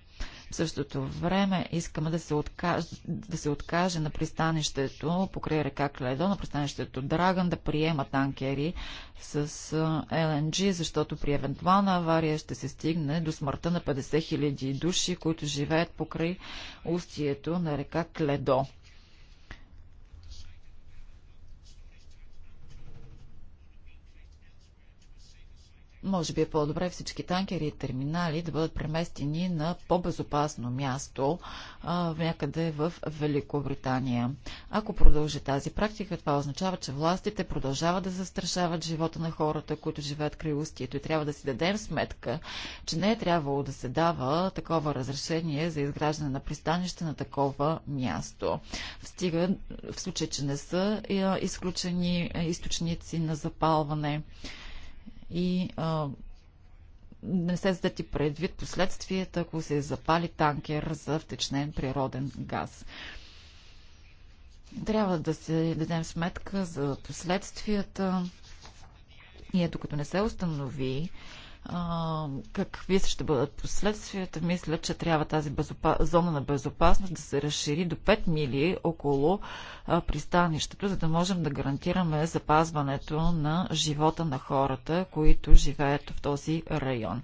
В същото време искаме да се откаже, да се откаже на пристанището покрай река Кледо, на пристанището Драган да приема танкери с ЛНГ, защото при евентуална авария ще се стигне до смъртта на 50 000 души, които живеят покрай устието на река Кледо. Може би е по-добре всички танкери и терминали да бъдат преместени на по-безопасно място а, някъде в Великобритания. Ако продължи тази практика, това означава, че властите продължават да застрашават живота на хората, които живеят край устието и трябва да си дадем сметка, че не е трябвало да се дава такова разрешение за изграждане на пристанище на такова място. Стига в случай, че не са изключени източници на запалване и а, не се задати предвид последствията, ако се запали танкер за втечнен природен газ. Трябва да се дадем сметка за последствията и ето като не се установи а, какви ще бъдат последствията, мисля, че трябва тази безопа... зона на безопасност да се разшири до 5 мили около а, пристанището, за да можем да гарантираме запазването на живота на хората, които живеят в този район.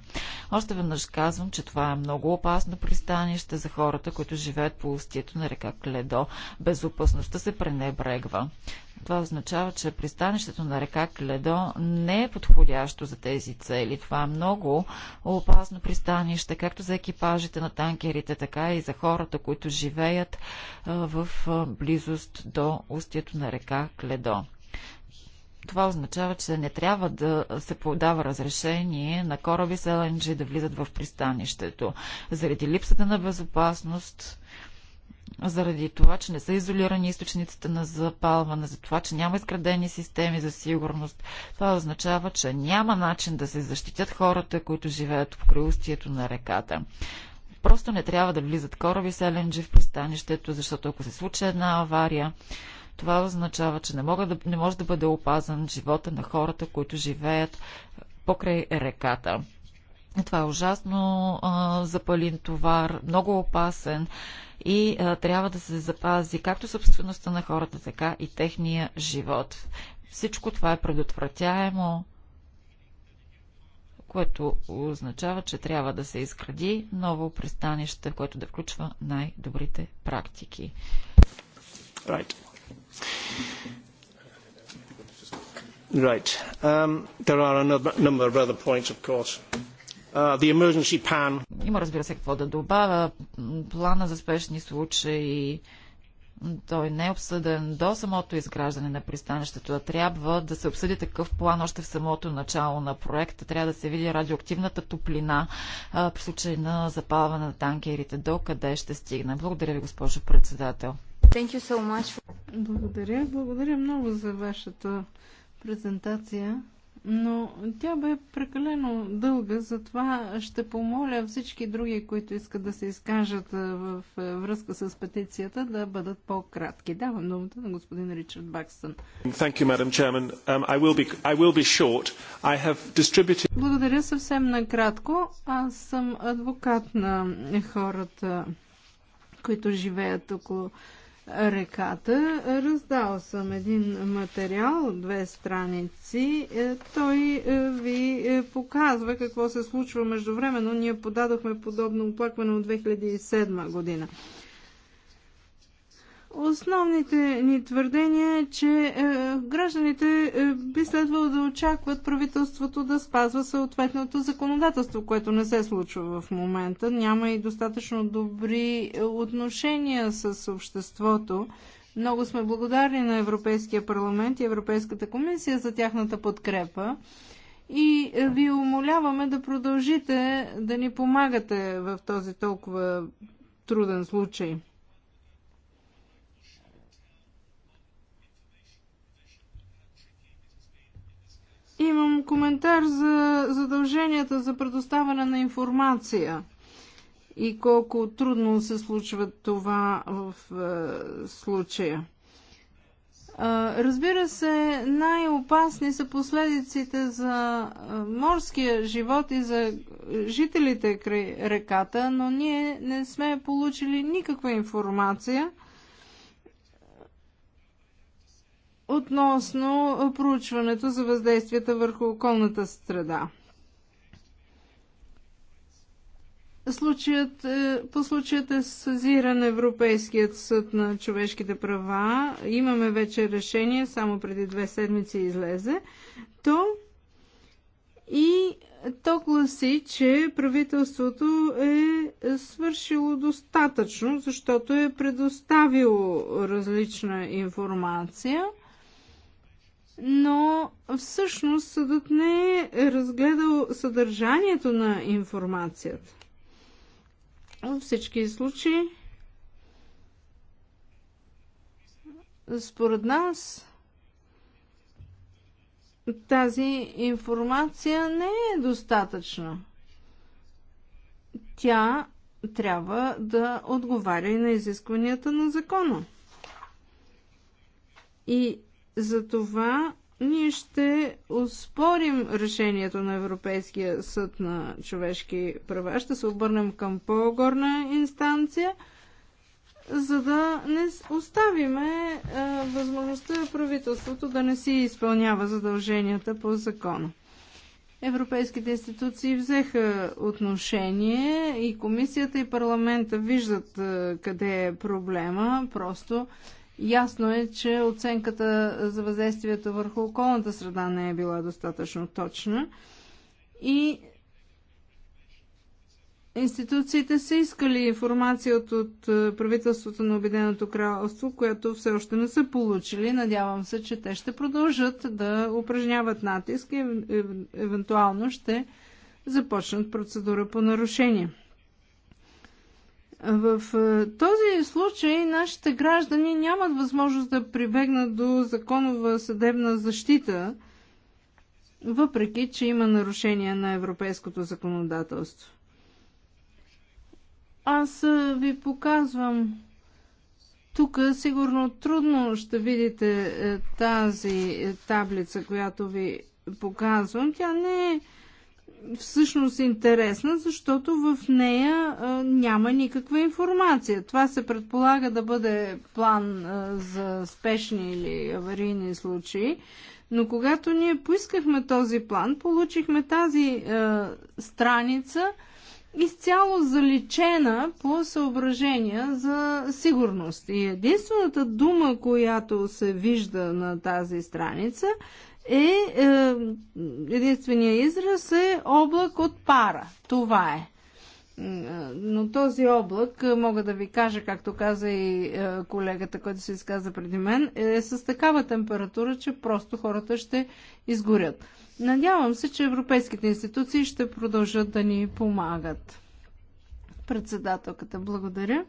Още веднъж казвам, че това е много опасно пристанище за хората, които живеят по устието на река Кледо. Безопасността се пренебрегва. Това означава, че пристанището на река Кледо не е подходящо за тези цели. Това е много опасно пристанище, както за екипажите на танкерите, така и за хората, които живеят в близост до устието на река Кледо. Това означава, че не трябва да се подава разрешение на кораби с ЛНЖ да влизат в пристанището. Заради липсата на безопасност заради това, че не са изолирани източниците на запалване, за това, че няма изградени системи за сигурност. Това означава, че няма начин да се защитят хората, които живеят в крилостието на реката. Просто не трябва да влизат кораби с LNG в пристанището, защото ако се случи една авария, това означава, че не, мога да, не може да бъде опазан живота на хората, които живеят покрай реката. Това е ужасно а, запалин товар, много опасен и а, трябва да се запази както собствеността на хората, така и техния живот. Всичко това е предотвратяемо, което означава, че трябва да се изгради ново пристанище, което да включва най-добрите практики. Right. Right. Um, there are a number of other points, of course. Uh, Има, разбира се, какво да добавя. Плана за спешни случаи той не е обсъден до самото изграждане на пристанището. Трябва да се обсъди такъв план още в самото начало на проекта. Трябва да се види радиоактивната топлина а, в случай на запалване на танкерите. До къде ще стигне? Благодаря ви, госпожо председател. Thank you so much. Благодаря. Благодаря много за вашата презентация но тя бе прекалено дълга, затова ще помоля всички други, които искат да се изкажат в връзка с петицията, да бъдат по-кратки. Давам думата на господин Ричард Бакстън. Um, Благодаря съвсем накратко. Аз съм адвокат на хората, които живеят около реката. Раздал съм един материал, две страници. Е, той е, ви е, показва какво се случва между времено. Ние подадохме подобно оплакване от 2007 година. Основните ни твърдения е, че е, гражданите е, би следвало да очакват правителството да спазва съответното законодателство, което не се случва в момента. Няма и достатъчно добри е, отношения с обществото. Много сме благодарни на Европейския парламент и Европейската комисия за тяхната подкрепа и ви умоляваме да продължите да ни помагате в този толкова труден случай. Имам коментар за задълженията за предоставяне на информация и колко трудно се случва това в е, случая. Разбира се, най-опасни са последиците за е, морския живот и за жителите край реката, но ние не сме получили никаква информация относно проучването за въздействията върху околната среда. Случаят, е, по случаят е съзиран Европейският съд на човешките права. Имаме вече решение, само преди две седмици излезе. То и то гласи, че правителството е свършило достатъчно, защото е предоставило различна информация – но всъщност съдът не е разгледал съдържанието на информацията. Във всички случаи, според нас, тази информация не е достатъчна. Тя трябва да отговаря и на изискванията на закона. И затова ние ще успорим решението на Европейския съд на човешки права. Ще се обърнем към по-горна инстанция, за да не оставиме е, възможността правителството да не си изпълнява задълженията по закона. Европейските институции взеха отношение и комисията и парламента виждат е, къде е проблема. Просто е, Ясно е, че оценката за въздействието върху околната среда не е била достатъчно точна и институциите са искали информация от, от правителството на Обединеното кралство, което все още не са получили. Надявам се, че те ще продължат да упражняват натиск и ев, ев, евентуално ще започнат процедура по нарушение. В е, този случай нашите граждани нямат възможност да прибегнат до законова съдебна защита, въпреки че има нарушение на европейското законодателство. Аз е, ви показвам тук сигурно трудно ще видите е, тази таблица, която ви показвам. Тя не е всъщност интересна, защото в нея няма никаква информация. Това се предполага да бъде план за спешни или аварийни случаи, но когато ние поискахме този план, получихме тази а, страница изцяло заличена по съображения за сигурност. И единствената дума, която се вижда на тази страница е, е единствения израз е облак от пара. Това е. Но този облак, мога да ви кажа, както каза и е, колегата, който се изказа преди мен, е с такава температура, че просто хората ще изгорят. Надявам се, че европейските институции ще продължат да ни помагат. Председателката, благодаря.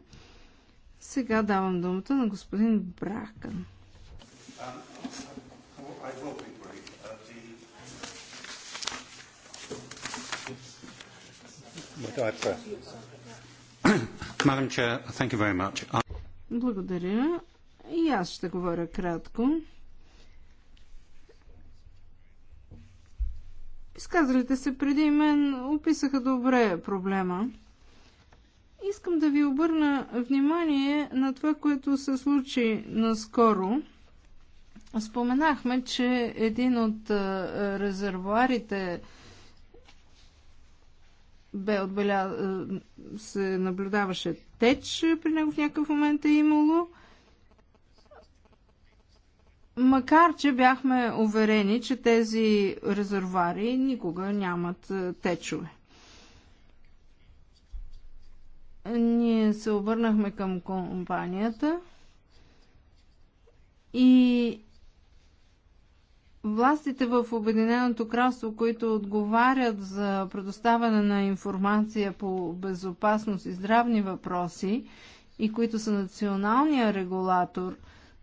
Сега давам думата на господин Бракън. Благодаря. И аз ще говоря кратко. Изказалите се преди мен описаха добре проблема. Искам да ви обърна внимание на това, което се случи наскоро. Споменахме, че един от резервуарите, бе отбеля... Е, се наблюдаваше теч, е, при него в някакъв момент е имало. Макар, че бяхме уверени, че тези резервуари никога нямат е, течове. Ние се обърнахме към компанията и Властите в Обединеното кралство, които отговарят за предоставяне на информация по безопасност и здравни въпроси и които са националния регулатор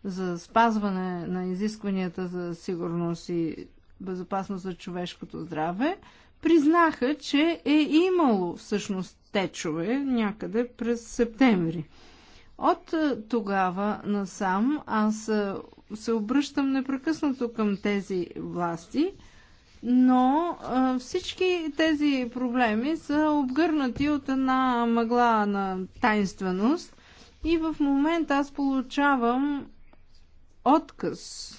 за спазване на изискванията за сигурност и безопасност за човешкото здраве, признаха, че е имало всъщност течове някъде през септември. От е, тогава насам аз е, се обръщам непрекъснато към тези власти, но а, всички тези проблеми са обгърнати от една мъгла на тайнственост и в момента аз получавам отказ.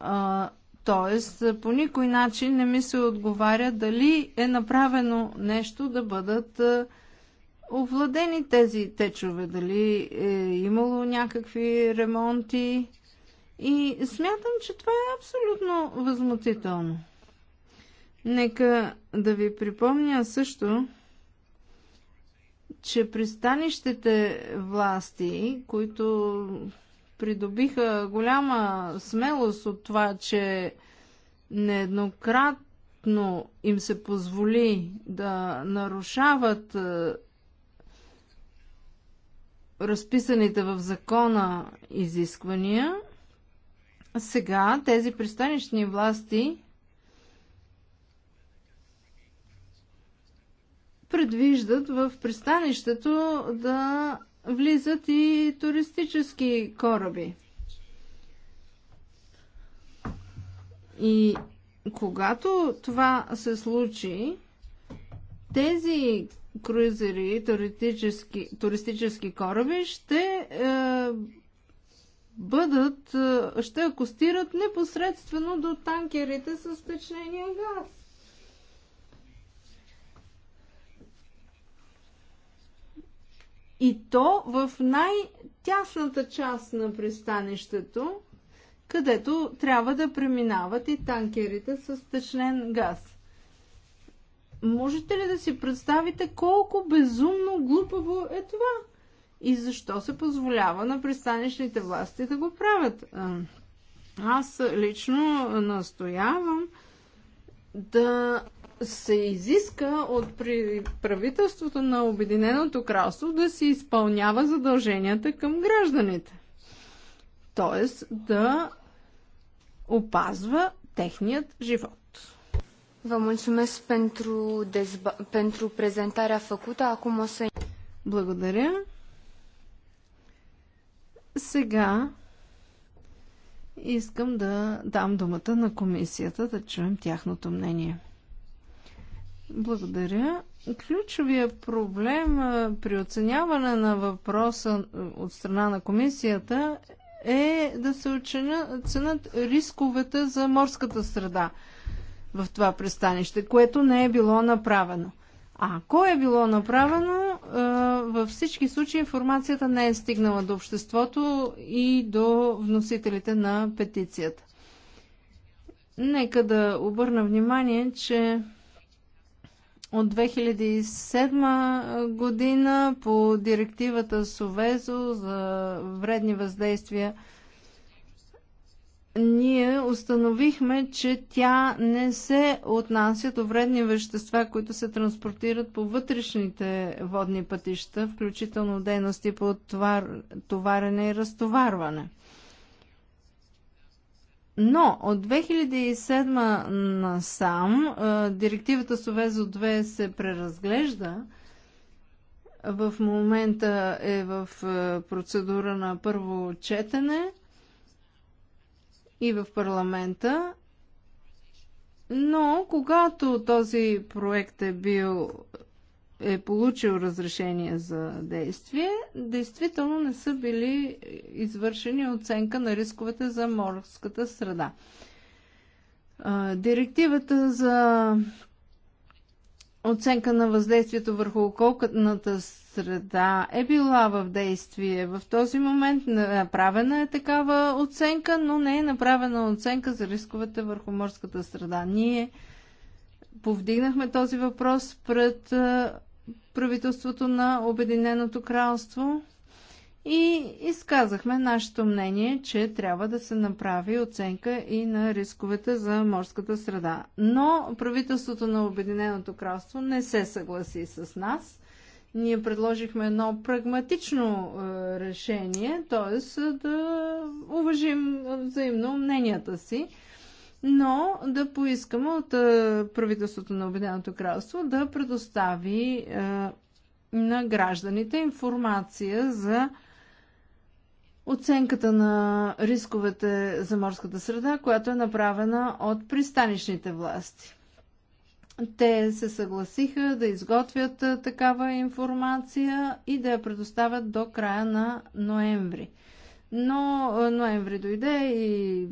А, Тоест, по никой начин не ми се отговаря дали е направено нещо да бъдат овладени тези течове? Дали е имало някакви ремонти? И смятам, че това е абсолютно възмутително. Нека да ви припомня също, че пристанищите власти, които придобиха голяма смелост от това, че нееднократно им се позволи да нарушават е, разписаните в закона изисквания, сега тези пристанищни власти предвиждат в пристанището да влизат и туристически кораби. И когато това се случи, тези круизери и туристически, туристически кораби ще е, бъдат, е, ще акустират непосредствено до танкерите с течнения газ. И то в най-тясната част на пристанището, където трябва да преминават и танкерите с течнен газ. Можете ли да си представите колко безумно глупаво е това? И защо се позволява на пристанищните власти да го правят? Аз лично настоявам да се изиска от правителството на Обединеното кралство да си изпълнява задълженията към гражданите. Тоест да опазва техният живот. Vă mulțumesc pentru, dezba- pentru prezentarea făcută. Acum o să... Благодаря. Сега искам да дам думата на комисията да чуем тяхното мнение. Благодаря. Ключовия проблем при оценяване на въпроса от страна на комисията е да се оценят рисковете за морската среда в това пристанище, което не е било направено. А ако е било направено, е, във всички случаи информацията не е стигнала до обществото и до вносителите на петицията. Нека да обърна внимание, че от 2007 година по директивата Совезо за вредни въздействия ние установихме, че тя не се отнася до вредни вещества, които се транспортират по вътрешните водни пътища, включително дейности по товар, товарене и разтоварване. Но от 2007 насам директивата Совезо 2 се преразглежда. В момента е в процедура на първо четене – и в парламента, но когато този проект е бил е получил разрешение за действие, действително не са били извършени оценка на рисковете за морската среда. Директивата за оценка на въздействието върху околната среда е била в действие. В този момент направена е такава оценка, но не е направена оценка за рисковете върху морската среда. Ние повдигнахме този въпрос пред е, правителството на Обединеното кралство и изказахме нашето мнение, че трябва да се направи оценка и на рисковете за морската среда. Но правителството на Обединеното кралство не се съгласи с нас ние предложихме едно прагматично е, решение, т.е. да уважим взаимно мненията си но да поискаме от е, правителството на Обединеното кралство да предостави е, на гражданите информация за оценката на рисковете за морската среда, която е направена от пристанищните власти. Те се съгласиха да изготвят такава информация и да я предоставят до края на ноември. Но ноември дойде и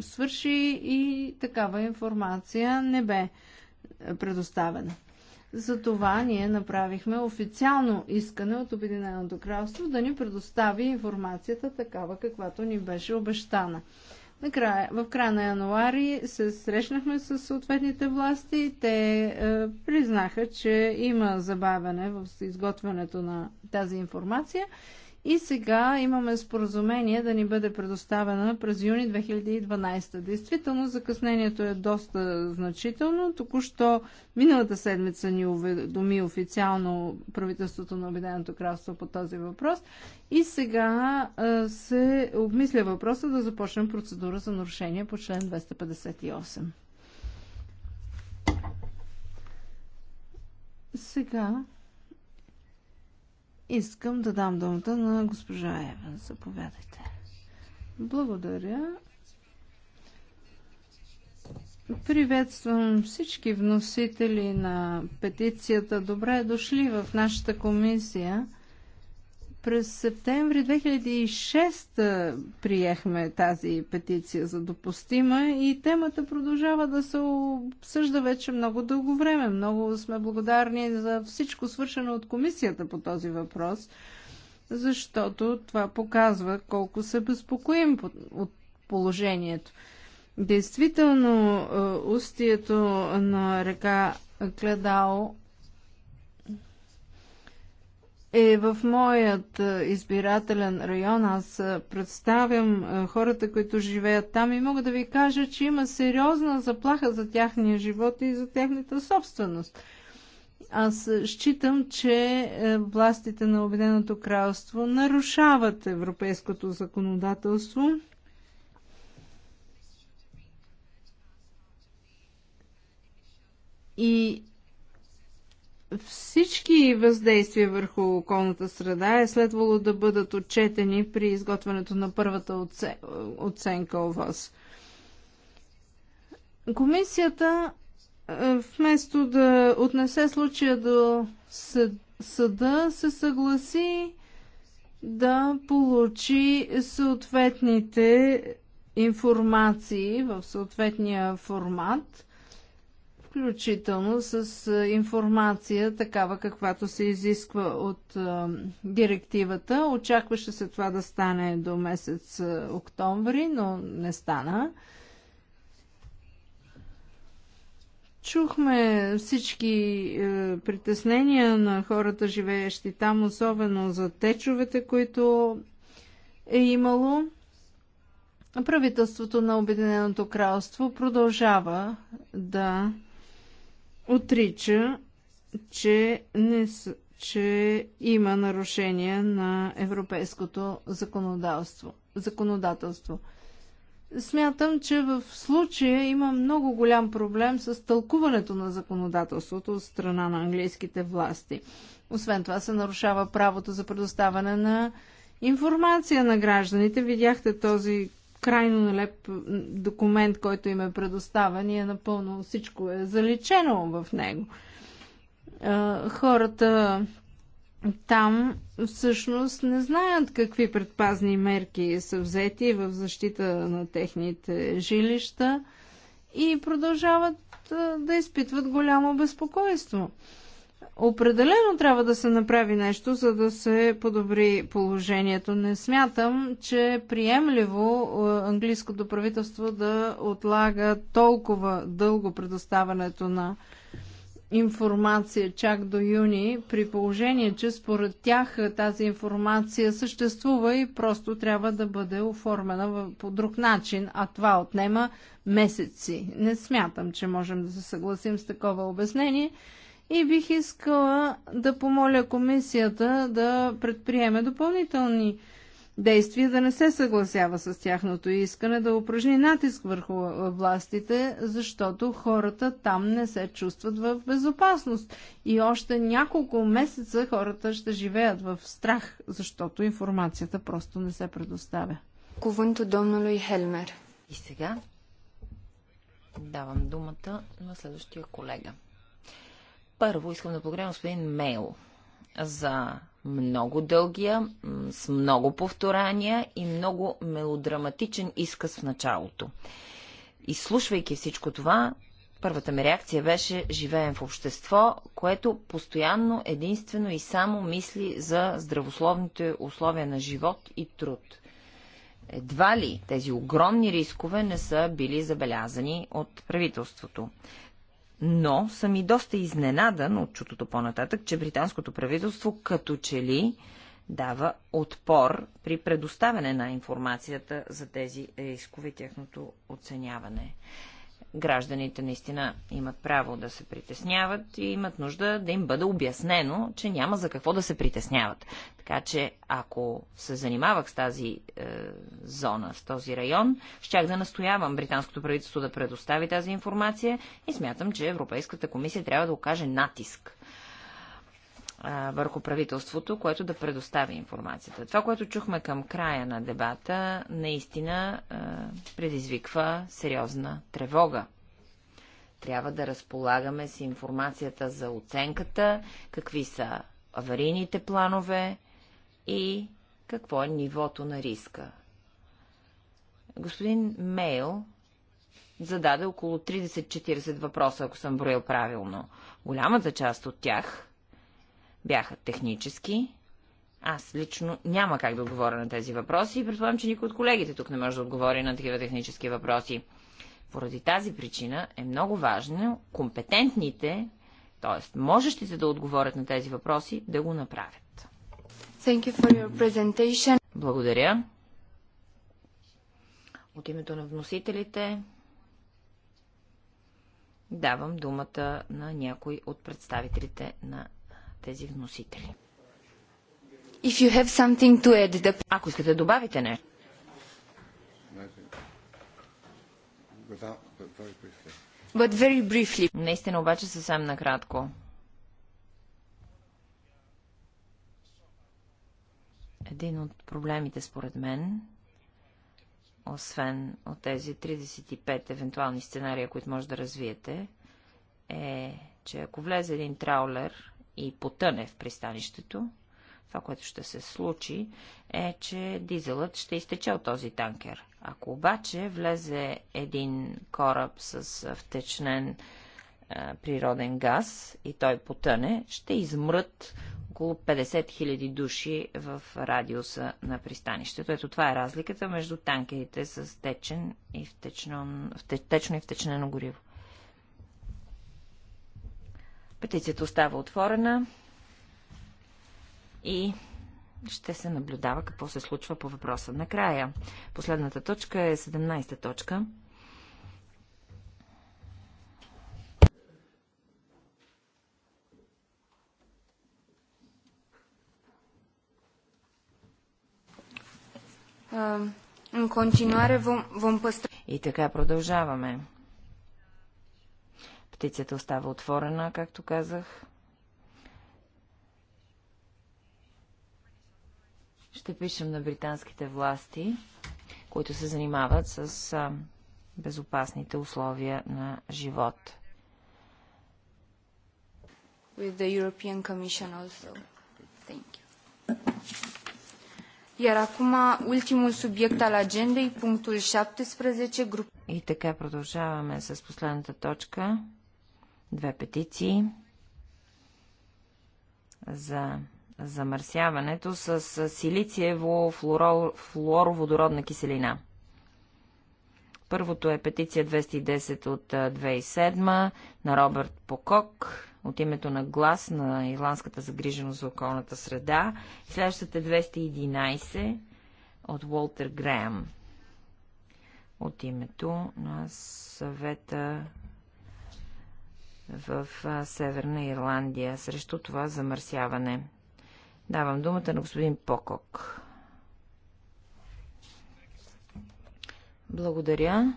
свърши и такава информация не бе предоставена. Затова ние направихме официално искане от Обединеното кралство да ни предостави информацията такава, каквато ни беше обещана. Накрая, в края на януари се срещнахме с съответните власти и те е, признаха, че има забавяне в изготвянето на тази информация и сега имаме споразумение да ни бъде предоставена през юни 2012. Действително закъснението е доста значително. Току-що миналата седмица ни уведоми официално правителството на Обединеното кралство по този въпрос. И сега се обмисля въпроса да започнем процедура за нарушение по член 258. Сега Искам да дам думата на госпожа Еван. Заповядайте. Благодаря. Приветствам всички вносители на петицията. Добре дошли в нашата комисия. През септември 2006 приехме тази петиция за допустима и темата продължава да се обсъжда вече много дълго време. Много сме благодарни за всичко свършено от комисията по този въпрос, защото това показва колко се безпокоим от положението. Действително, е, устието на река Кледао е в моят избирателен район. Аз представям хората, които живеят там и мога да ви кажа, че има сериозна заплаха за тяхния живот и за тяхната собственост. Аз считам, че властите на Обединеното кралство нарушават европейското законодателство. И всички въздействия върху околната среда е следвало да бъдат отчетени при изготвянето на първата оценка у вас. Комисията е, вместо да отнесе случая до съда, се съгласи да получи съответните информации в съответния формат включително с информация, такава каквато се изисква от директивата. Очакваше се това да стане до месец октомври, но не стана. Чухме всички е, притеснения на хората, живеещи там, особено за течовете, които е имало. Правителството на Обединеното кралство продължава да отрича, че, не, че има нарушение на европейското законодателство. законодателство. Смятам, че в случая има много голям проблем с тълкуването на законодателството от страна на английските власти. Освен това се нарушава правото за предоставяне на информация на гражданите. Видяхте този крайно налеп документ, който им е предоставен и е напълно всичко е заличено в него. Хората там всъщност не знаят какви предпазни мерки са взети в защита на техните жилища и продължават да изпитват голямо безпокойство. Определено трябва да се направи нещо, за да се подобри положението. Не смятам, че е приемливо е, английското правителство да отлага толкова дълго предоставянето на информация чак до юни, при положение, че според тях тази информация съществува и просто трябва да бъде оформена по друг начин, а това отнема месеци. Не смятам, че можем да се съгласим с такова обяснение. И бих искала да помоля комисията да предприеме допълнителни действия, да не се съгласява с тяхното искане, да упражни натиск върху властите, защото хората там не се чувстват в безопасност. И още няколко месеца хората ще живеят в страх, защото информацията просто не се предоставя. Кувънто домнули Хелмер. И сега давам думата на следващия колега. Първо искам да благодаря господин Мейл за много дългия, с много повторания и много мелодраматичен изказ в началото. Изслушвайки всичко това, първата ми реакция беше живеем в общество, което постоянно единствено и само мисли за здравословните условия на живот и труд. Едва ли тези огромни рискове не са били забелязани от правителството но съм и доста изненадан от чутото по-нататък, че британското правителство като че ли дава отпор при предоставяне на информацията за тези рискове и тяхното оценяване. Гражданите наистина имат право да се притесняват и имат нужда да им бъде обяснено, че няма за какво да се притесняват. Така че, ако се занимавах с тази е, зона, с този район, щях да настоявам британското правителство да предостави тази информация и смятам, че Европейската комисия трябва да окаже натиск върху правителството, което да предостави информацията. Това, което чухме към края на дебата, наистина предизвиква сериозна тревога. Трябва да разполагаме с информацията за оценката, какви са аварийните планове и какво е нивото на риска. Господин Мейл зададе около 30-40 въпроса, ако съм броил правилно. Голямата част от тях бяха технически. Аз лично няма как да отговоря на тези въпроси и предполагам, че никой от колегите тук не може да отговори на такива технически въпроси. Поради тази причина е много важно компетентните, т.е. можещите да отговорят на тези въпроси, да го направят. Thank you for your presentation. Благодаря. От името на вносителите давам думата на някой от представителите на тези вносители. If you have something to add, the... Ако искате да добавите нещо. But very briefly. Наистина обаче съвсем накратко. Един от проблемите според мен, освен от тези 35 евентуални сценария, които може да развиете, е, че ако влезе един траулер и потъне в пристанището, това, което ще се случи, е, че дизелът ще изтече от този танкер. Ако обаче влезе един кораб с втечнен е, природен газ и той потъне, ще измрът около 50 000 души в радиуса на пристанището. Ето това е разликата между танкерите с течен и втечно, втечно и втечнено гориво. Петицията остава отворена и ще се наблюдава какво се случва по въпроса. Накрая, последната точка е 17-та точка. И така продължаваме. Петицията остава отворена, както казах. Ще пишем на британските власти, които се занимават с безопасните условия на живот. With the European Commission also. Thank you. Iar acum, ultimul subiect al agendei, punctul 17, grup... И така продължаваме с последната точка. Две петиции за замърсяването с силициево-флуороводородна киселина. Първото е петиция 210 от 2007 на Робърт Покок от името на глас на Ирландската загриженост за околната среда. Следващата е 211 от Уолтер Греъм от името на съвета в Северна Ирландия срещу това замърсяване. Давам думата на господин Покок. Благодаря.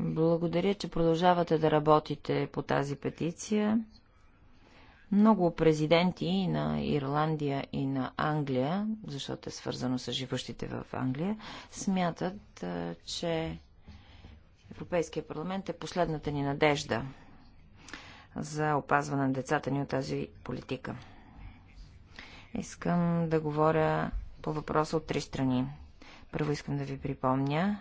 Благодаря, че продължавате да работите по тази петиция. Много президенти на Ирландия и на Англия, защото е свързано с живущите в Англия, смятат, че Европейския парламент е последната ни надежда за опазване на децата ни от тази политика. Искам да говоря по въпроса от три страни. Първо искам да ви припомня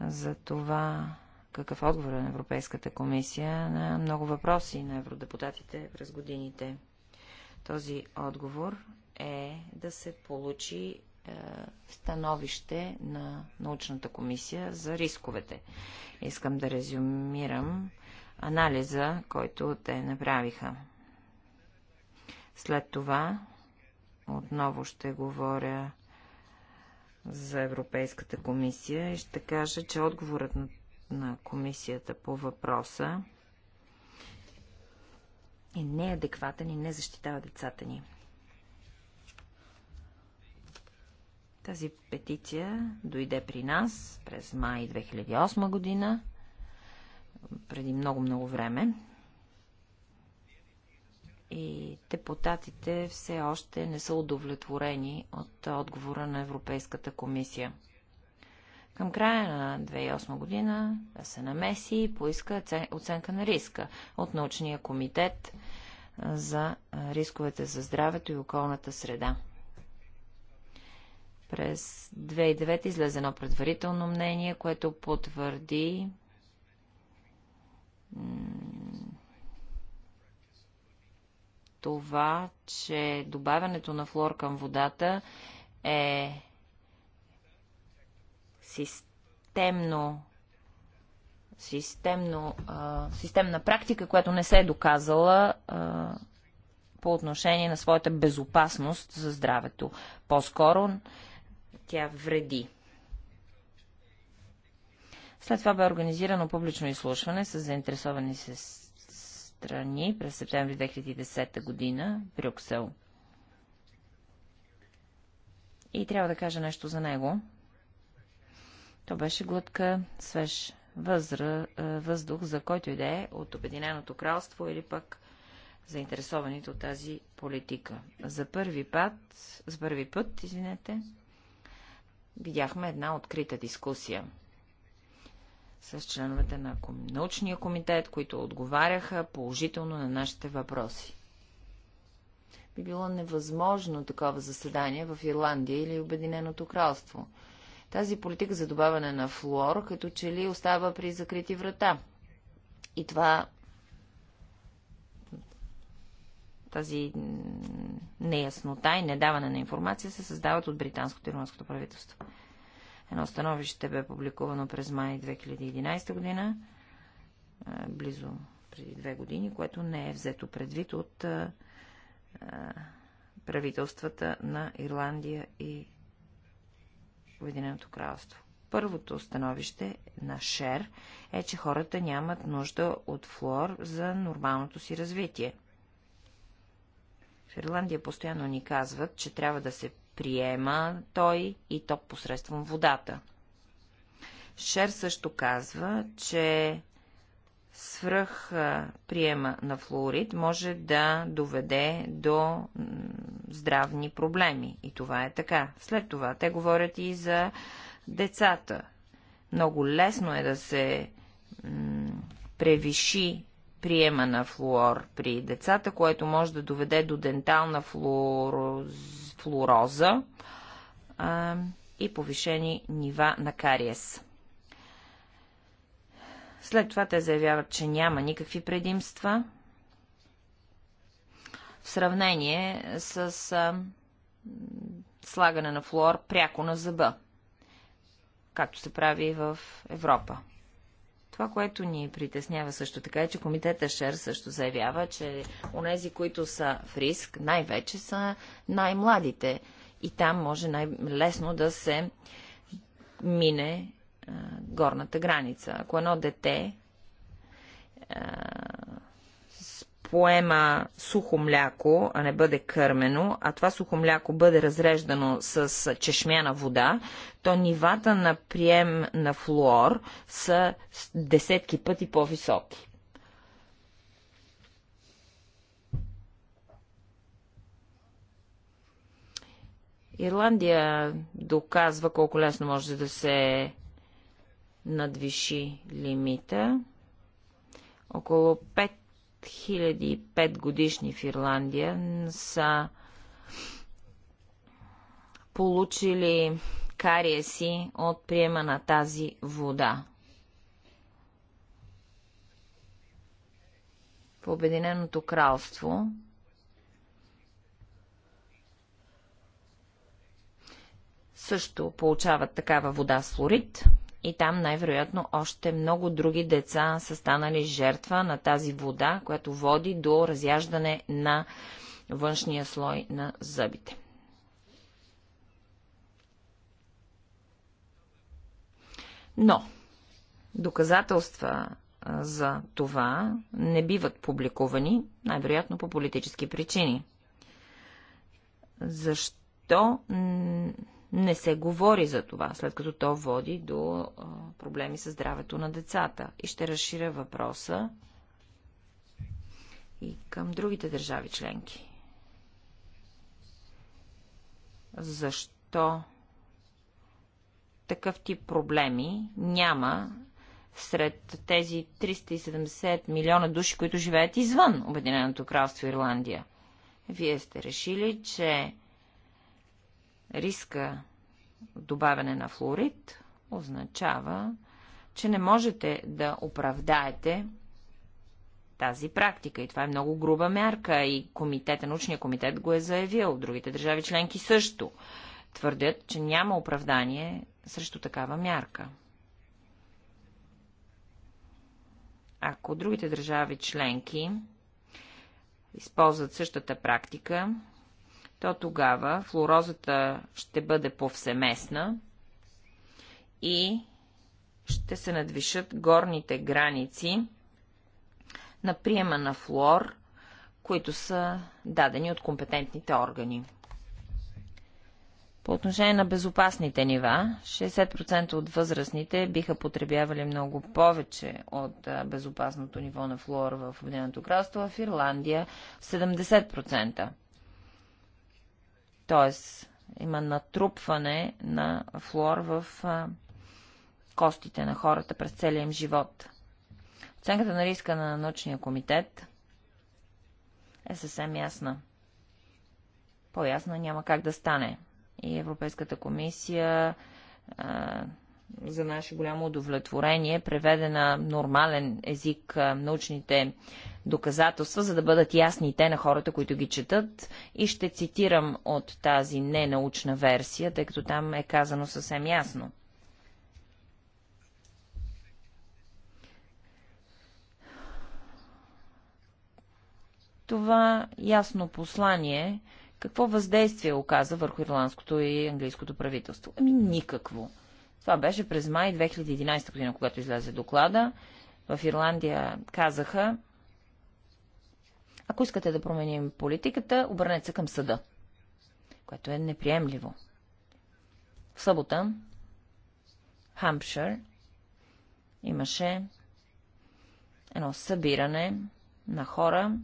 за това, какъв отговор е на Европейската комисия на много въпроси на евродепутатите през годините. Този отговор е да се получи е, становище на научната комисия за рисковете. Искам да резюмирам анализа, който те направиха. След това отново ще говоря за Европейската комисия и ще кажа, че отговорът на на комисията по въпроса е неадекватен и не защитава децата ни. Тази петиция дойде при нас през май 2008 година, преди много-много време. И депутатите все още не са удовлетворени от отговора на Европейската комисия – към края на 2008 година да се намеси и поиска оценка на риска от научния комитет за рисковете за здравето и околната среда. През 2009 излезе едно предварително мнение, което потвърди това, че добавянето на флор към водата е системно системно, а, системна практика, която не се е доказала а, по отношение на своята безопасност за здравето. По-скоро тя вреди. След това бе организирано публично изслушване с заинтересовани се страни през септември 2010 година, в Брюксел. И трябва да кажа нещо за него. То беше глътка свеж възра, е, въздух, за който и да е от Обединеното кралство или пък заинтересованите от тази политика. За първи път, за първи път, извинете, видяхме една открита дискусия с членовете на научния комитет, които отговаряха положително на нашите въпроси. Би било невъзможно такова заседание в Ирландия или Обединеното кралство – тази политика за добавяне на флуор като че ли остава при закрити врата. И това тази неяснота и недаване на информация се създават от британското и румънското правителство. Едно становище бе публикувано през май 2011 година, близо преди две години, което не е взето предвид от правителствата на Ирландия и Обединеното кралство. Първото становище на Шер е, че хората нямат нужда от флор за нормалното си развитие. В Ирландия постоянно ни казват, че трябва да се приема той и то посредством водата. Шер също казва, че свръх приема на флуорид може да доведе до здравни проблеми. И това е така. След това те говорят и за децата. Много лесно е да се превиши приема на флуор при децата, което може да доведе до дентална флуороз, флуороза а, и повишени нива на кариес. След това те заявяват, че няма никакви предимства в сравнение с а, слагане на флор пряко на зъба, както се прави в Европа. Това, което ни притеснява също така е, че комитета ШЕР също заявява, че онези, които са в риск, най-вече са най-младите. И там може най-лесно да се мине а, горната граница. Ако едно дете а, поема сухо мляко, а не бъде кърмено, а това сухо мляко бъде разреждано с чешмяна вода, то нивата на прием на флуор са десетки пъти по-високи. Ирландия доказва колко лесно може да се надвиши лимита. Около 5005 годишни в Ирландия са получили кария си от приема на тази вода. В Обединеното кралство също получават такава вода с флорид – и там най-вероятно още много други деца са станали жертва на тази вода, която води до разяждане на външния слой на зъбите. Но доказателства за това не биват публикувани, най-вероятно по политически причини. Защо не се говори за това, след като то води до а, проблеми с здравето на децата. И ще разширя въпроса и към другите държави членки. Защо такъв тип проблеми няма сред тези 370 милиона души, които живеят извън Обединеното кралство Ирландия? Вие сте решили, че риска добавяне на флорид означава, че не можете да оправдаете тази практика. И това е много груба мярка и комитета, научния комитет го е заявил. Другите държави членки също твърдят, че няма оправдание срещу такава мярка. Ако другите държави членки използват същата практика, то тогава флорозата ще бъде повсеместна и ще се надвишат горните граници на приема на флор, които са дадени от компетентните органи. По отношение на безопасните нива, 60% от възрастните биха потребявали много повече от безопасното ниво на флор в Обединеното кралство, а в Ирландия 70%. Т.е. има натрупване на флуор в костите на хората през целия им живот. Оценката на риска на научния комитет е съвсем ясна. По-ясна няма как да стане. И Европейската комисия за наше голямо удовлетворение, преведе на нормален език научните доказателства, за да бъдат ясни те на хората, които ги четат. И ще цитирам от тази ненаучна версия, тъй като там е казано съвсем ясно. Това ясно послание какво въздействие оказа върху ирландското и английското правителство? Ами никакво. Това беше през май 2011 година, когато излезе доклада. В Ирландия казаха, ако искате да променим политиката, обърнете се към съда, което е неприемливо. В събота, Хампшир, имаше едно събиране на хора,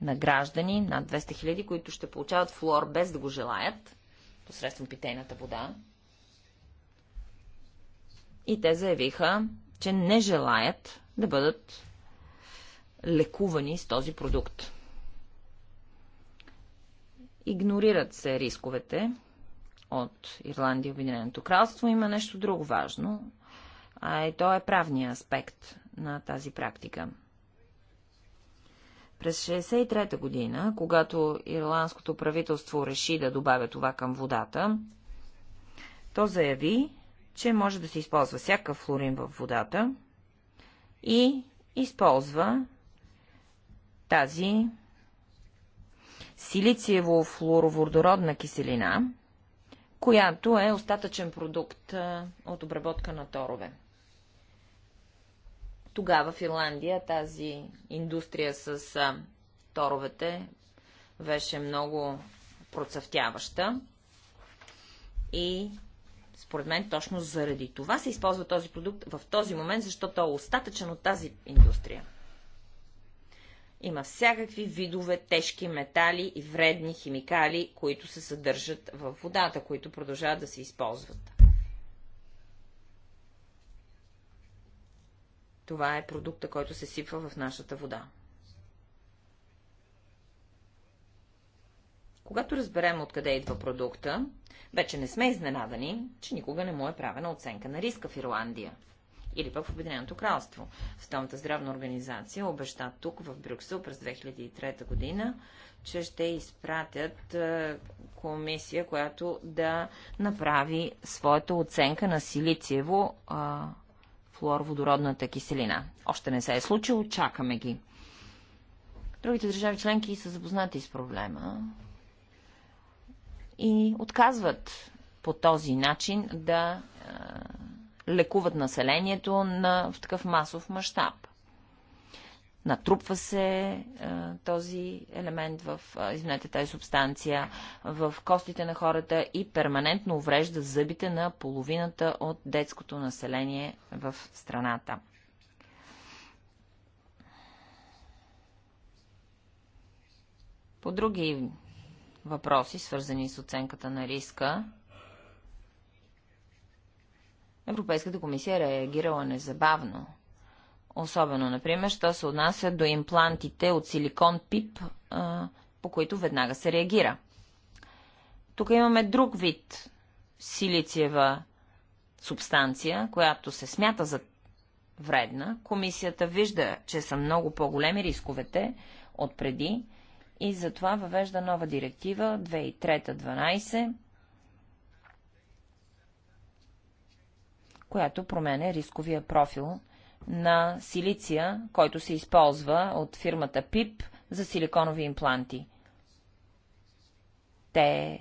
на граждани, над 200 000, които ще получават флор без да го желаят, посредством питейната вода, и те заявиха, че не желаят да бъдат лекувани с този продукт. Игнорират се рисковете от Ирландия и Обединеното кралство. Има нещо друго важно, а и то е правния аспект на тази практика. През 1963 година, когато ирландското правителство реши да добавя това към водата, то заяви, че може да се използва всяка флорин в водата и използва тази силициево-флуоровородородна киселина, която е остатъчен продукт от обработка на торове. Тогава в Ирландия тази индустрия с торовете беше много процъфтяваща и според мен точно заради това се използва този продукт в този момент, защото е остатъчен от тази индустрия. Има всякакви видове тежки метали и вредни химикали, които се съдържат в водата, които продължават да се използват. Това е продукта, който се сипва в нашата вода. Когато разберем откъде идва продукта, вече не сме изненадани, че никога не му е правена оценка на риска в Ирландия или пък в Обединеното кралство. Световната здравна организация обеща тук в Брюксел през 2003 година, че ще изпратят е, комисия, която да направи своята оценка на силициево е, флуорводородната киселина. Още не се е случило, чакаме ги. Другите държави членки са запознати с проблема и отказват по този начин да лекуват населението на, в такъв масов мащаб. Натрупва се а, този елемент в, а, извинете, тази субстанция в костите на хората и перманентно уврежда зъбите на половината от детското население в страната. По други въпроси, свързани с оценката на риска, Европейската комисия е реагирала незабавно. Особено, например, що се отнася до имплантите от силикон пип, по които веднага се реагира. Тук имаме друг вид силициева субстанция, която се смята за вредна. Комисията вижда, че са много по-големи рисковете от преди и затова въвежда нова директива 2003-12, която променя рисковия профил на силиция, който се използва от фирмата ПИП за силиконови импланти. Те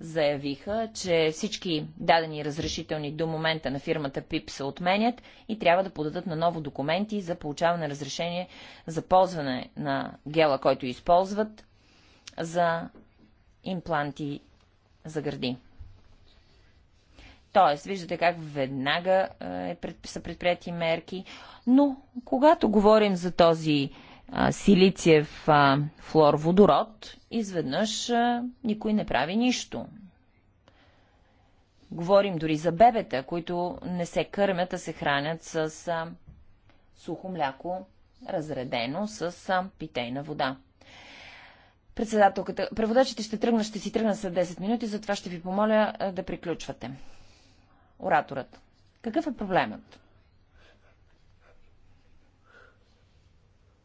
заявиха, че всички дадени разрешителни до момента на фирмата ПИП се отменят и трябва да подадат на ново документи за получаване разрешение за ползване на гела, който използват за импланти за гърди. Тоест, виждате как веднага е, са предприяти мерки, но когато говорим за този силициев а, флор водород, изведнъж а, никой не прави нищо. Говорим дори за бебета, които не се кърмят, а се хранят с а, сухо мляко, разредено с а, питейна вода. Председателката, преводачите ще тръгна, ще си тръгна след 10 минути, затова ще ви помоля а, да приключвате. Ораторът. Какъв е проблемът?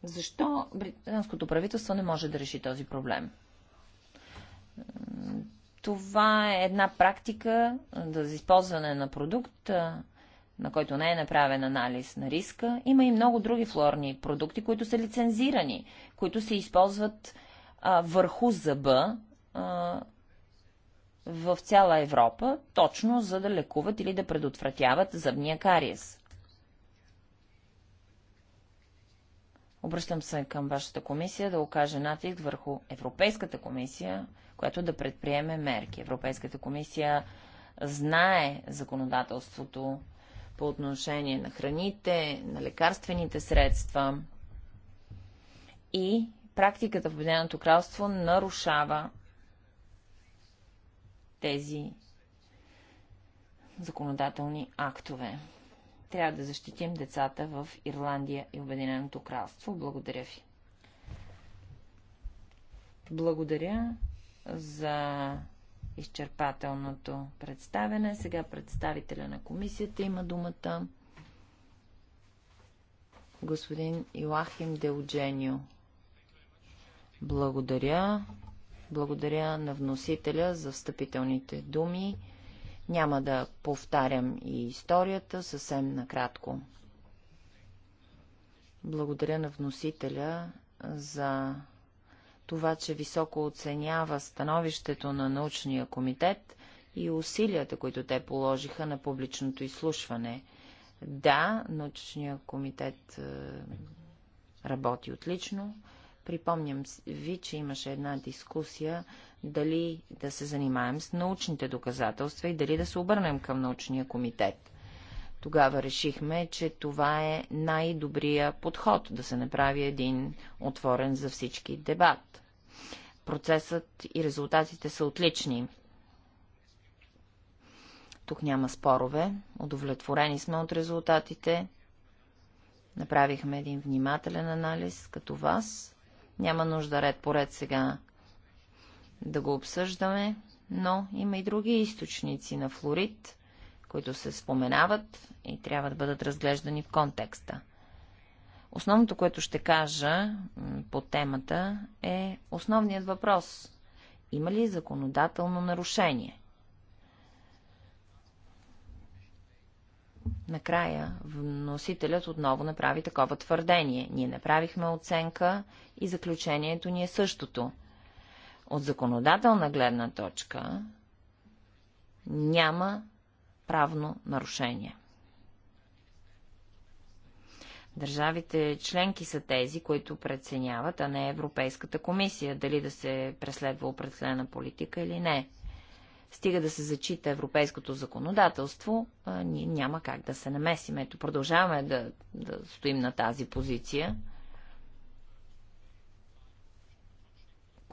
Защо британското правителство не може да реши този проблем? Това е една практика да, за използване на продукт, на който не е направен анализ на риска. Има и много други флорни продукти, които са лицензирани, които се използват а, върху зъба а, в цяла Европа, точно за да лекуват или да предотвратяват зъбния кариес. Обръщам се към вашата комисия да окаже натиск върху Европейската комисия, която да предприеме мерки. Европейската комисия знае законодателството по отношение на храните, на лекарствените средства и практиката в Обединеното кралство нарушава тези законодателни актове. Трябва да защитим децата в Ирландия и Обединеното кралство. Благодаря ви. Благодаря за изчерпателното представяне. Сега представителя на комисията има думата господин Илахим Деудженио. Благодаря. Благодаря на вносителя за встъпителните думи. Няма да повтарям и историята съвсем накратко. Благодаря на вносителя за това, че високо оценява становището на научния комитет и усилията, които те положиха на публичното изслушване. Да, научния комитет е, работи отлично. Припомням ви, че имаше една дискусия дали да се занимаем с научните доказателства и дали да се обърнем към научния комитет. Тогава решихме, че това е най-добрия подход да се направи един отворен за всички дебат. Процесът и резултатите са отлични. Тук няма спорове, удовлетворени сме от резултатите. Направихме един внимателен анализ, като вас. Няма нужда ред по ред сега да го обсъждаме, но има и други източници на флорид, които се споменават и трябва да бъдат разглеждани в контекста. Основното, което ще кажа по темата е основният въпрос. Има ли законодателно нарушение? Накрая вносителят отново направи такова твърдение. Ние направихме оценка и заключението ни е същото – от законодателна гледна точка няма правно нарушение. Държавите членки са тези, които преценяват, а не Европейската комисия, дали да се преследва определена политика или не. Стига да се зачита европейското законодателство, ние няма как да се намесим. Ето, продължаваме да, да стоим на тази позиция.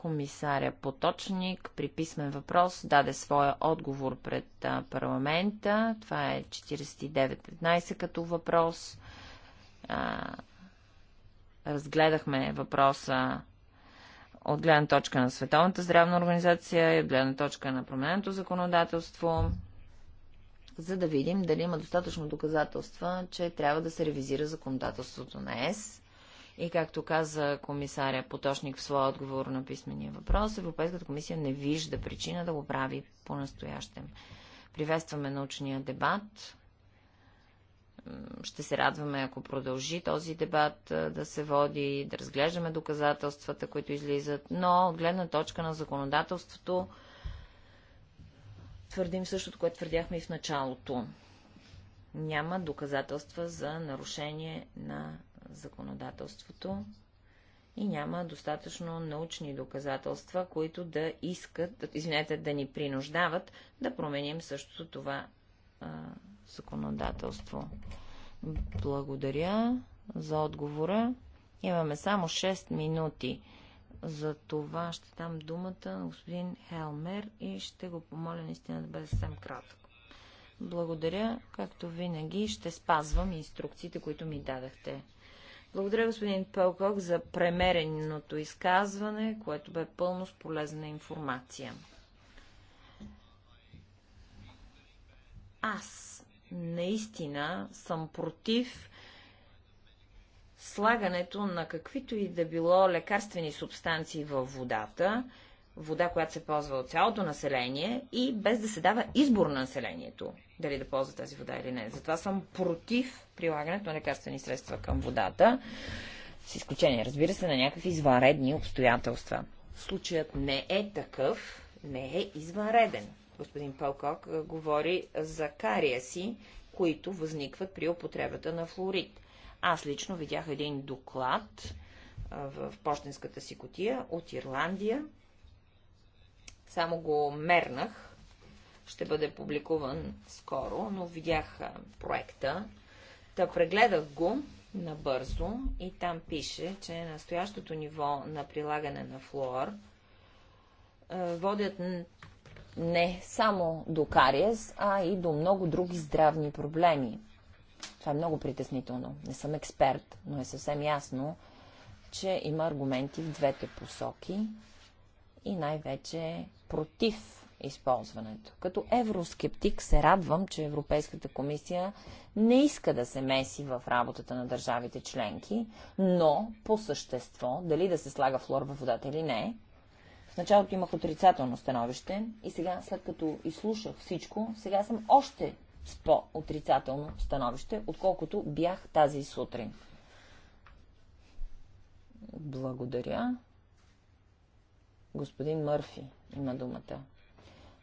комисаря Поточник при писмен въпрос даде своя отговор пред парламента. Това е 49.15 като въпрос. Разгледахме въпроса от гледна точка на Световната здравна организация и от гледна точка на промененото законодателство, за да видим дали има достатъчно доказателства, че трябва да се ревизира законодателството на ЕС и както каза комисаря Поточник в своя отговор на писмения въпрос, Европейската комисия не вижда причина да го прави по-настоящем. Приветстваме научния дебат. Ще се радваме, ако продължи този дебат да се води, да разглеждаме доказателствата, които излизат, но от гледна точка на законодателството твърдим същото, което твърдяхме и в началото. Няма доказателства за нарушение на законодателството и няма достатъчно научни доказателства, които да искат, извинете, да ни принуждават да променим същото това а, законодателство. Благодаря за отговора. Имаме само 6 минути. За това ще дам думата на господин Хелмер и ще го помоля наистина да бъде съвсем кратък. Благодаря. Както винаги ще спазвам инструкциите, които ми дадахте. Благодаря, господин Пълкок, за премереното изказване, което бе пълно с полезна информация. Аз наистина съм против слагането на каквито и да било лекарствени субстанции във водата, вода, която се ползва от цялото население и без да се дава избор на населението, дали да ползва тази вода или не. Затова съм против прилагането на лекарствени средства към водата, с изключение, разбира се, на някакви извънредни обстоятелства. Случаят не е такъв, не е извънреден. Господин Пълкок говори за кария си, които възникват при употребата на флорид. Аз лично видях един доклад в почтенската си котия от Ирландия. Само го мернах. Ще бъде публикуван скоро, но видях проекта Та прегледах го набързо и там пише, че настоящото ниво на прилагане на флуор е, водят не само до кариес, а и до много други здравни проблеми. Това е много притеснително. Не съм експерт, но е съвсем ясно, че има аргументи в двете посоки и най-вече против използването. Като евроскептик се радвам, че Европейската комисия не иска да се меси в работата на държавите членки, но по същество, дали да се слага флор във водата или не, в началото имах отрицателно становище и сега, след като изслушах всичко, сега съм още с по-отрицателно становище, отколкото бях тази сутрин. Благодаря. Господин Мърфи има думата.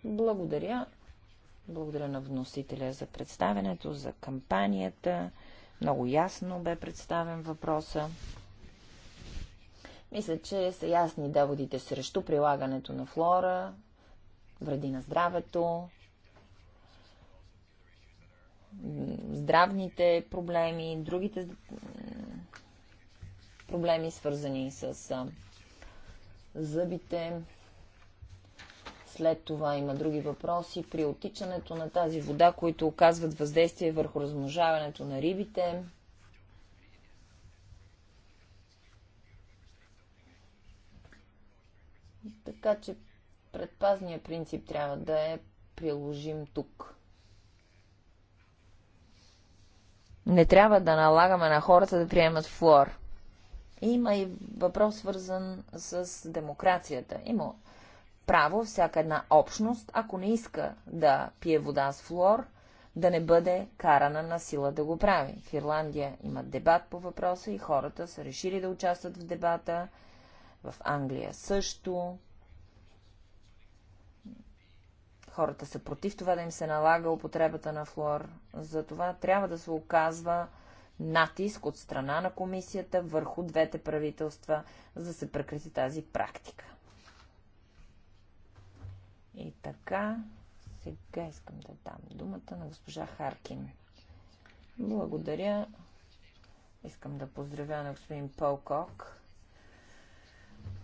Благодаря. Благодаря на вносителя за представенето, за кампанията. Много ясно бе представен въпроса. Мисля, че са ясни доводите срещу прилагането на флора, вреди на здравето, здравните проблеми, другите проблеми, свързани с зъбите, след това има други въпроси при отичането на тази вода, които оказват въздействие върху размножаването на рибите. Така че предпазния принцип трябва да е приложим тук. Не трябва да налагаме на хората да приемат флор. Има и въпрос свързан с демокрацията. Има право всяка една общност, ако не иска да пие вода с флор, да не бъде карана на сила да го прави. В Ирландия има дебат по въпроса и хората са решили да участват в дебата. В Англия също. Хората са против това да им се налага употребата на флор. Затова трябва да се оказва натиск от страна на комисията върху двете правителства, за да се прекрати тази практика. И така, сега искам да дам думата на госпожа Харкин. Благодаря. Искам да поздравя на господин Полкок.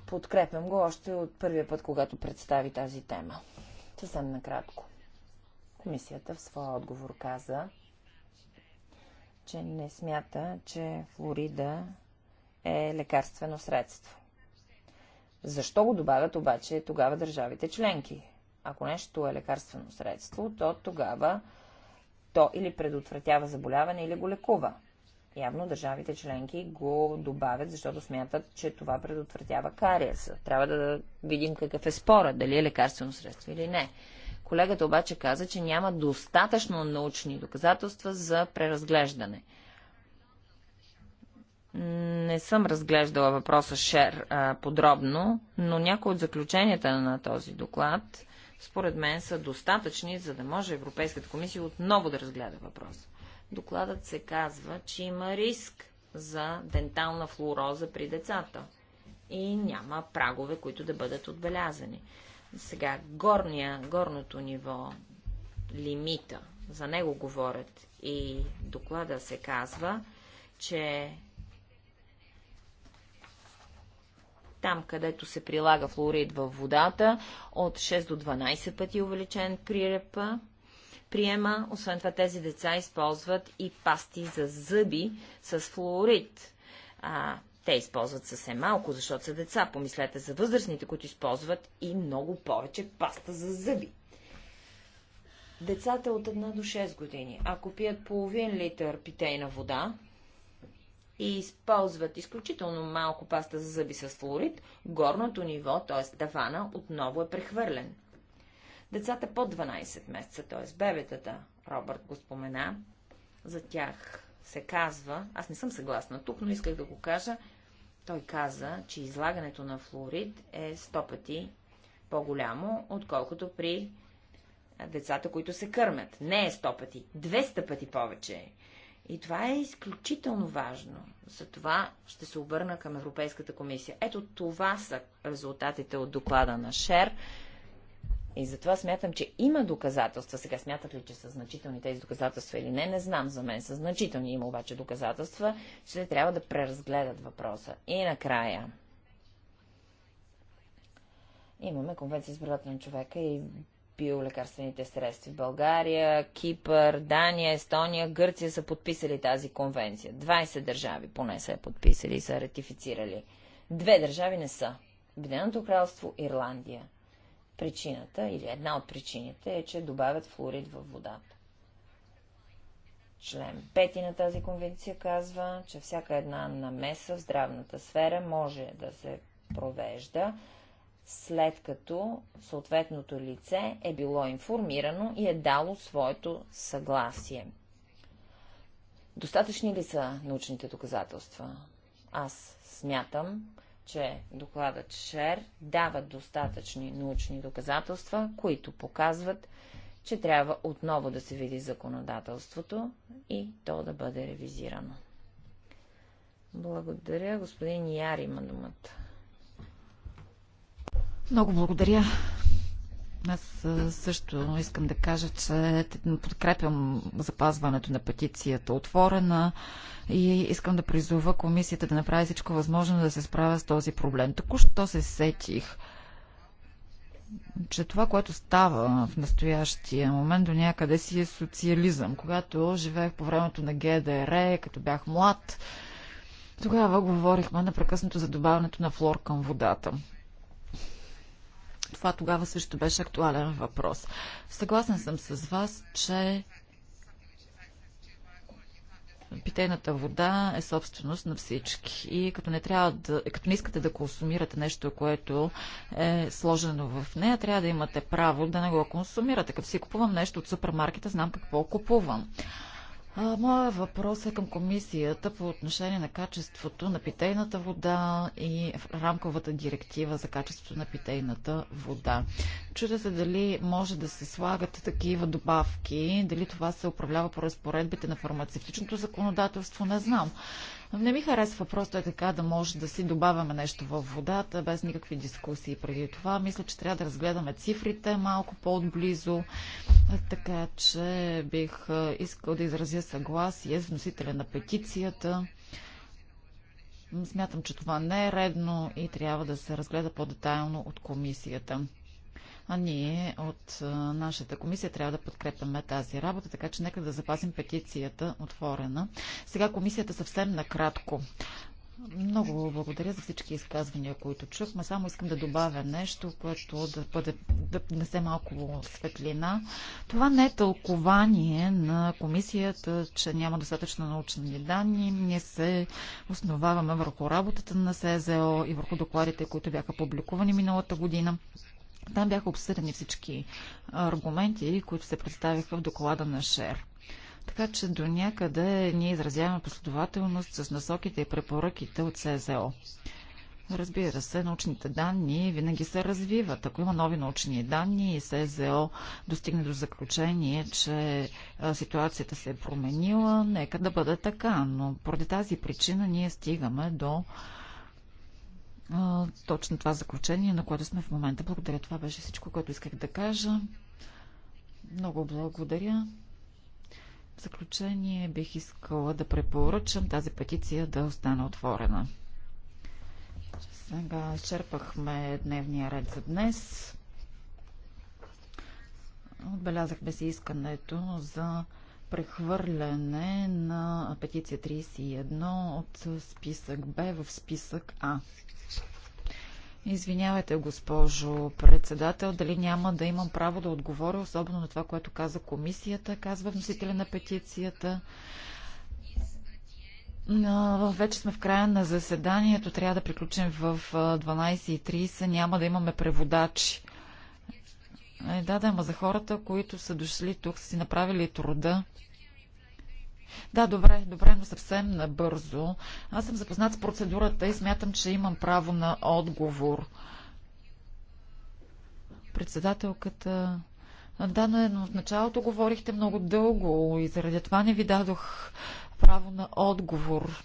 Подкрепям го още от първия път, когато представи тази тема. Съвсем накратко. Комисията в своя отговор каза, че не смята, че Флорида е лекарствено средство. Защо го добавят обаче тогава държавите членки? Ако нещо е лекарствено средство, то тогава то или предотвратява заболяване, или го лекува. Явно държавите членки го добавят, защото смятат, че това предотвратява кариеса. Трябва да видим какъв е спора, дали е лекарствено средство или не. Колегата обаче каза, че няма достатъчно научни доказателства за преразглеждане. Не съм разглеждала въпроса Шер а, подробно, но някои от заключенията на този доклад според мен са достатъчни, за да може Европейската комисия отново да разгледа въпроса. Докладът се казва, че има риск за дентална флуороза при децата и няма прагове, които да бъдат отбелязани. Сега, горния, горното ниво, лимита, за него говорят и доклада се казва, че Там, където се прилага флорид във водата, от 6 до 12 пъти увеличен прирепа, приема. Освен това, тези деца използват и пасти за зъби с флуорид. А, те използват съвсем малко, защото са деца. Помислете за възрастните, които използват и много повече паста за зъби. Децата от 1 до 6 години, ако пият половин литър питейна вода, и използват изключително малко паста за зъби с флорид, горното ниво, т.е. тавана, отново е прехвърлен. Децата под 12 месеца, т.е. бебетата, Робърт го спомена, за тях се казва, аз не съм съгласна тук, но исках да го кажа, той каза, че излагането на флорид е 100 пъти по-голямо, отколкото при децата, които се кърмят. Не е 100 пъти, 200 пъти повече и това е изключително важно. За това ще се обърна към Европейската комисия. Ето това са резултатите от доклада на ШЕР. И затова смятам, че има доказателства. Сега смятат ли, че са значителни тези доказателства или не, не знам за мен. Са значителни, има обаче доказателства, че трябва да преразгледат въпроса. И накрая. Имаме Конвенция за правата на човека и биолекарствените средства. България, Кипър, Дания, Естония, Гърция са подписали тази конвенция. 20 държави поне са я подписали и са ратифицирали. Две държави не са. Обединеното кралство, Ирландия. Причината, или една от причините, е, че добавят флорид във водата. Член 5 на тази конвенция казва, че всяка една намеса в здравната сфера може да се провежда след като съответното лице е било информирано и е дало своето съгласие. Достатъчни ли са научните доказателства? Аз смятам, че докладът ШЕР дава достатъчни научни доказателства, които показват, че трябва отново да се види законодателството и то да бъде ревизирано. Благодаря. Господин Яри, има думата. Много благодаря. Аз също искам да кажа, че подкрепям запазването на петицията отворена и искам да призова комисията да направи всичко възможно да се справя с този проблем. Току-що се сетих, че това, което става в настоящия момент до някъде си е социализъм. Когато живеех по времето на ГДР, като бях млад, тогава говорихме непрекъснато за добавянето на флор към водата. Това тогава също беше актуален въпрос. Съгласен съм с вас, че питейната вода е собственост на всички. И като не, трябва да, като не искате да консумирате нещо, което е сложено в нея, трябва да имате право да не го консумирате. Като си купувам нещо от супермаркета, знам какво купувам. Моя въпрос е към комисията по отношение на качеството на питейната вода и рамковата директива за качеството на питейната вода. Чудя се дали може да се слагат такива добавки, дали това се управлява по разпоредбите на фармацевтичното законодателство, не знам. Не ми харесва просто е така да може да си добавяме нещо във водата, без никакви дискусии преди това. Мисля, че трябва да разгледаме цифрите малко по-отблизо, така че бих искал да изразя съгласие с вносителя на петицията. Смятам, че това не е редно и трябва да се разгледа по-детайлно от комисията. А ние от нашата комисия трябва да подкрепяме тази работа, така че нека да запазим петицията отворена. Сега комисията съвсем накратко. Много благодаря за всички изказвания, които чухме. Само искам да добавя нещо, което да, бъде, да внесе малко светлина. Това не е тълкование на комисията, че няма достатъчно научни данни. Ние се основаваме върху работата на СЗО и върху докладите, които бяха публикувани миналата година. Там бяха обсъдени всички аргументи, които се представиха в доклада на ШЕР. Така че до някъде ние изразяваме последователност с насоките и препоръките от СЗО. Разбира се, научните данни винаги се развиват. Ако има нови научни данни и СЗО достигне до заключение, че ситуацията се е променила, нека да бъде така. Но поради тази причина ние стигаме до а, точно това заключение, на което сме в момента. Благодаря. Това беше всичко, което исках да кажа. Много благодаря. В заключение бих искала да препоръчам тази петиция да остане отворена. Сега изчерпахме дневния ред за днес. Отбелязахме си искането за прехвърляне на петиция 31 от списък Б в списък А. Извинявайте, госпожо председател, дали няма да имам право да отговоря, особено на това, което каза комисията, казва вносителя на петицията. Но вече сме в края на заседанието, трябва да приключим в 12.30, няма да имаме преводачи. Е, да, да, ама за хората, които са дошли тук, са си направили труда да, добре, добре, но съвсем набързо. Аз съм запознат с процедурата и смятам, че имам право на отговор. Председателката да, но в началото говорихте много дълго и заради това не ви дадох право на отговор.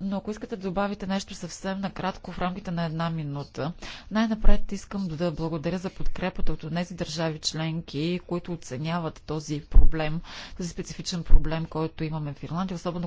Но ако искате да добавите нещо съвсем накратко в рамките на една минута, най-напред искам да благодаря за подкрепата от тези държави членки, които оценяват този проблем, този специфичен проблем, който имаме в Ирландия, особено